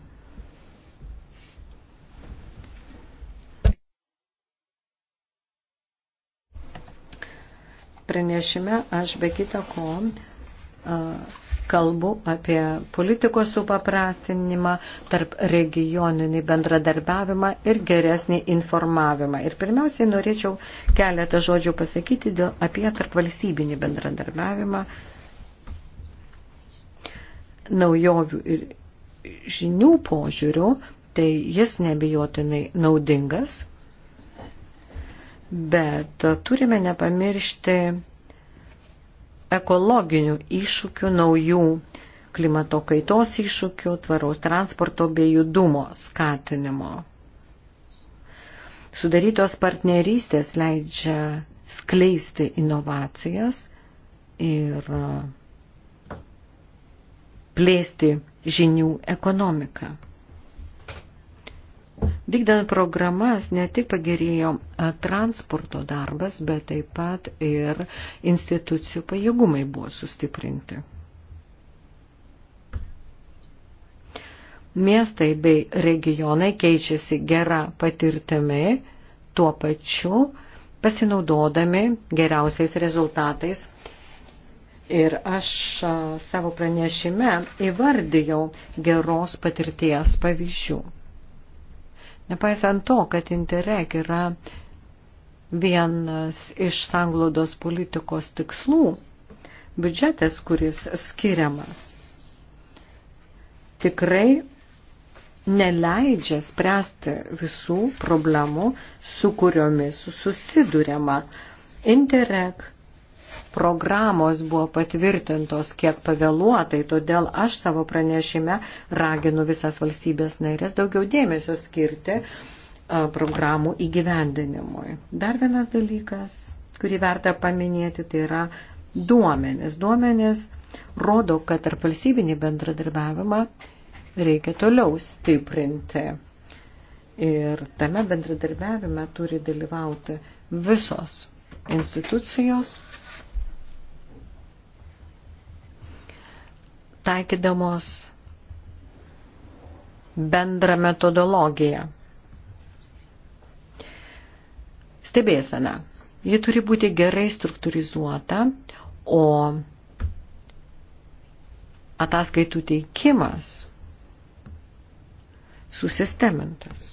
Pranešime aš be kita ko kalbu apie politikos supaprastinimą, tarp regioninį bendradarbiavimą ir geresnį informavimą. Ir pirmiausiai norėčiau keletą žodžių pasakyti dėl, apie tarp valstybinį bendradarbiavimą, naujovių ir žinių požiūrių, tai jis nebijotinai naudingas, bet turime nepamiršti ekologinių iššūkių, naujų klimato kaitos iššūkių, tvaraus transporto bei judumo skatinimo. Sudarytos partnerystės leidžia skleisti inovacijas ir e, plėsti žinių ekonomiką. Vykdant programas ne tik pagerėjo transporto darbas, bet taip pat ir institucijų pajėgumai buvo sustiprinti. Miestai bei regionai keičiasi gerą patirtimi, tuo pačiu pasinaudodami geriausiais rezultatais Ir aš savo pranešime įvardijau geros patirties pavyzdžių. Nepaisant to, kad Interreg yra vienas iš sanglaudos politikos tikslų, biudžetas, kuris skiriamas, tikrai neleidžia spręsti visų problemų, su kuriomis susidurėma. Interreg programos buvo patvirtintos kiek pavėluotai, todėl aš savo pranešime raginu visas valstybės narės daugiau dėmesio skirti programų įgyvendinimui. Dar vienas dalykas, kurį verta paminėti, tai yra duomenis. Duomenis rodo, kad tarp valstybinį bendradarbiavimą reikia toliau stiprinti. Ir tame bendradarbiavime turi dalyvauti visos institucijos taikydamos bendrą metodologiją. Stebėsena. Ji turi būti gerai struktūrizuota, o ataskaitų teikimas susistemintas.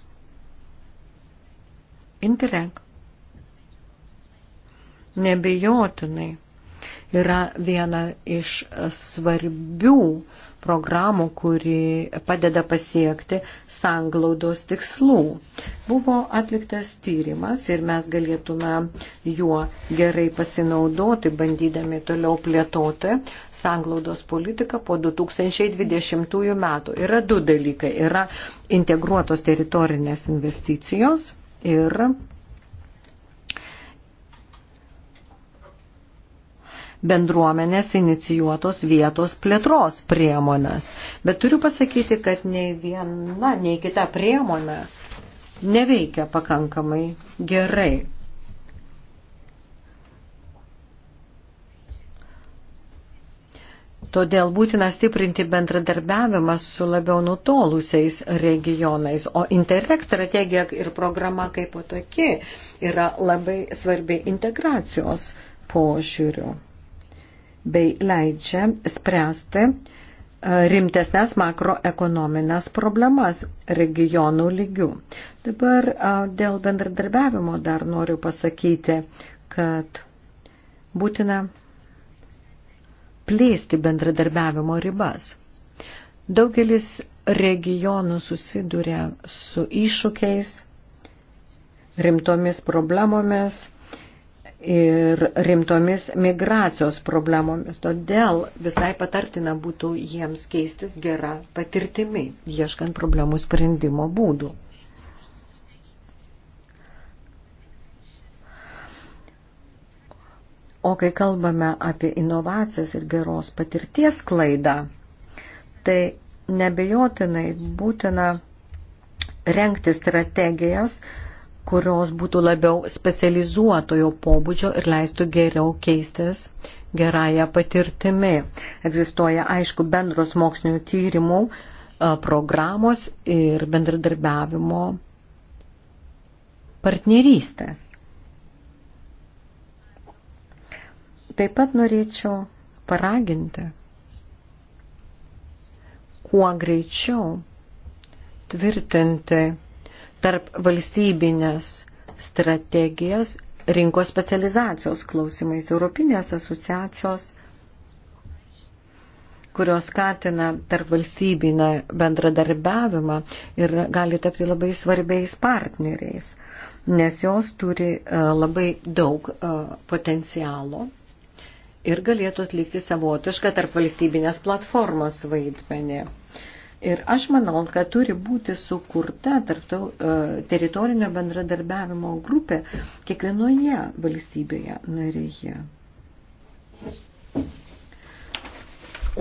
Intelekt. Nebejotinai yra viena iš svarbių programų, kuri padeda pasiekti sanglaudos tikslų. Buvo atliktas tyrimas ir mes galėtume juo gerai pasinaudoti, bandydami toliau plėtoti sanglaudos politiką po 2020 metų. Yra du dalykai. Yra integruotos teritorinės investicijos ir bendruomenės inicijuotos vietos plėtros priemonės. Bet turiu pasakyti, kad nei viena, nei kita priemonė neveikia pakankamai gerai. Todėl būtina stiprinti bendradarbiavimą su labiau nutolusiais regionais, o Interreg strategija ir programa kaip po tokie yra labai svarbi integracijos požiūriu bei leidžia spręsti e, rimtesnės makroekonominės problemas regionų lygių. Dabar e, dėl bendradarbiavimo dar noriu pasakyti, kad būtina plėsti bendradarbiavimo ribas. Daugelis regionų susiduria su iššūkiais, rimtomis problemomis, ir rimtomis migracijos problemomis. Todėl visai patartina būtų jiems keistis gerą patirtimį, ieškant problemų sprendimo būdų. O kai kalbame apie inovacijas ir geros patirties klaidą, tai nebejotinai būtina renkti strategijas, kurios būtų labiau specializuotojo pobūdžio ir leistų geriau keistis gerąją patirtimi. Egzistuoja, aišku, bendros mokslinių tyrimų e, programos ir bendradarbiavimo partnerystės. Taip pat norėčiau paraginti, kuo greičiau tvirtinti tarp valstybinės strategijas rinkos specializacijos klausimais Europinės asociacijos kurios skatina tarp valstybinę bendradarbiavimą ir gali tapti labai svarbiais partneriais, nes jos turi e, labai daug e, potencialo ir galėtų atlikti savotišką tarp valstybinės platformos vaidmenį. Ir aš manau, kad turi būti sukurta tarptau, e, teritorinio bendradarbiavimo grupė kiekvienoje valstybėje narėje.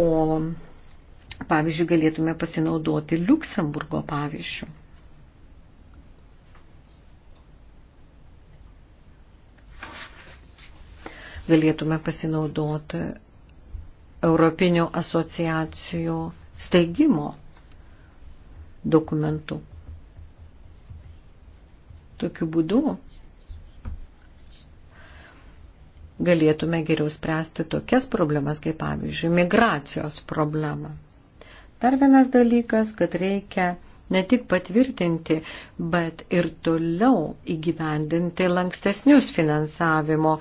O pavyzdžiui, galėtume pasinaudoti Luksemburgo pavyzdžių. Galėtume pasinaudoti Europinių asociacijų steigimo dokumentu. Tokiu būdu galėtume geriau spręsti tokias problemas, kaip pavyzdžiui, migracijos problemą. Dar vienas dalykas, kad reikia ne tik patvirtinti, bet ir toliau įgyvendinti lankstesnius finansavimo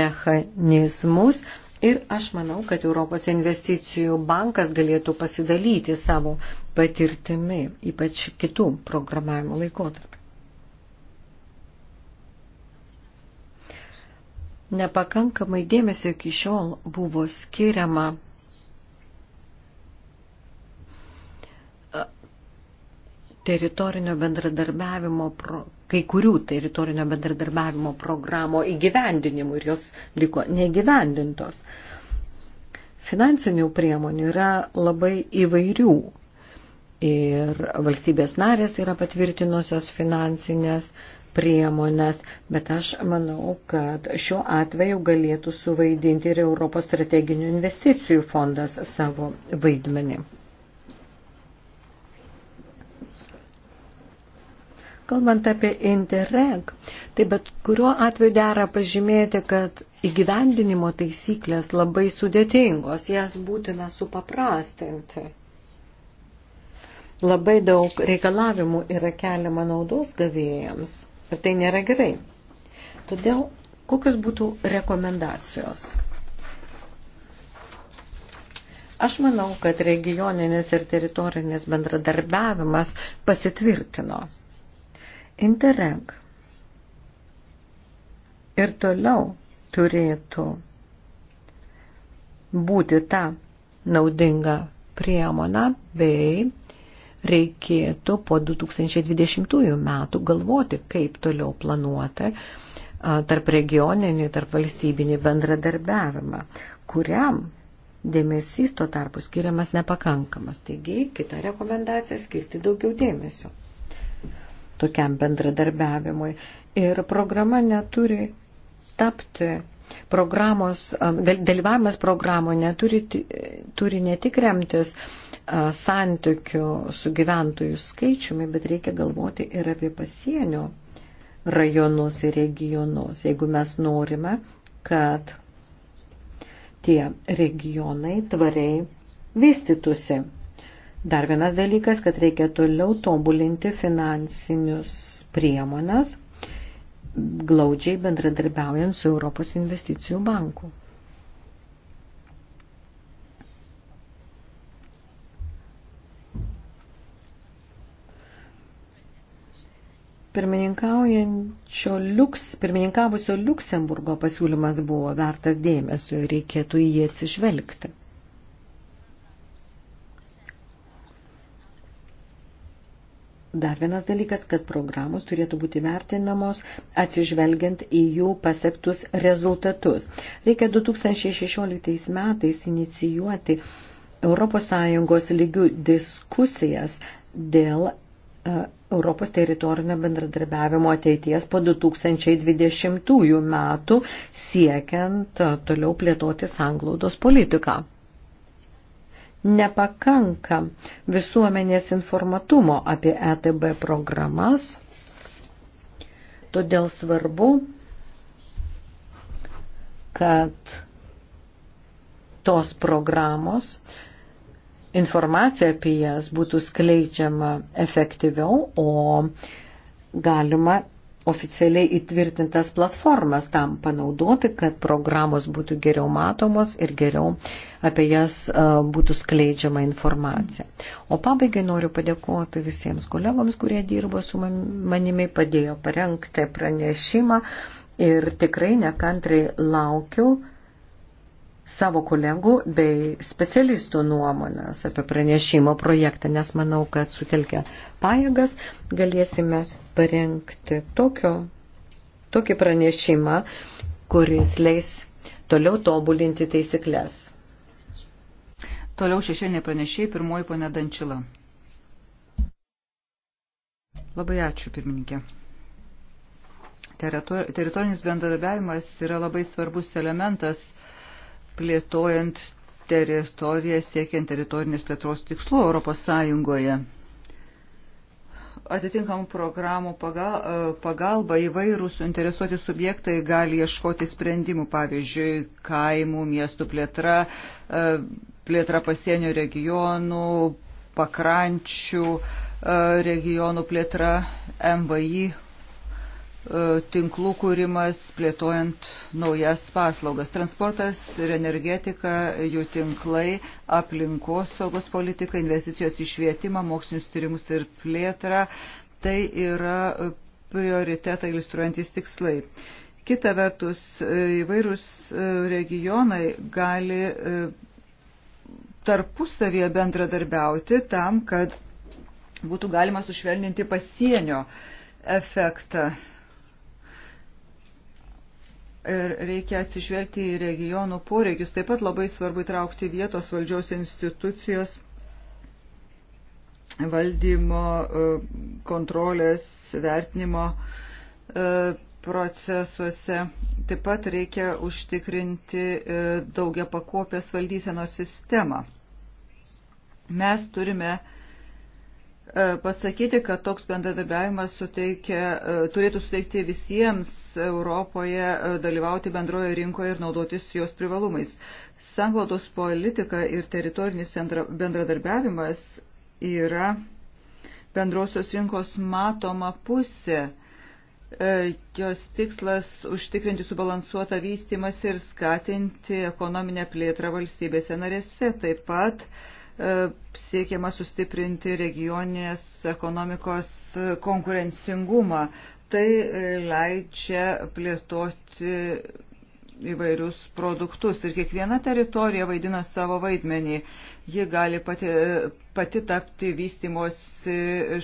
mechanizmus, Ir aš manau, kad Europos investicijų bankas galėtų pasidalyti savo patirtimi, ypač kitų programavimo laikotarpių. Nepakankamai dėmesio iki šiol buvo skiriama teritorinio bendradarbiavimo, pro, kai kurių teritorinio bendradarbiavimo programo įgyvendinimų ir jos liko negyvendintos. Finansinių priemonių yra labai įvairių ir valstybės narės yra patvirtinusios finansinės priemonės, bet aš manau, kad šiuo atveju galėtų suvaidinti ir Europos strateginių investicijų fondas savo vaidmenį. Kalbant apie Interreg, tai bet kuriuo atveju dera pažymėti, kad įgyvendinimo taisyklės labai sudėtingos, jas būtina supaprastinti. Labai daug reikalavimų yra keliama naudos gavėjams ir tai nėra gerai. Todėl kokios būtų rekomendacijos? Aš manau, kad regioninis ir teritorinės bendradarbiavimas pasitvirtino Interreg ir toliau turėtų būti ta naudinga priemona bei reikėtų po 2020 metų galvoti, kaip toliau planuoti tarp regioninį, tarp valstybinį bendradarbiavimą, kuriam dėmesys tuo tarpu skiriamas nepakankamas. Taigi, kita rekomendacija skirti daugiau dėmesio tokiam bendradarbiavimui. Ir programa neturi tapti programos, dalyvavimas programo neturi, turi ne tik remtis santykių su gyventojų skaičiumi, bet reikia galvoti ir apie pasienio rajonus ir regionus, jeigu mes norime, kad tie regionai tvariai vystytųsi. Dar vienas dalykas, kad reikia toliau tobulinti finansinius priemonės, glaudžiai bendradarbiaujant su Europos investicijų banku. Pirmininkaujančio liuks, pirmininkavusio Luksemburgo pasiūlymas buvo vertas dėmesio ir reikėtų į jį atsižvelgti. Dar vienas dalykas, kad programos turėtų būti vertinamos atsižvelgiant į jų pasiektus rezultatus. Reikia 2016 metais inicijuoti ES lygių diskusijas dėl e, Europos teritorinio bendradarbiavimo ateities po 2020 metų siekiant e, toliau plėtoti sanglaudos politiką nepakanka visuomenės informatumo apie ETB programas, todėl svarbu, kad tos programos informacija apie jas būtų skleidžiama efektyviau, o galima oficialiai įtvirtintas platformas tam panaudoti, kad programos būtų geriau matomos ir geriau apie jas e, būtų skleidžiama informacija. O pabaigai noriu padėkoti visiems kolegoms, kurie dirbo su manimi, padėjo parengti pranešimą ir tikrai nekantrai laukiu savo kolegų bei specialistų nuomonės apie pranešimo projektą, nes manau, kad sutelkę pajėgas galėsime parengti tokio, tokį pranešimą, kuris leis toliau tobulinti taisyklės. Toliau šešėlė pranešėjai, pirmoji ponė Dančila. Labai ačiū, pirmininkė. Teritor, teritorinis bendradarbiavimas yra labai svarbus elementas plėtojant teritoriją, siekiant teritorinės plėtros tikslų Europos Sąjungoje atitinkamų programų e, pagalba įvairūs suinteresuoti subjektai gali ieškoti sprendimų, pavyzdžiui, kaimų, miestų plėtra, e, plėtra pasienio regionų, pakrančių e, regionų plėtra, MVI E, tinklų kūrimas, plėtojant naujas paslaugas. Transportas ir energetika, jų tinklai, aplinkos saugos politika, investicijos į švietimą, mokslinius tyrimus ir plėtrą. Tai yra prioritetą iliustruojantis tikslai. Kita vertus, e, įvairūs e, regionai gali tarpusavėje bendradarbiauti tam, kad būtų galima sušvelninti pasienio efektą ir reikia atsižvelgti į regionų poreikius. Taip pat labai svarbu įtraukti vietos valdžios institucijos valdymo, e, kontrolės, vertinimo e, procesuose. Taip pat reikia užtikrinti e, daugia pakopės valdysenos sistemą. Mes turime uh, E, pasakyti, kad toks bendradarbiavimas suteikia, e, turėtų suteikti visiems Europoje e, dalyvauti bendroje rinkoje ir naudotis jos privalumais. Sanglaudos politika ir teritorinis bendradarbiavimas yra bendrosios rinkos matoma pusė. Jos tikslas užtikrinti subalansuotą vystimas ir skatinti ekonominę plėtrą valstybėse narėse. Taip pat uh, E, siekiama sustiprinti regioninės ekonomikos konkurencingumą. Tai e, leidžia plėtoti įvairius produktus ir kiekviena teritorija vaidina savo vaidmenį. Ji gali pati, pati tapti vystimosi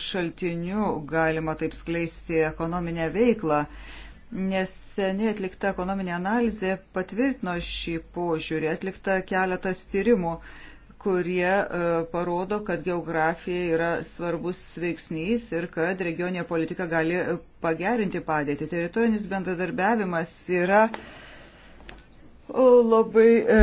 šaltiniu, galima taip skleisti ekonominę veiklą. Neseniai atlikta ekonominė analizė patvirtino šį požiūrį, atlikta keletas tyrimų. E, kurie e, parodo, kad geografija yra svarbus veiksnys ir kad regioninė politika gali pagerinti padėtį. Teritorinis bendradarbiavimas yra e, labai e,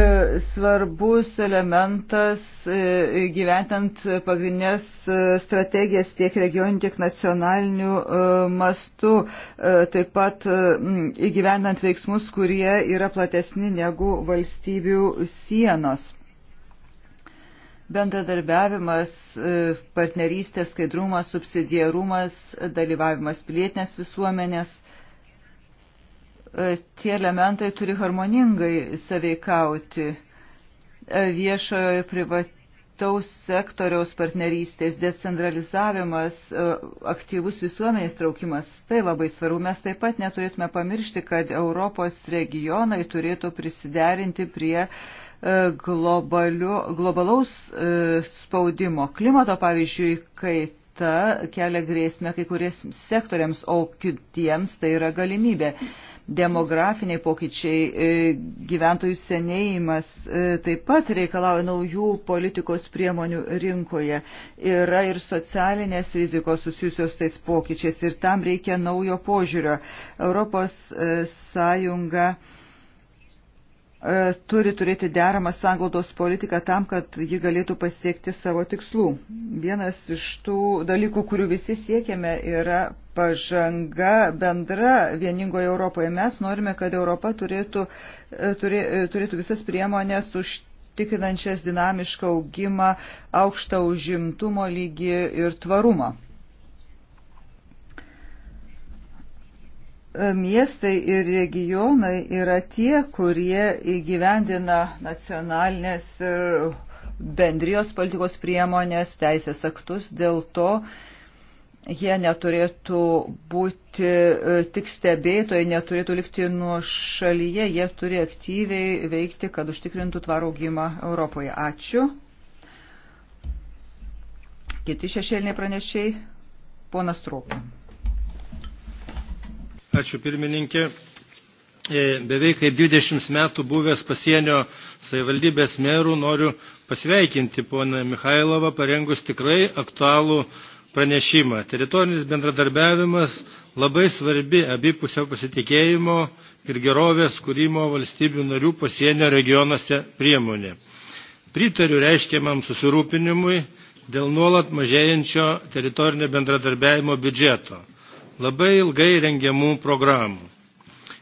svarbus elementas e, gyventant pagrindinės e, strategijas tiek regioninių, tiek nacionalinių e, mastų, e, taip pat e, įgyvendant veiksmus, kurie yra platesni negu valstybių sienos bendradarbiavimas, e, partnerystė, skaidrumas, subsidiarumas, dalyvavimas pilietinės visuomenės. E, tie elementai turi harmoningai saveikauti e, viešojo ir privataus sektoriaus partnerystės, decentralizavimas, aktyvus visuomenės traukimas. Tai labai svarbu. Mes taip pat neturėtume pamiršti, kad Europos regionai turėtų prisiderinti prie uh, E, globaliu, globalaus e, spaudimo. Klimato, pavyzdžiui, kaita kelia grėsmę kai kuriems sektoriams, o kitiems tai yra galimybė. Demografiniai pokyčiai, e, gyventojų senėjimas taip pat reikalauja naujų politikos priemonių rinkoje. Yra ir socialinės rizikos susijusios tais pokyčiais ir tam reikia naujo požiūrio. Europos Sąjunga E, turi turėti deramą sanglaudos politiką tam, kad ji galėtų pasiekti savo tikslų. Vienas iš tų dalykų, kurių visi siekiame, yra pažanga bendra vieningoje Europoje. Mes norime, kad Europa turėtų, e, turė, e, turėtų visas priemonės užtikrinančias dinamišką augimą, aukštą užimtumo lygį ir tvarumą. miestai ir regionai yra tie, kurie įgyvendina nacionalinės ir e, bendrijos politikos priemonės, teisės aktus, dėl to jie neturėtų būti e, tik stebėtojai, neturėtų likti nuo šalyje, jie turi aktyviai veikti, kad užtikrintų tvarų augimą Europoje. Ačiū. Kiti šešėliniai pranešiai, ponas Trūkum. Ačiū pirmininkė. E, beveik 20 metų buvęs pasienio savivaldybės merų noriu pasveikinti poną Mikhailovą parengus tikrai aktualų pranešimą. Teritorinis bendradarbiavimas labai svarbi abipusio pasitikėjimo ir gerovės kūrimo valstybių narių pasienio regionuose priemonė. Pritariu reiškiamam susirūpinimui dėl nuolat mažėjančio teritorinio bendradarbiavimo biudžeto labai ilgai rengiamų programų.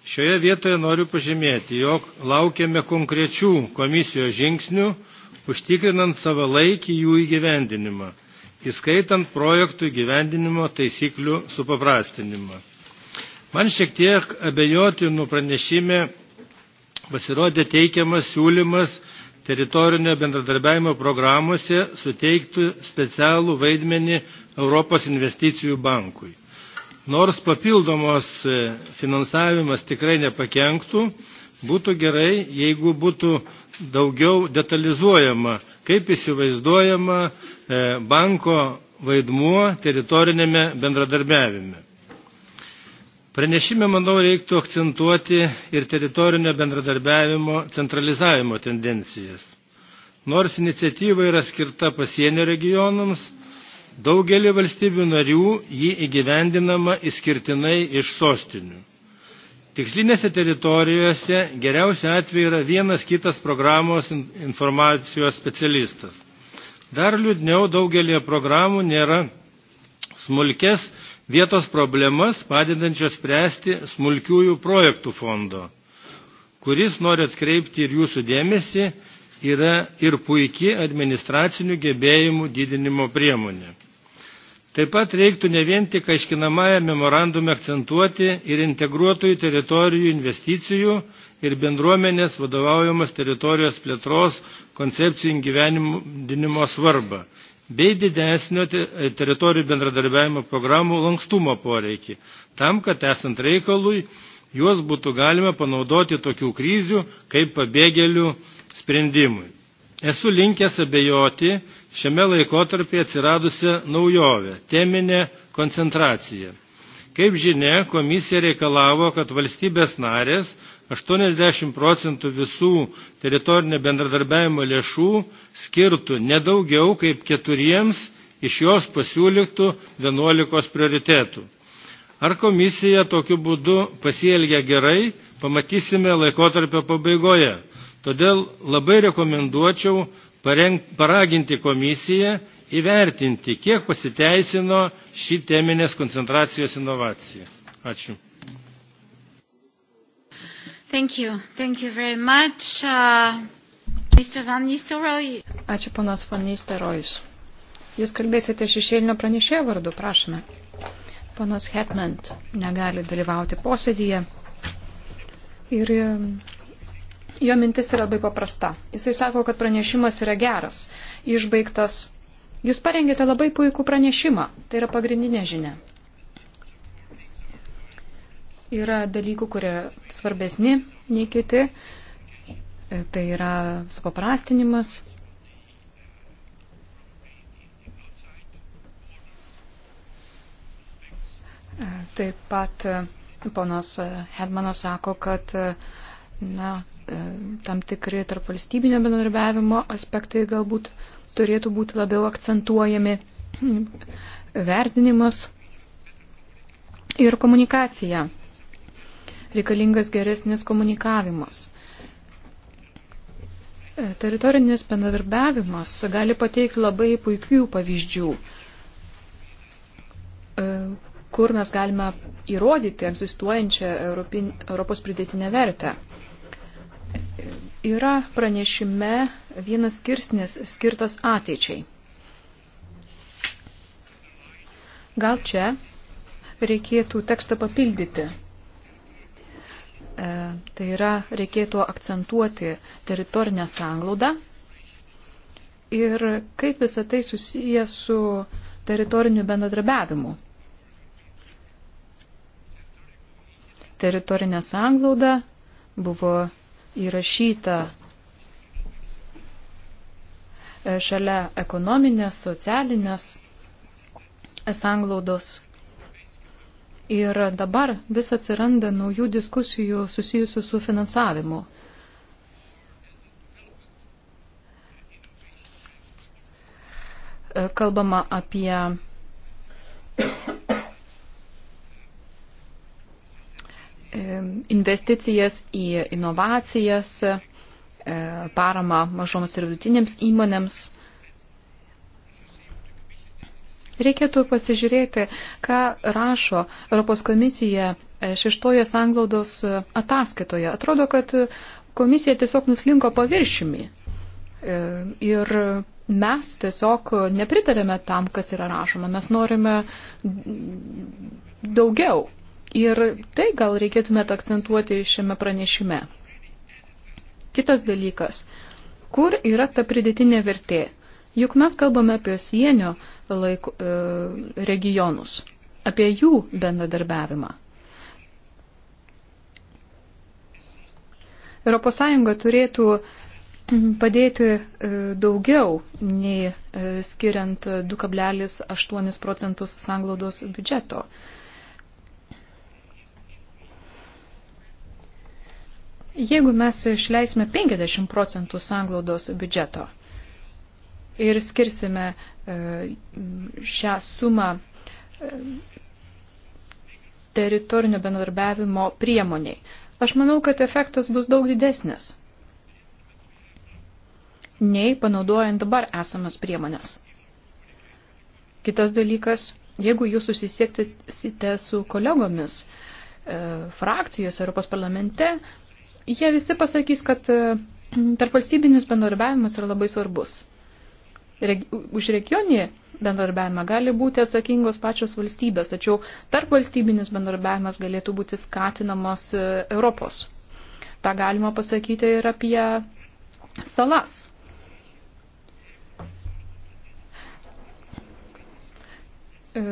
Šioje vietoje noriu pažymėti, jog laukiame konkrečių komisijos žingsnių, užtikrinant savalaikį jų įgyvendinimą, įskaitant projektų įgyvendinimo taisyklių supaprastinimą. Man šiek tiek abejotinų pranešime pasirodė teikiamas siūlymas teritorinio bendradarbiavimo programuose suteiktų specialų vaidmenį Europos investicijų bankui. Nors papildomos e, finansavimas tikrai nepakenktų, būtų gerai, jeigu būtų daugiau detalizuojama, kaip įsivaizduojama e, banko vaidmuo teritorinėme bendradarbiavime. Pranešime, manau, reiktų akcentuoti ir teritorinio bendradarbiavimo centralizavimo tendencijas. Nors iniciatyva yra skirta pasienio regionams, Daugelį valstybių narių jį įgyvendinama išskirtinai iš sostinių. Tikslinėse teritorijose geriausia atveju yra vienas kitas programos informacijos specialistas. Dar liūdniau daugelie programų nėra smulkės vietos problemas padedančios spręsti smulkiųjų projektų fondo, kuris, nori atkreipti ir jūsų dėmesį, yra ir puikiai administracinių gebėjimų didinimo priemonė. Taip pat reiktų ne vien tik aiškinamąją memorandume akcentuoti ir integruotojų teritorijų investicijų ir bendruomenės vadovaujamos teritorijos plėtros koncepcijų gyvenimo svarbą bei didesnio teritorijų bendradarbiavimo programų lankstumo poreikį, tam, kad esant reikalui juos būtų galima panaudoti tokių krizių kaip pabėgėlių sprendimui. Esu linkęs abejoti, šiame laikotarpyje atsiradusi naujovė – teminė koncentracija. Kaip žinia, komisija reikalavo, kad valstybės narės 80 procentų visų teritorinio bendradarbiavimo lėšų skirtų nedaugiau kaip keturiems iš jos pasiūlytų 11 prioritetų. Ar komisija tokiu būdu pasielgia gerai, pamatysime laikotarpio pabaigoje. Todėl labai rekomenduočiau paraginti komisiją įvertinti, kiek pasiteisino šį teminės koncentracijos inovaciją. Ačiū. Thank you. Thank you very much. Uh, Mr. Van Nistelrooy. Ačiū ponas Van Nistelrooyus. Jūs kalbėsite šešėlinio pranešėjo vardu, prašome. Ponas Hetman negali dalyvauti posėdyje ir um, Jo mintis yra labai paprasta. Jisai sako, kad pranešimas yra geras, išbaigtas. Jūs parengėte labai puikų pranešimą. Tai yra pagrindinė žinia. Yra dalykų, kurie svarbesni nei kiti. E, tai yra supaprastinimas. E, taip pat e, ponas Hedmanas sako, kad na, E, tam tikri tarp valstybinio bendarbiavimo aspektai galbūt turėtų būti labiau akcentuojami vertinimas ir komunikacija. Reikalingas geresnis komunikavimas. E, teritorinis bendradarbiavimas gali pateikti labai puikių pavyzdžių, e, kur mes galime įrodyti egzistuojančią Europos pridėtinę vertę. Yra pranešime vienas skirsnis skirtas ateičiai. Gal čia reikėtų tekstą papildyti. E, tai yra, reikėtų akcentuoti teritorinę sanglaudą ir kaip visą tai susiję su teritoriniu bendradarbiavimu. Teritorinė sanglauda buvo įrašyta e, šalia ekonominės, socialinės sanglaudos. Ir dabar vis atsiranda naujų diskusijų susijusių su finansavimu. E, kalbama apie investicijas į inovacijas, e, paramą mažoms ir vidutinėms įmonėms. Reikėtų pasižiūrėti, ką rašo Europos komisija e, šeštoje sanglaudos e, ataskaitoje. Atrodo, kad komisija tiesiog nuslinko paviršimi. Ir mes tiesiog nepritarėme tam, kas yra rašoma. Mes norime daugiau. Ir tai gal reikėtumėt akcentuoti šiame pranešime. Kitas dalykas. Kur yra ta pridėtinė vertė? Juk mes kalbame apie sienio laiko, e, regionus, apie jų bendradarbiavimą. ES turėtų padėti e, daugiau nei e, skiriant 2,8 procentus sanglaudos biudžeto. E, Jeigu mes išleisime 50 procentų sanglaudos biudžeto ir skirsime e, šią sumą e, teritorinio bendradarbiavimo priemoniai, aš manau, kad efektas bus daug didesnis nei panaudojant dabar esamas priemonės. Kitas dalykas, jeigu jūs susisieksite su kolegomis e, frakcijos Europos parlamente, jie visi pasakys, kad e, tarp valstybinis bendarbiavimas yra labai svarbus. Reg, už regionį bendarbiavimą gali būti atsakingos pačios valstybės, tačiau tarp valstybinis bendarbiavimas galėtų būti skatinamas e, Europos. Ta galima pasakyti ir apie salas. E,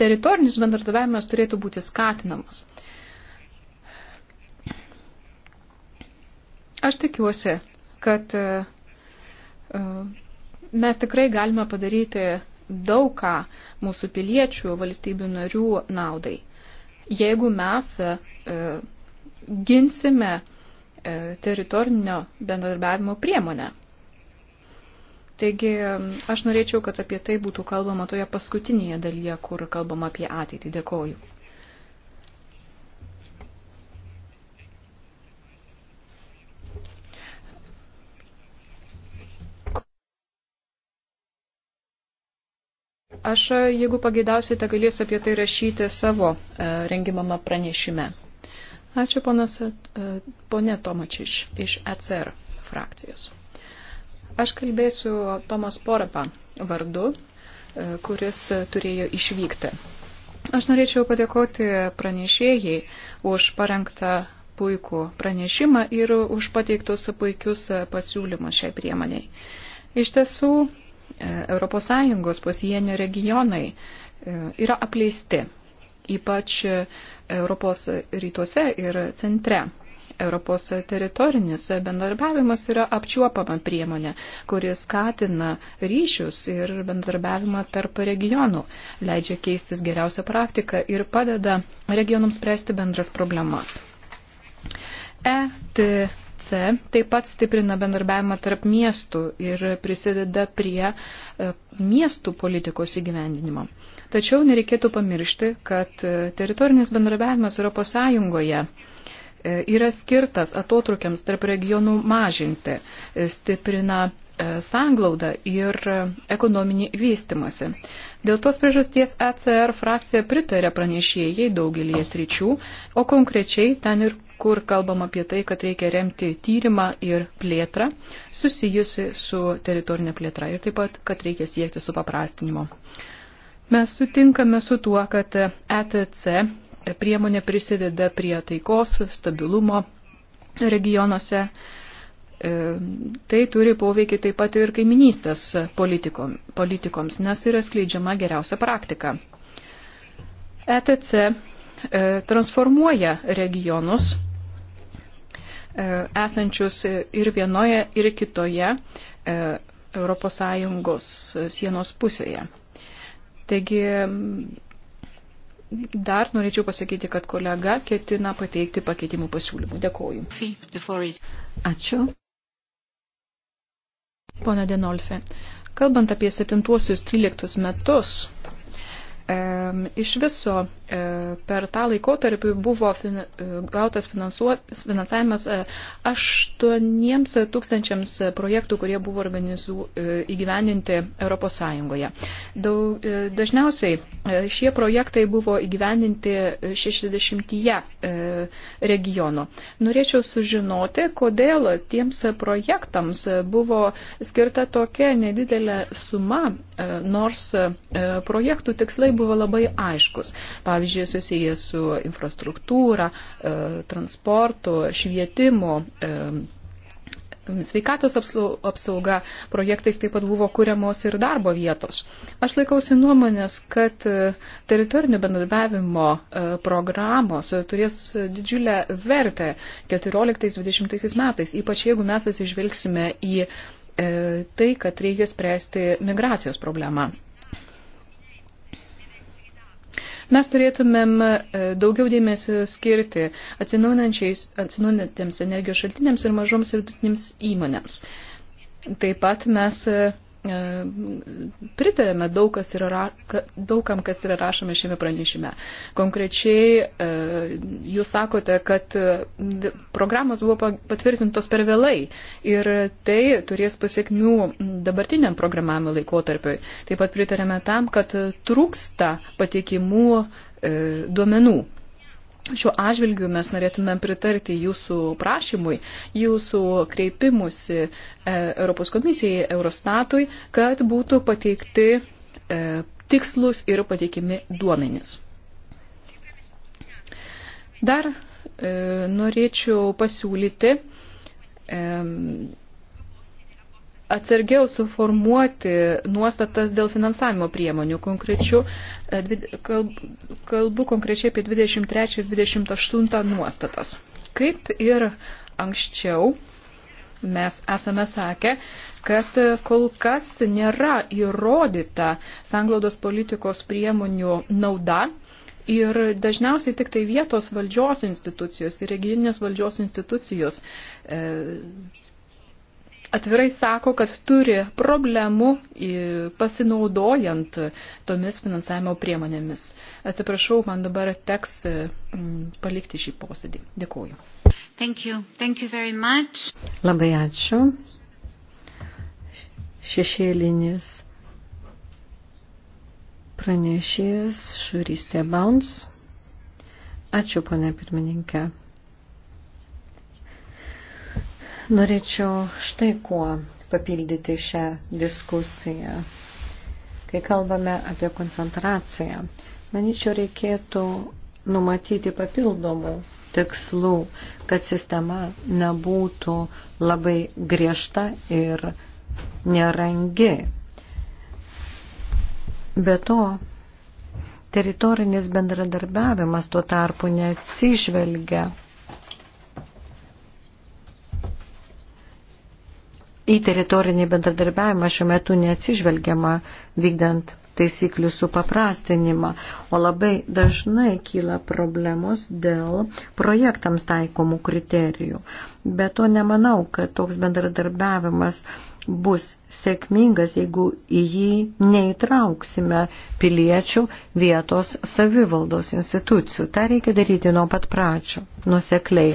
teritorinis bendradarbiavimas turėtų būti skatinamas. Aš tikiuosi, kad e, e, mes tikrai galime padaryti daug ką mūsų piliečių valstybių narių naudai. Jeigu mes e, ginsime teritorinio bendradarbiavimo priemonę. Taigi aš norėčiau, kad apie tai būtų kalbama toje paskutinėje dalyje, kur kalbama apie ateitį. Dėkoju. Aš, jeigu pageidausite, galės apie tai rašyti savo e, rengimame pranešime. Ačiū ponas, e, ponė Tomačiš iš ECR frakcijos. Aš kalbėsiu Tomas Porapa vardu, e, kuris turėjo išvykti. Aš norėčiau padėkoti pranešėjai už parengtą puikų pranešimą ir už pateiktus puikius pasiūlymus šiai priemoniai. Iš tiesų, ES pasienio regionai e, yra apleisti, ypač Europos rytuose ir centre. Europos teritorinis bendarbiavimas yra apčiuopama priemonė, kuris skatina ryšius ir bendarbiavimą tarp regionų, leidžia keistis geriausią praktiką ir padeda regionams spręsti bendras problemas. ET C taip pat stiprina bendarbiavimą tarp miestų ir prisideda prie e, miestų politikos įgyvendinimo. Tačiau nereikėtų pamiršti, kad e, teritorinis bendrabiavimas ES e, yra skirtas atotrukiams tarp regionų mažinti, stiprina sanglaudą ir ekonominį vystimasi. Dėl tos priežasties ECR frakcija pritarė pranešėjai daugelį sričių, o konkrečiai ten ir kur kalbam apie tai, kad reikia remti tyrimą ir plėtrą susijusi su teritorinė plėtra ir taip pat, kad reikia siekti su paprastinimo. Mes sutinkame su tuo, kad ETC priemonė prisideda prie taikos, stabilumo regionuose. E, tai turi poveikį taip pat ir kaiminystės politikoms, nes yra skleidžiama geriausia praktika. ETC E, transformuoja regionus e, esančius ir vienoje, ir kitoje ES sienos pusėje. Taigi dar norėčiau pasakyti, kad kolega ketina pateikti pakeitimų pasiūlymų. Dėkoju. Ačiū. Pone Denolfe, kalbant apie 7-13 metus, e, iš viso E, per tą laikotarpį buvo fin, e, gautas finansavimas 8 e, tūkstančiams projektų, kurie buvo organizu, įgyvendinti Europos Sąjungoje. Daug, dažniausiai šie projektai buvo įgyvendinti 60 regionų. Norėčiau sužinoti, kodėl tiems projektams buvo skirta tokia nedidelė suma, nors projektų tikslai buvo labai aiškus. Pavyzdžiui, pavyzdžiui, susijęs su infrastruktūra, e, transportu, švietimu e, sveikatos apsauga projektais taip pat buvo kuriamos ir darbo vietos. Aš laikausi nuomonės, kad e, teritorinio bendradarbiavimo programos turės didžiulę vertę 14-20 metais, ypač jeigu mes atsižvelgsime į tai, kad reikia spręsti migracijos problemą. Mes turėtumėm e, daugiau dėmesio skirti atsinaujinantiems energijos šaltiniams ir mažoms ir vidutinėms įmonėms. Taip pat mes e, pritarėme daug, kas yra, daug kam, kas yra rašoma šiame pranešime. Konkrečiai e, jūs sakote, kad e, programos buvo patvirtintos per vėlai ir tai turės pasiekmių dabartiniam programavimo laikotarpiui. Taip pat pritarėme tam, kad trūksta patikimų e, duomenų Šiuo atžvilgiu mes norėtumėm pritarti jūsų prašymui, jūsų kreipimusi e, Europos komisijai, Eurostatui, kad būtų pateikti e, tikslus ir pateikimi duomenys. Dar e, norėčiau pasiūlyti e, atsargiau suformuoti nuostatas dėl finansavimo priemonių. Konkrečių, e, kalbu konkrečiai apie 23 ir 28 nuostatas. Kaip ir anksčiau mes esame sakę, kad kol kas nėra įrodyta sanglaudos politikos priemonių nauda Ir dažniausiai tik tai vietos valdžios institucijos ir regioninės valdžios institucijos e, atvirai sako, kad turi problemų pasinaudojant tomis finansavimo priemonėmis. Atsiprašau, man dabar teks mm, palikti šį posėdį. Dėkuoju. Thank you. Thank you very much. Labai ačiū. Šešėlinis pranešėjas Šurystė Bounce. Ačiū, ponė pirmininkė. Norėčiau štai kuo papildyti šią diskusiją. Kai kalbame apie koncentraciją, manyčiau reikėtų numatyti papildomų tikslų, kad sistema nebūtų labai griežta ir nerangi. Be to, teritorinis bendradarbiavimas tuo tarpu neatsižvelgia į teritorinį bendradarbiavimą šiuo metu neatsižvelgiama vykdant taisyklių supaprastinimą, o labai dažnai kyla problemos dėl projektams taikomų kriterijų. Bet to nemanau, kad toks bendradarbiavimas bus sėkmingas, jeigu į jį neįtrauksime piliečių vietos savivaldos institucijų. Ta reikia daryti nuo pat pradžio, nusekliai.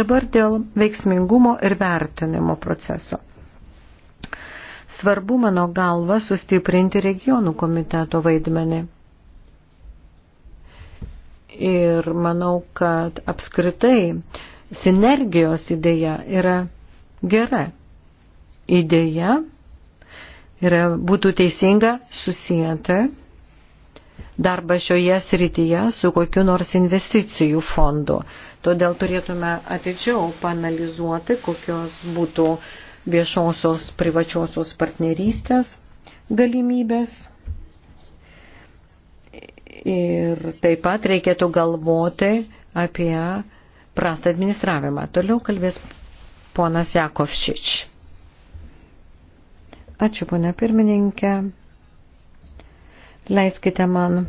Dabar dėl veiksmingumo ir vertinimo proceso. Svarbu mano galva sustiprinti regionų komiteto vaidmenį. Ir manau, kad apskritai sinergijos idėja yra gera. Idėja yra, būtų teisinga susijęti darbą šioje srityje su kokiu nors investicijų fondu. Todėl turėtume atidžiau panalizuoti, kokios būtų uh, viešosios privačiosios partnerystės galimybės. Ir taip pat reikėtų galvoti apie prastą administravimą. Toliau kalbės ponas Jakovšič. Ačiū, ponia pirmininkė. Leiskite man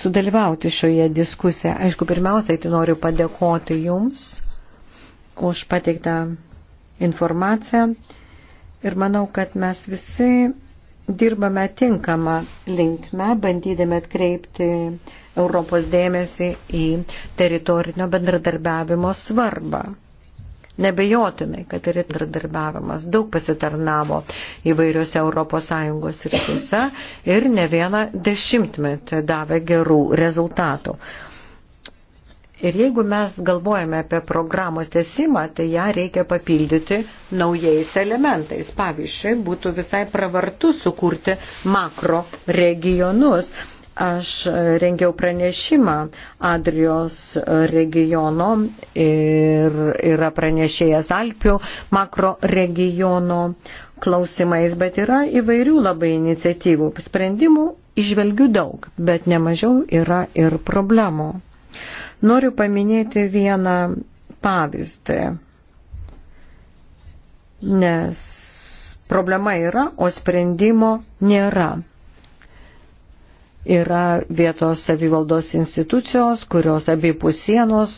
sudalyvauti šioje diskusijoje. Aišku, pirmiausiai tai noriu padėkoti Jums už pateiktą informaciją ir manau, kad mes visi dirbame tinkamą linkmę, bandydami atkreipti Europos dėmesį į teritorinio bendradarbiavimo svarbą. Nebejotinai, kad ir bendradarbiavimas daug pasitarnavo įvairiuose ES rytise ir ne vieną dešimtmetį davė gerų rezultatų. Ir jeigu mes galvojame apie programos tesimą, tai ją reikia papildyti naujais elementais. Pavyzdžiui, būtų visai pravartu sukurti makro regionus. Aš rengiau pranešimą Adrijos regiono ir yra pranešėjas Alpių makro regiono klausimais, bet yra įvairių labai iniciatyvų. Sprendimų išvelgiu daug, bet nemažiau yra ir problemų. Noriu paminėti vieną pavyzdį, nes problema yra, o sprendimo nėra yra vietos savivaldos institucijos, kurios abipusienos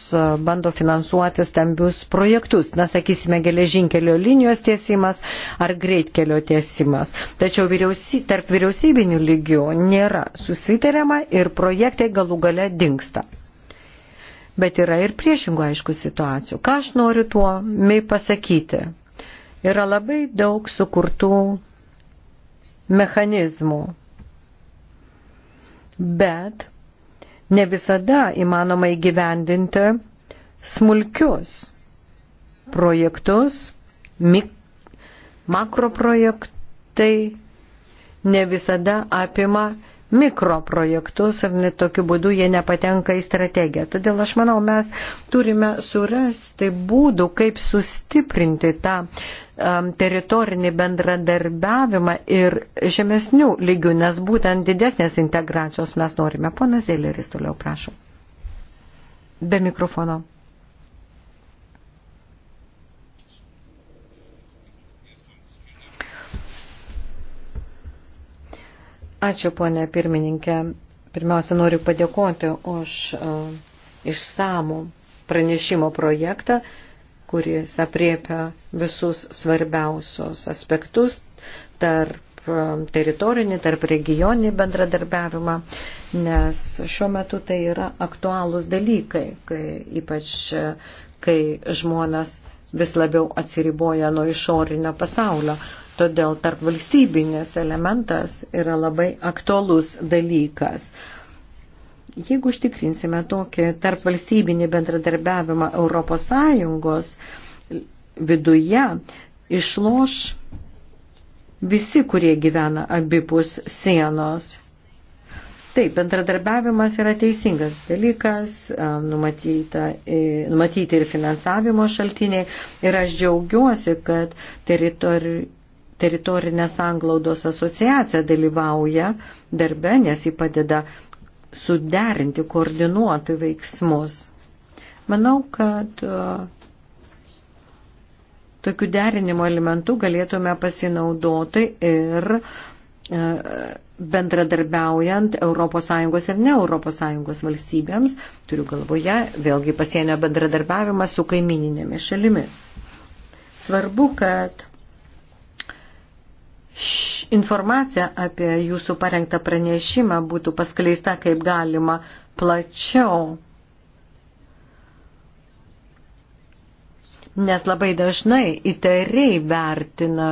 bando finansuoti stambius projektus, na, sakysime, geležinkelio linijos tiesimas ar greitkelio tiesimas. Tačiau vyriausy, tarp vyriausybinių lygių nėra susitariama ir projektai galų gale dinksta. Bet yra ir priešingų aišku situacijų. Ką aš noriu tuo mei pasakyti? Yra labai daug sukurtų mechanizmų. Bet ne visada įmanoma įgyvendinti smulkius projektus, mik, makroprojektai ne visada apima mikroprojektus ir net tokiu būdu jie nepatenka į strategiją. Todėl aš manau, mes turime surasti būdų, kaip sustiprinti tą um, teritorinį bendradarbiavimą ir žemesnių lygių, nes būtent didesnės integracijos mes norime. Ponas Eileris toliau prašau. Be mikrofono. Ačiū, ponė pirmininkė. Pirmiausia, noriu padėkoti už uh, išsamų pranešimo projektą, kuris apriepia visus svarbiausios aspektus tarp e, teritorinį, tarp regioninį bendradarbiavimą, nes šiuo metu tai yra aktualūs dalykai, kai, ypač e, kai žmonės vis labiau atsiriboja nuo išorinio pasaulio todėl tarp valstybinės elementas yra labai aktuolus dalykas. Jeigu užtikrinsime tokį tarp valstybinį bendradarbiavimą Europos Sąjungos viduje, išloš visi, kurie gyvena abipus sienos. Taip, bendradarbiavimas yra teisingas dalykas, numatyti ir finansavimo šaltiniai. Ir aš džiaugiuosi, kad teritori, teritorinės anglaudos asociacija dalyvauja darbe, nes ji padeda suderinti, koordinuoti veiksmus. Manau, kad e, tokių derinimo elementų galėtume pasinaudoti ir e, bendradarbiaujant ES ir ne ES valstybėms, turiu galvoje vėlgi pasienio bendradarbiavimą su kaimininėmis šalimis. Svarbu, kad informacija apie jūsų parengtą pranešimą būtų paskleista kaip galima plačiau. Nes labai dažnai įtariai vertina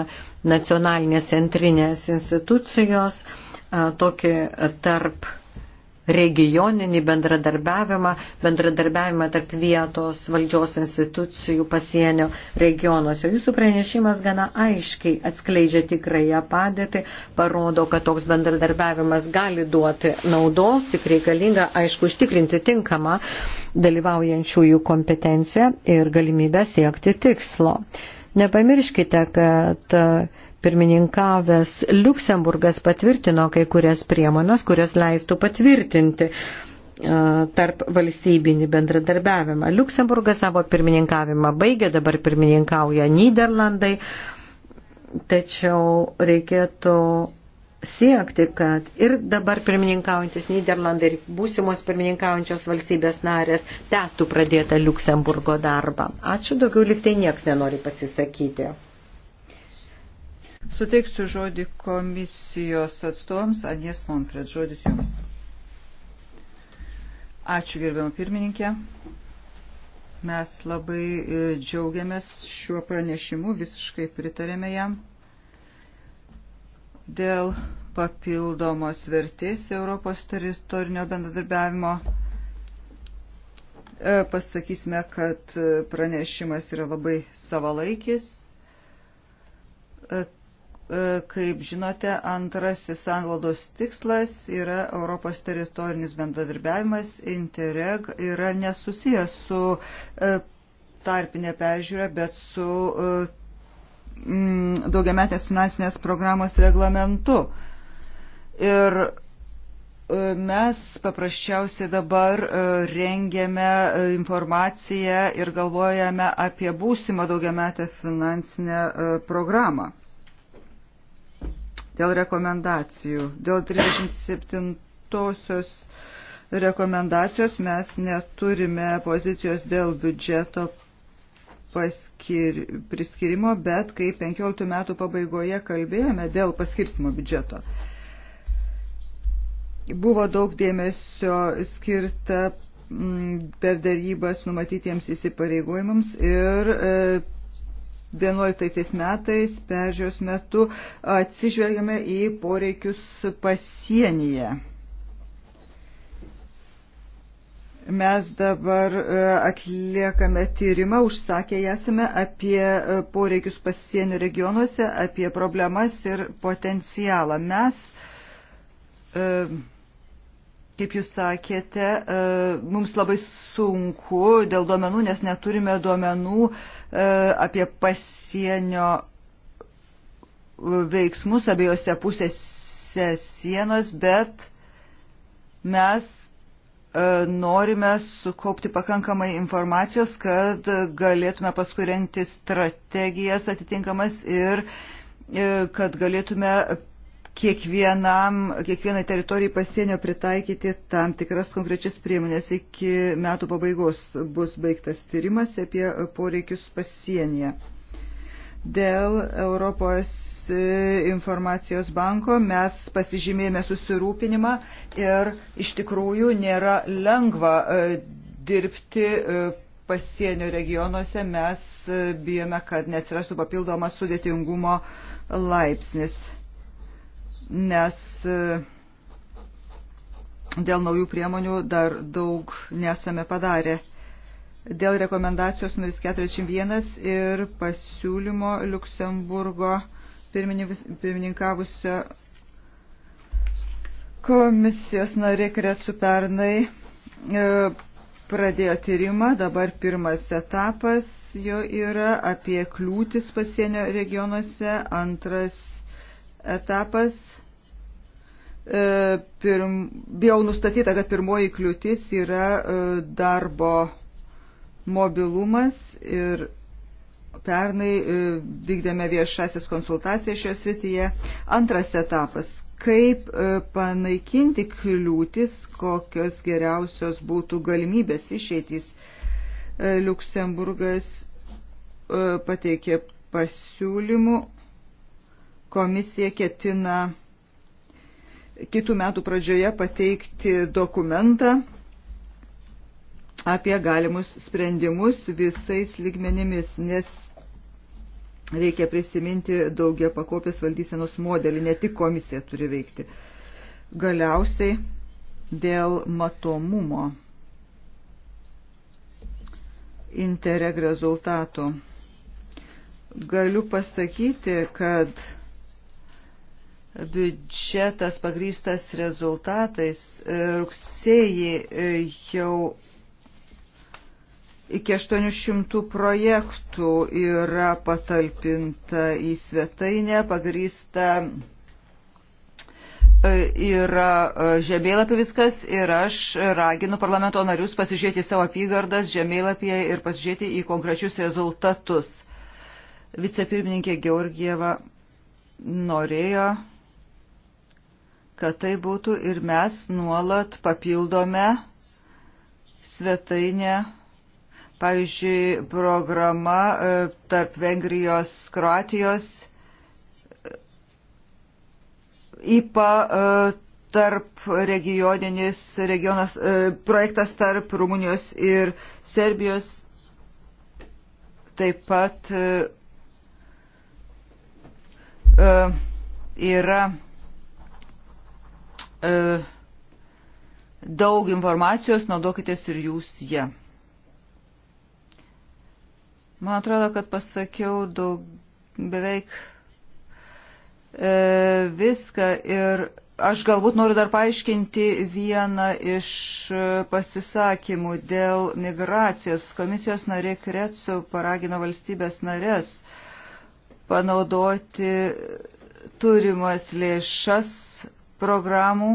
nacionalinės centrinės institucijos tokį tarp regioninį bendradarbiavimą, bendradarbiavimą tarp vietos valdžios institucijų pasienio regionuose. Jūsų pranešimas gana aiškiai atskleidžia tikrąją padėtį, parodo, kad toks bendradarbiavimas gali duoti naudos, tik reikalinga, aišku, užtikrinti tinkamą dalyvaujančiųjų kompetenciją ir galimybę siekti tikslo. Nepamirškite, kad pirmininkavęs Luksemburgas patvirtino kai kurias priemonas, kurios leistų patvirtinti e, tarp valstybinį bendradarbiavimą. Luksemburgas savo pirmininkavimą baigė, dabar pirmininkauja Niderlandai, tačiau reikėtų siekti, kad ir dabar pirmininkaujantis Niderlandai ir būsimos pirmininkaujančios valstybės narės tęstų pradėtą Luksemburgo darbą. Ačiū, daugiau liktai nieks nenori pasisakyti. Suteiksiu žodį komisijos atstovams Anies Monfred. Žodis jums. Ačiū gerbiamą pirmininkę. Mes labai e, džiaugiamės šiuo pranešimu, visiškai pritarėme jam. Dėl papildomos vertės Europos teritorinio bendradarbiavimo e, pasakysime, kad e, pranešimas yra labai savalaikis E, kaip žinote, antrasis anglodos tikslas yra Europos teritorinis bendradarbiavimas. Interreg yra nesusijęs su e, tarpinė peržiūra, bet su e, daugiametės finansinės programos reglamentu. Ir mes paprasčiausiai dabar rengiame informaciją ir galvojame apie būsimą daugiametę finansinę programą dėl rekomendacijų. Dėl 37-osios rekomendacijos mes neturime pozicijos dėl biudžeto paskir, priskirimo, bet kai 15 metų pabaigoje kalbėjome dėl paskirstimo biudžeto. Buvo daug dėmesio skirta per darybas numatytiems įsipareigojimams ir e, 2011 metais peržiūros metu atsižvelgiame į poreikius pasienyje. Mes dabar e, atliekame tyrimą, užsakę esame apie e, poreikius pasienio regionuose, apie problemas ir potencialą. Mes e, Kaip jūs sakėte, e, mums labai sunku dėl duomenų, nes neturime duomenų e, apie pasienio e, veiksmus abiejose pusėse sienos, bet mes norime sukaupti pakankamai informacijos, kad galėtume paskui rengti strategijas atitinkamas ir kad galėtume kiekvienam, kiekvienai teritorijai pasienio pritaikyti tam tikras konkrečias priemonės. Iki metų pabaigos bus baigtas tyrimas apie poreikius pasienyje. Dėl Europos e, informacijos banko mes pasižymėjome susirūpinimą ir iš tikrųjų nėra lengva e, dirbti e, pasienio regionuose. Mes bijome, kad neatsirastų papildomas sudėtingumo laipsnis nes e, dėl naujų priemonių dar daug nesame padarę. Dėl rekomendacijos numeris 41 ir pasiūlymo Luksemburgo pirmininkavusio komisijos narė Krecu pernai e, pradėjo tyrimą, dabar pirmas etapas jo yra apie kliūtis pasienio regionuose, antras etapas E, pirm, jau nustatyta, kad pirmoji kliūtis yra e, darbo mobilumas ir pernai e, vykdėme viešasis konsultacijas šioje srityje. Antras etapas kaip panaikinti kliūtis, kokios geriausios būtų galimybės išeitys. Luksemburgas pateikė pasiūlymų, komisija ketina kitų metų pradžioje pateikti dokumentą apie galimus sprendimus visais lygmenimis, nes reikia prisiminti daugia pakopės valdysenos modelį, ne tik komisija turi veikti. Galiausiai dėl matomumo interreg rezultatų. Galiu pasakyti, kad biudžetas pagrystas rezultatais. E, rugsėjį e, jau iki 800 projektų yra patalpinta į svetainę, pagrįsta e, yra žemėlapį viskas ir aš raginu parlamento narius pasižiūrėti savo apygardas žemėlapyje ir pasižiūrėti į konkrečius rezultatus. Vicepirmininkė Georgieva norėjo kad tai būtų ir mes nuolat papildome svetainę. Pavyzdžiui, programa e, tarp Vengrijos, Kroatijos, e, IPA e, tarp regioninis regionas, projektas tarp Rumunijos ir Serbijos, taip pat yra e, daug informacijos, naudokitės ir jūs ją. Man atrodo, kad pasakiau daug, beveik e, viską ir aš galbūt noriu dar paaiškinti vieną iš e, pasisakymų dėl migracijos. Komisijos narė Kretsu paragino valstybės narės panaudoti turimas lėšas programų,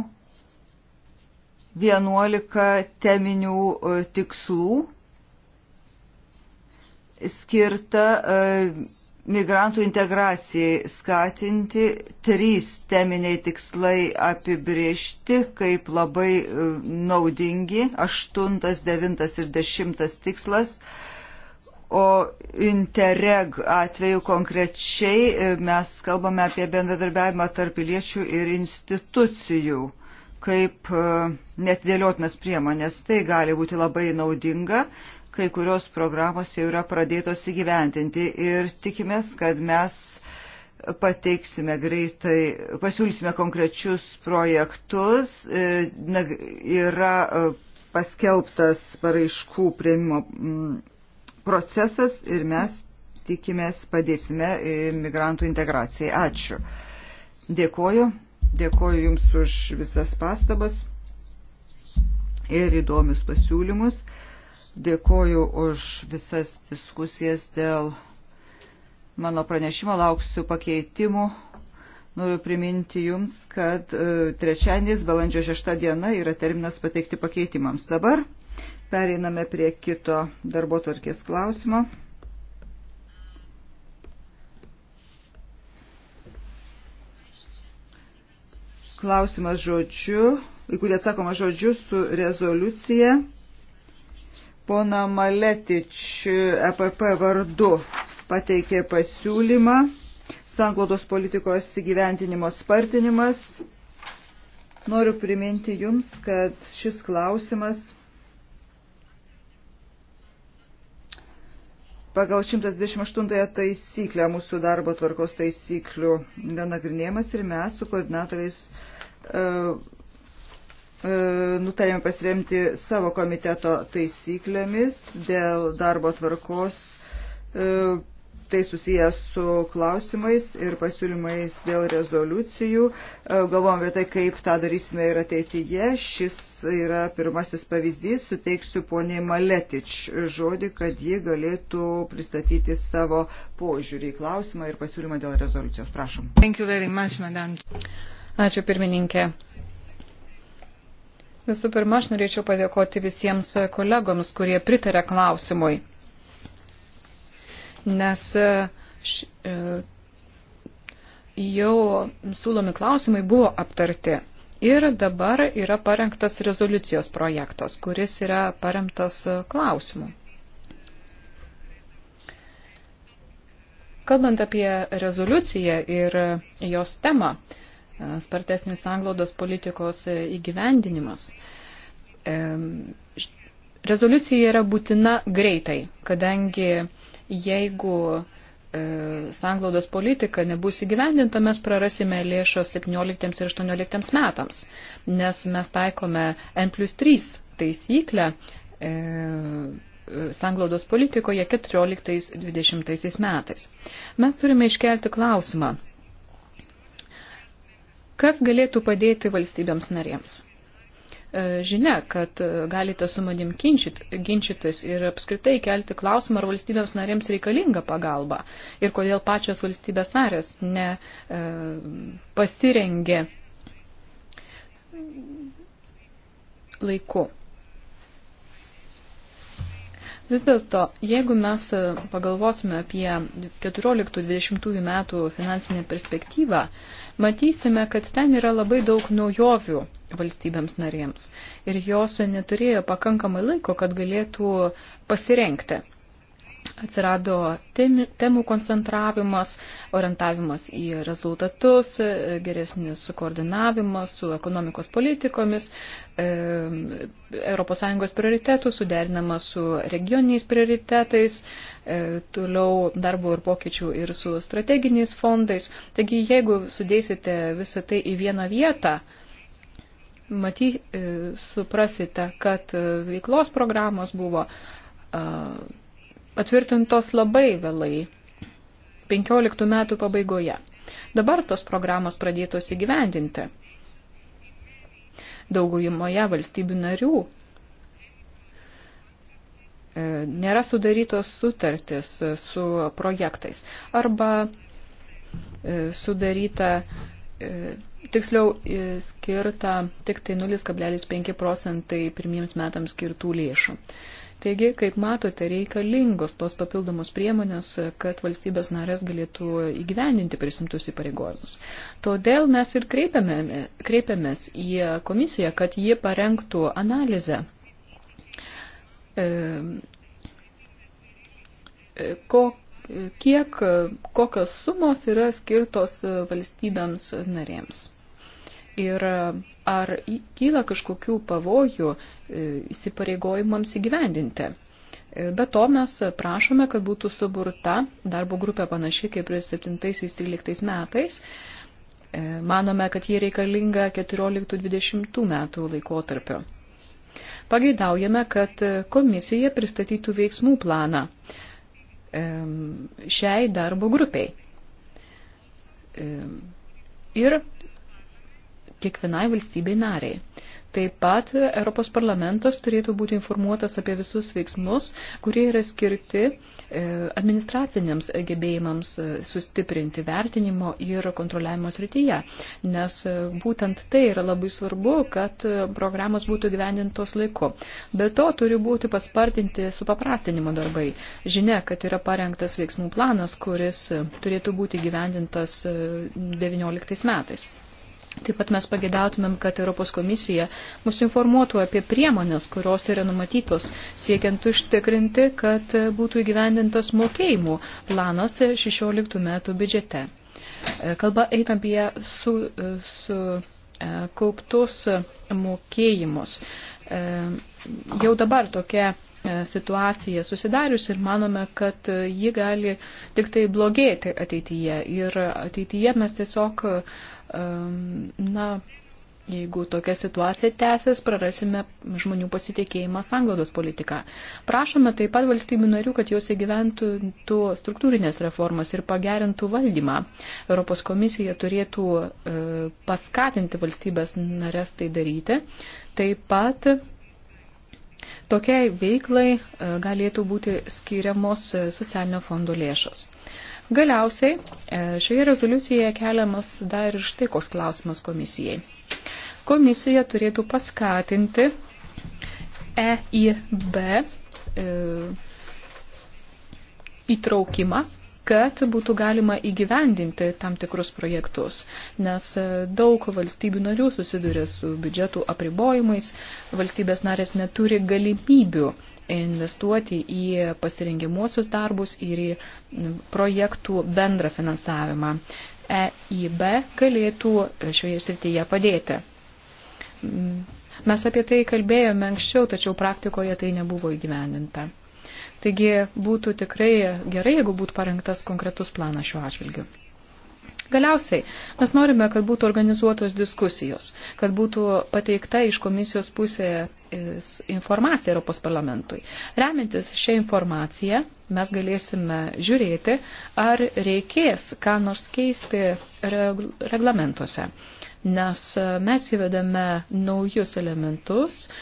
11 teminių e, tikslų skirta e, migrantų integracijai skatinti, trys teminiai tikslai apibriežti kaip labai e, naudingi, aštuntas, devintas ir dešimtas tikslas O Interreg atveju konkrečiai e, mes kalbame apie bendradarbiavimą tarp piliečių ir institucijų kaip e, netidėliotinas priemonės. Tai gali būti labai naudinga, kai kurios programos jau yra pradėtos įgyventinti ir tikimės, kad mes pateiksime greitai, pasiūlysime konkrečius projektus. E, yra paskelbtas paraiškų prieimimo procesas ir mes tikimės padėsime migrantų integracijai. Ačiū. Dėkoju. Dėkoju Jums už visas pastabas ir įdomius pasiūlymus. Dėkoju už visas diskusijas dėl mano pranešimo. Lauksiu pakeitimų. Noriu priminti Jums, kad e, trečiadienis, balandžio šešta diena yra terminas pateikti pakeitimams. Dabar Pereiname prie kito darbo tvarkės klausimo. Klausimas žodžiu, į kurį atsakoma žodžiu su rezoliucija. Pona Maletič EPP vardu pateikė pasiūlymą sanglodos politikos įgyventinimo spartinimas. Noriu priminti Jums, kad šis klausimas pagal 128 taisyklę mūsų darbo tvarkos taisyklių nagrinėjimas ir mes su koordinatoriais e, e, nutarėme pasiremti savo komiteto taisyklėmis dėl darbo tvarkos e, tai susijęs su klausimais ir pasiūlymais dėl rezoliucijų. E, Galvom apie tai, kaip tą darysime ir ateityje. Šis yra pirmasis pavyzdys. Suteiksiu poniai Maletič žodį, kad ji galėtų pristatyti savo požiūrį į klausimą ir pasiūlymą dėl rezoliucijos. Prašom. Much, madame. Ačiū pirmininkė. Visų pirma, aš norėčiau padėkoti visiems kolegoms, kurie pritarė klausimui nes e, š, e, jau siūlomi klausimai buvo aptarti. Ir dabar yra parengtas rezoliucijos projektas, kuris yra paremtas e, klausimu. Kalbant apie rezoliuciją ir jos temą, spartesnis anglaudos politikos įgyvendinimas, rezoliucija yra būtina greitai, kadangi Jeigu e, sanglaudos politika nebus įgyvendinta, mes prarasime lėšos 17 ir 18 metams, nes mes taikome N plus 3 taisyklę e, e, sanglaudos politikoje 14-20 metais. Mes turime iškelti klausimą, kas galėtų padėti valstybėms narėms. E, žinia, kad e, galite su manim ginčytis ir apskritai kelti klausimą, ar valstybėms narėms reikalinga pagalba ir kodėl pačios valstybės narės ne e, pasirengė laiku. Vis dėlto, jeigu mes pagalvosime apie 14-20 metų finansinę perspektyvą, matysime, kad ten yra labai daug naujovių valstybėms narėms ir jos neturėjo pakankamai laiko, kad galėtų pasirenkti atsirado temų koncentravimas, orientavimas į rezultatus, e, geresnis koordinavimas su ekonomikos politikomis, e, ES prioritetų suderinamas su regioniniais prioritetais, e, toliau darbo ir pokyčių ir su strateginiais fondais. Taigi, jeigu sudėsite visą tai į vieną vietą, Maty, suprasite, kad veiklos programos buvo patvirtintos labai vėlai, 15 metų pabaigoje. Dabar tos programos pradėtos įgyvendinti. Daugumoje valstybių narių e, nėra sudarytos sutartis e, su projektais arba e, sudaryta, tiksliau skirta tik tai 0,5 procentai pirmiems metams skirtų lėšų. Taigi, kaip matote, reikalingos tos papildomos priemonės, kad valstybės narės galėtų įgyvendinti prisimtus įpareigojimus. Todėl mes ir kreipiame, kreipiamės į komisiją, kad ji parengtų analizę. E, e ko, kiek, kokios sumos yra skirtos valstybėms narėms. Ir e, ar kyla kažkokių pavojų e, įsipareigojimams įgyvendinti? E, be to mes prašome, kad būtų suburta darbo grupė panašiai kaip ir 7-13 metais. Manome, kad jie reikalinga 14-20 metų laikotarpio. Pageidaujame, kad komisija pristatytų veiksmų planą šiai darbo grupiai. Ir kiekvienai valstybei nariai. Taip pat Europos parlamentas turėtų būti informuotas apie visus veiksmus, kurie yra skirti e, administraciniams gebėjimams e, sustiprinti vertinimo ir kontroliavimo srityje. Nes e, būtent tai yra labai svarbu, kad programos būtų gyvendintos laiku. Be to turi būti paspartinti supaprastinimo darbai. Žinia, kad yra parengtas veiksmų planas, kuris turėtų būti gyvendintas 19 metais. Taip pat mes pagėdautumėm, kad Europos komisija mus informuotų apie priemonės, kurios yra numatytos, siekiant užtikrinti, kad būtų įgyvendintas mokėjimų planas 16 metų biudžete. E, kalba eina apie su, e, su e, kauptus mokėjimus. Jau dabar tokia situacija susidarius ir manome, kad ji gali tik tai blogėti ateityje. Ir ateityje mes tiesiog na, Jeigu tokia situacija tęsis, prarasime žmonių pasitikėjimą sanglaudos politiką. Prašome taip pat valstybių narių, kad jos įgyventų struktūrinės reformas ir pagerintų valdymą. Europos komisija turėtų e, paskatinti valstybės narės tai daryti. Taip pat tokiai veiklai e, galėtų būti skiriamos socialinio fondo lėšos. E, Galiausiai e, šioje rezoliucijoje keliamas dar ir štai koks klausimas komisijai. Komisija turėtų paskatinti EIB e, įtraukimą kad būtų galima įgyvendinti tam tikrus projektus, nes e, daug valstybių narių susiduria su biudžetų apribojimais, valstybės narės neturi galimybių uh, investuoti į pasirengimuosius darbus ir į projektų bendrą finansavimą. EIB galėtų šioje srityje padėti. Mes apie tai kalbėjome anksčiau, tačiau praktikoje tai nebuvo įgyvendinta. Taigi būtų tikrai gerai, jeigu būtų parengtas konkretus planas šiuo atžvilgiu. Galiausiai mes norime, kad būtų organizuotos diskusijos, kad būtų pateikta iš komisijos pusės e, informacija Europos parlamentui. Remiantis šią informaciją mes galėsime žiūrėti, ar reikės ką nors keisti reglamentuose. Nes e, mes įvedame naujus elementus e,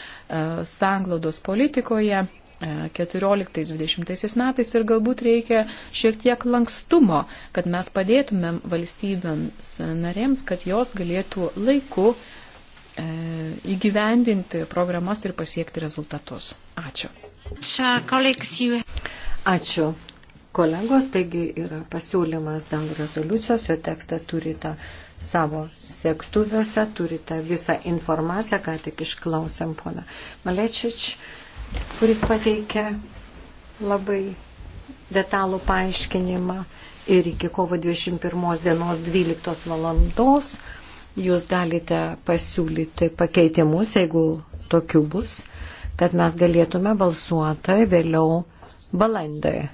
sanglaudos politikoje 14-20 metais ir galbūt reikia šiek tiek lankstumo, kad mes padėtumėm valstybėms narėms, kad jos galėtų laiku e, įgyvendinti programas ir pasiekti rezultatus. Ačiū. Ačiū. Kolegos, taigi yra pasiūlymas dėl rezoliucijos, jo tekstą turite savo sektuviuose, turite visą informaciją, ką tik išklausėm poną Malečič kuris pateikia labai detalų paaiškinimą ir iki kovo 21 dienos 12 valandos jūs galite pasiūlyti pakeitimus, jeigu tokių bus, kad mes galėtume balsuoti vėliau balandai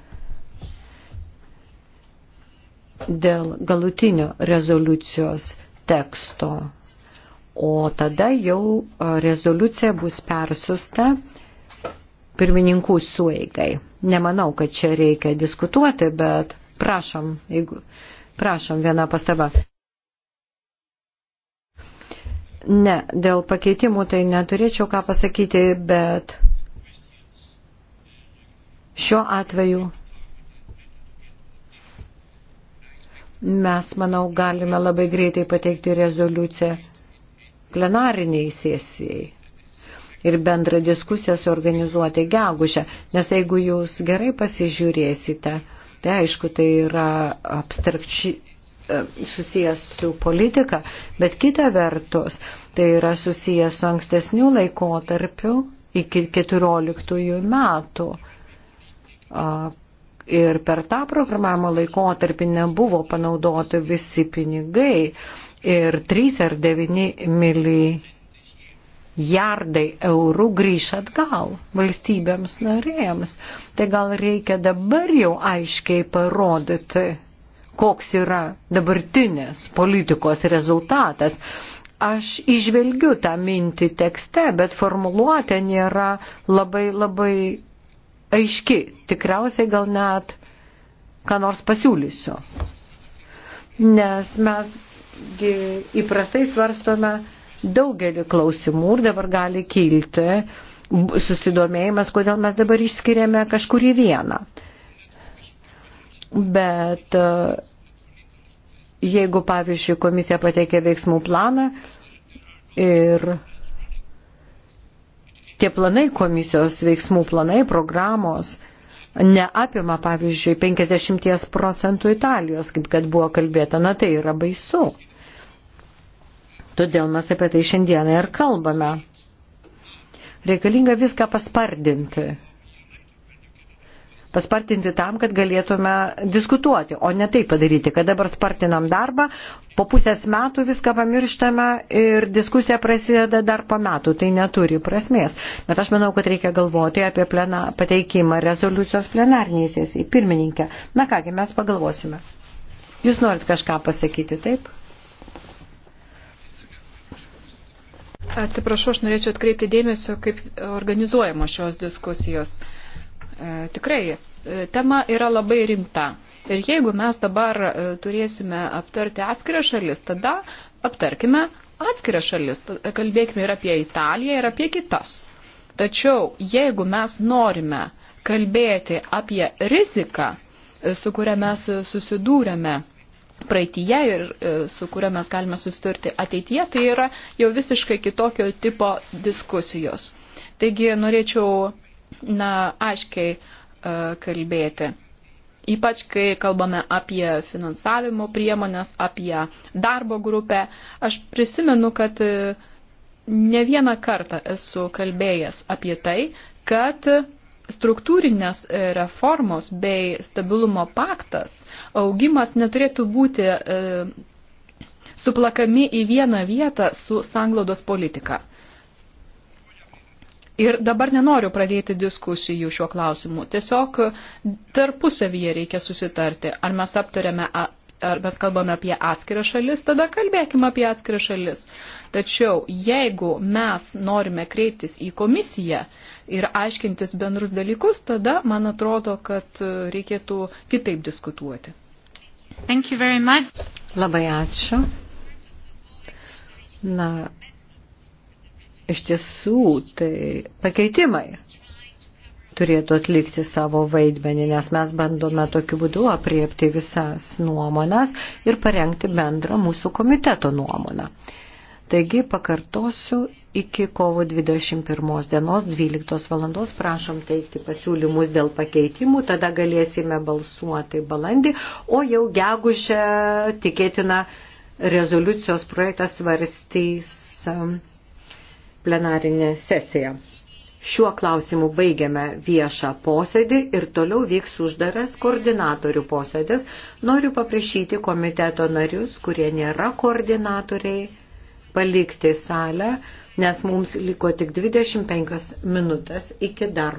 dėl galutinio rezoliucijos teksto. O tada jau rezoliucija bus persiusta pirmininkų sueigai. Nemanau, kad čia reikia diskutuoti, bet prašom, jeigu, prašom vieną pastabą. Ne, dėl pakeitimų tai neturėčiau ką pasakyti, bet šiuo atveju mes, manau, galime labai greitai pateikti rezoliuciją plenariniai sesijai ir bendrą diskusiją suorganizuoti gegužę. Nes jeigu jūs gerai pasižiūrėsite, tai aišku, tai yra abstrakčiai e, susijęs su politika, bet kita vertus, tai yra susijęs su ankstesniu laikotarpiu iki 14 metų ir per tą programavimo laikotarpį nebuvo panaudoti visi pinigai ir 3 ar 9 milijonai milijardai eurų grįž atgal valstybėms narėjams. Tai gal reikia dabar jau aiškiai parodyti, koks yra dabartinės politikos rezultatas. Aš išvelgiu tą mintį tekste, bet formuluotė nėra labai labai aiški. Tikriausiai gal net ką nors pasiūlysiu. Nes mes įprastai svarstome daugelį klausimų ir dabar gali kilti susidomėjimas, kodėl mes dabar išskiriame kažkurį vieną. Bet e, jeigu, pavyzdžiui, komisija pateikia veiksmų planą ir tie planai komisijos veiksmų planai, programos neapima, pavyzdžiui, 50 procentų Italijos, kaip kad buvo kalbėta, na tai yra baisu. Todėl mes apie tai šiandieną ir kalbame. Reikalinga viską paspardinti. Paspartinti tam, kad galėtume diskutuoti, o ne tai padaryti, kad dabar spartinam darbą, po pusės metų viską pamirštame ir diskusija prasideda dar po metų, tai neturi prasmės. Bet aš manau, kad reikia galvoti apie plena, pateikimą rezoliucijos plenarniai sesijai, pirmininkė. Na kągi, mes pagalvosime. Jūs norit kažką pasakyti, taip? Atsiprašau, aš norėčiau atkreipti dėmesio, kaip organizuojamos šios diskusijos. E, tikrai, e, tema yra labai rimta. Ir jeigu mes dabar e, turėsime aptarti atskirą šalis, tada aptarkime atskirą šalis. E, kalbėkime ir apie Italiją, ir apie kitas. Tačiau, jeigu mes norime kalbėti apie riziką, su kuria mes susidūrėme, praeitie ir e, su kuria mes galime susiturti ateityje, tai yra jau visiškai kitokio tipo diskusijos. Taigi norėčiau na, aiškiai e, kalbėti. Ypač, kai kalbame apie finansavimo priemonės, apie darbo grupę. Aš prisimenu, kad e, ne vieną kartą esu kalbėjęs apie tai, kad struktūrinės e, reformos bei stabilumo paktas, augimas neturėtų būti e, suplakami į vieną vietą su sanglodos politika. Ir dabar nenoriu pradėti diskusijų šiuo klausimu. Tiesiog tarpusavyje reikia susitarti, ar mes aptarėme ar mes kalbame apie atskirą šalis, tada kalbėkime apie atskirą šalis. Tačiau jeigu mes norime kreiptis į komisiją ir aiškintis bendrus dalykus, tada man atrodo, kad reikėtų kitaip diskutuoti. Thank you very much. Labai ačiū. Na, iš tiesų, tai pakeitimai turėtų atlikti savo vaidmenį, nes mes bandome tokiu būdu apriepti visas nuomonas ir parengti bendrą mūsų komiteto nuomoną. Taigi pakartosiu iki kovo 21 dienos 12 valandos prašom teikti pasiūlymus dėl pakeitimų, tada galėsime balsuoti balandį, o jau gegužę tikėtina rezoliucijos projektas svarstys um, plenarinė sesija. Šiuo klausimu baigiame viešą posėdį ir toliau vyks uždaras koordinatorių posėdis. Noriu paprašyti komiteto narius, kurie nėra koordinatoriai, palikti salę, nes mums liko tik 25 minutės iki darbo.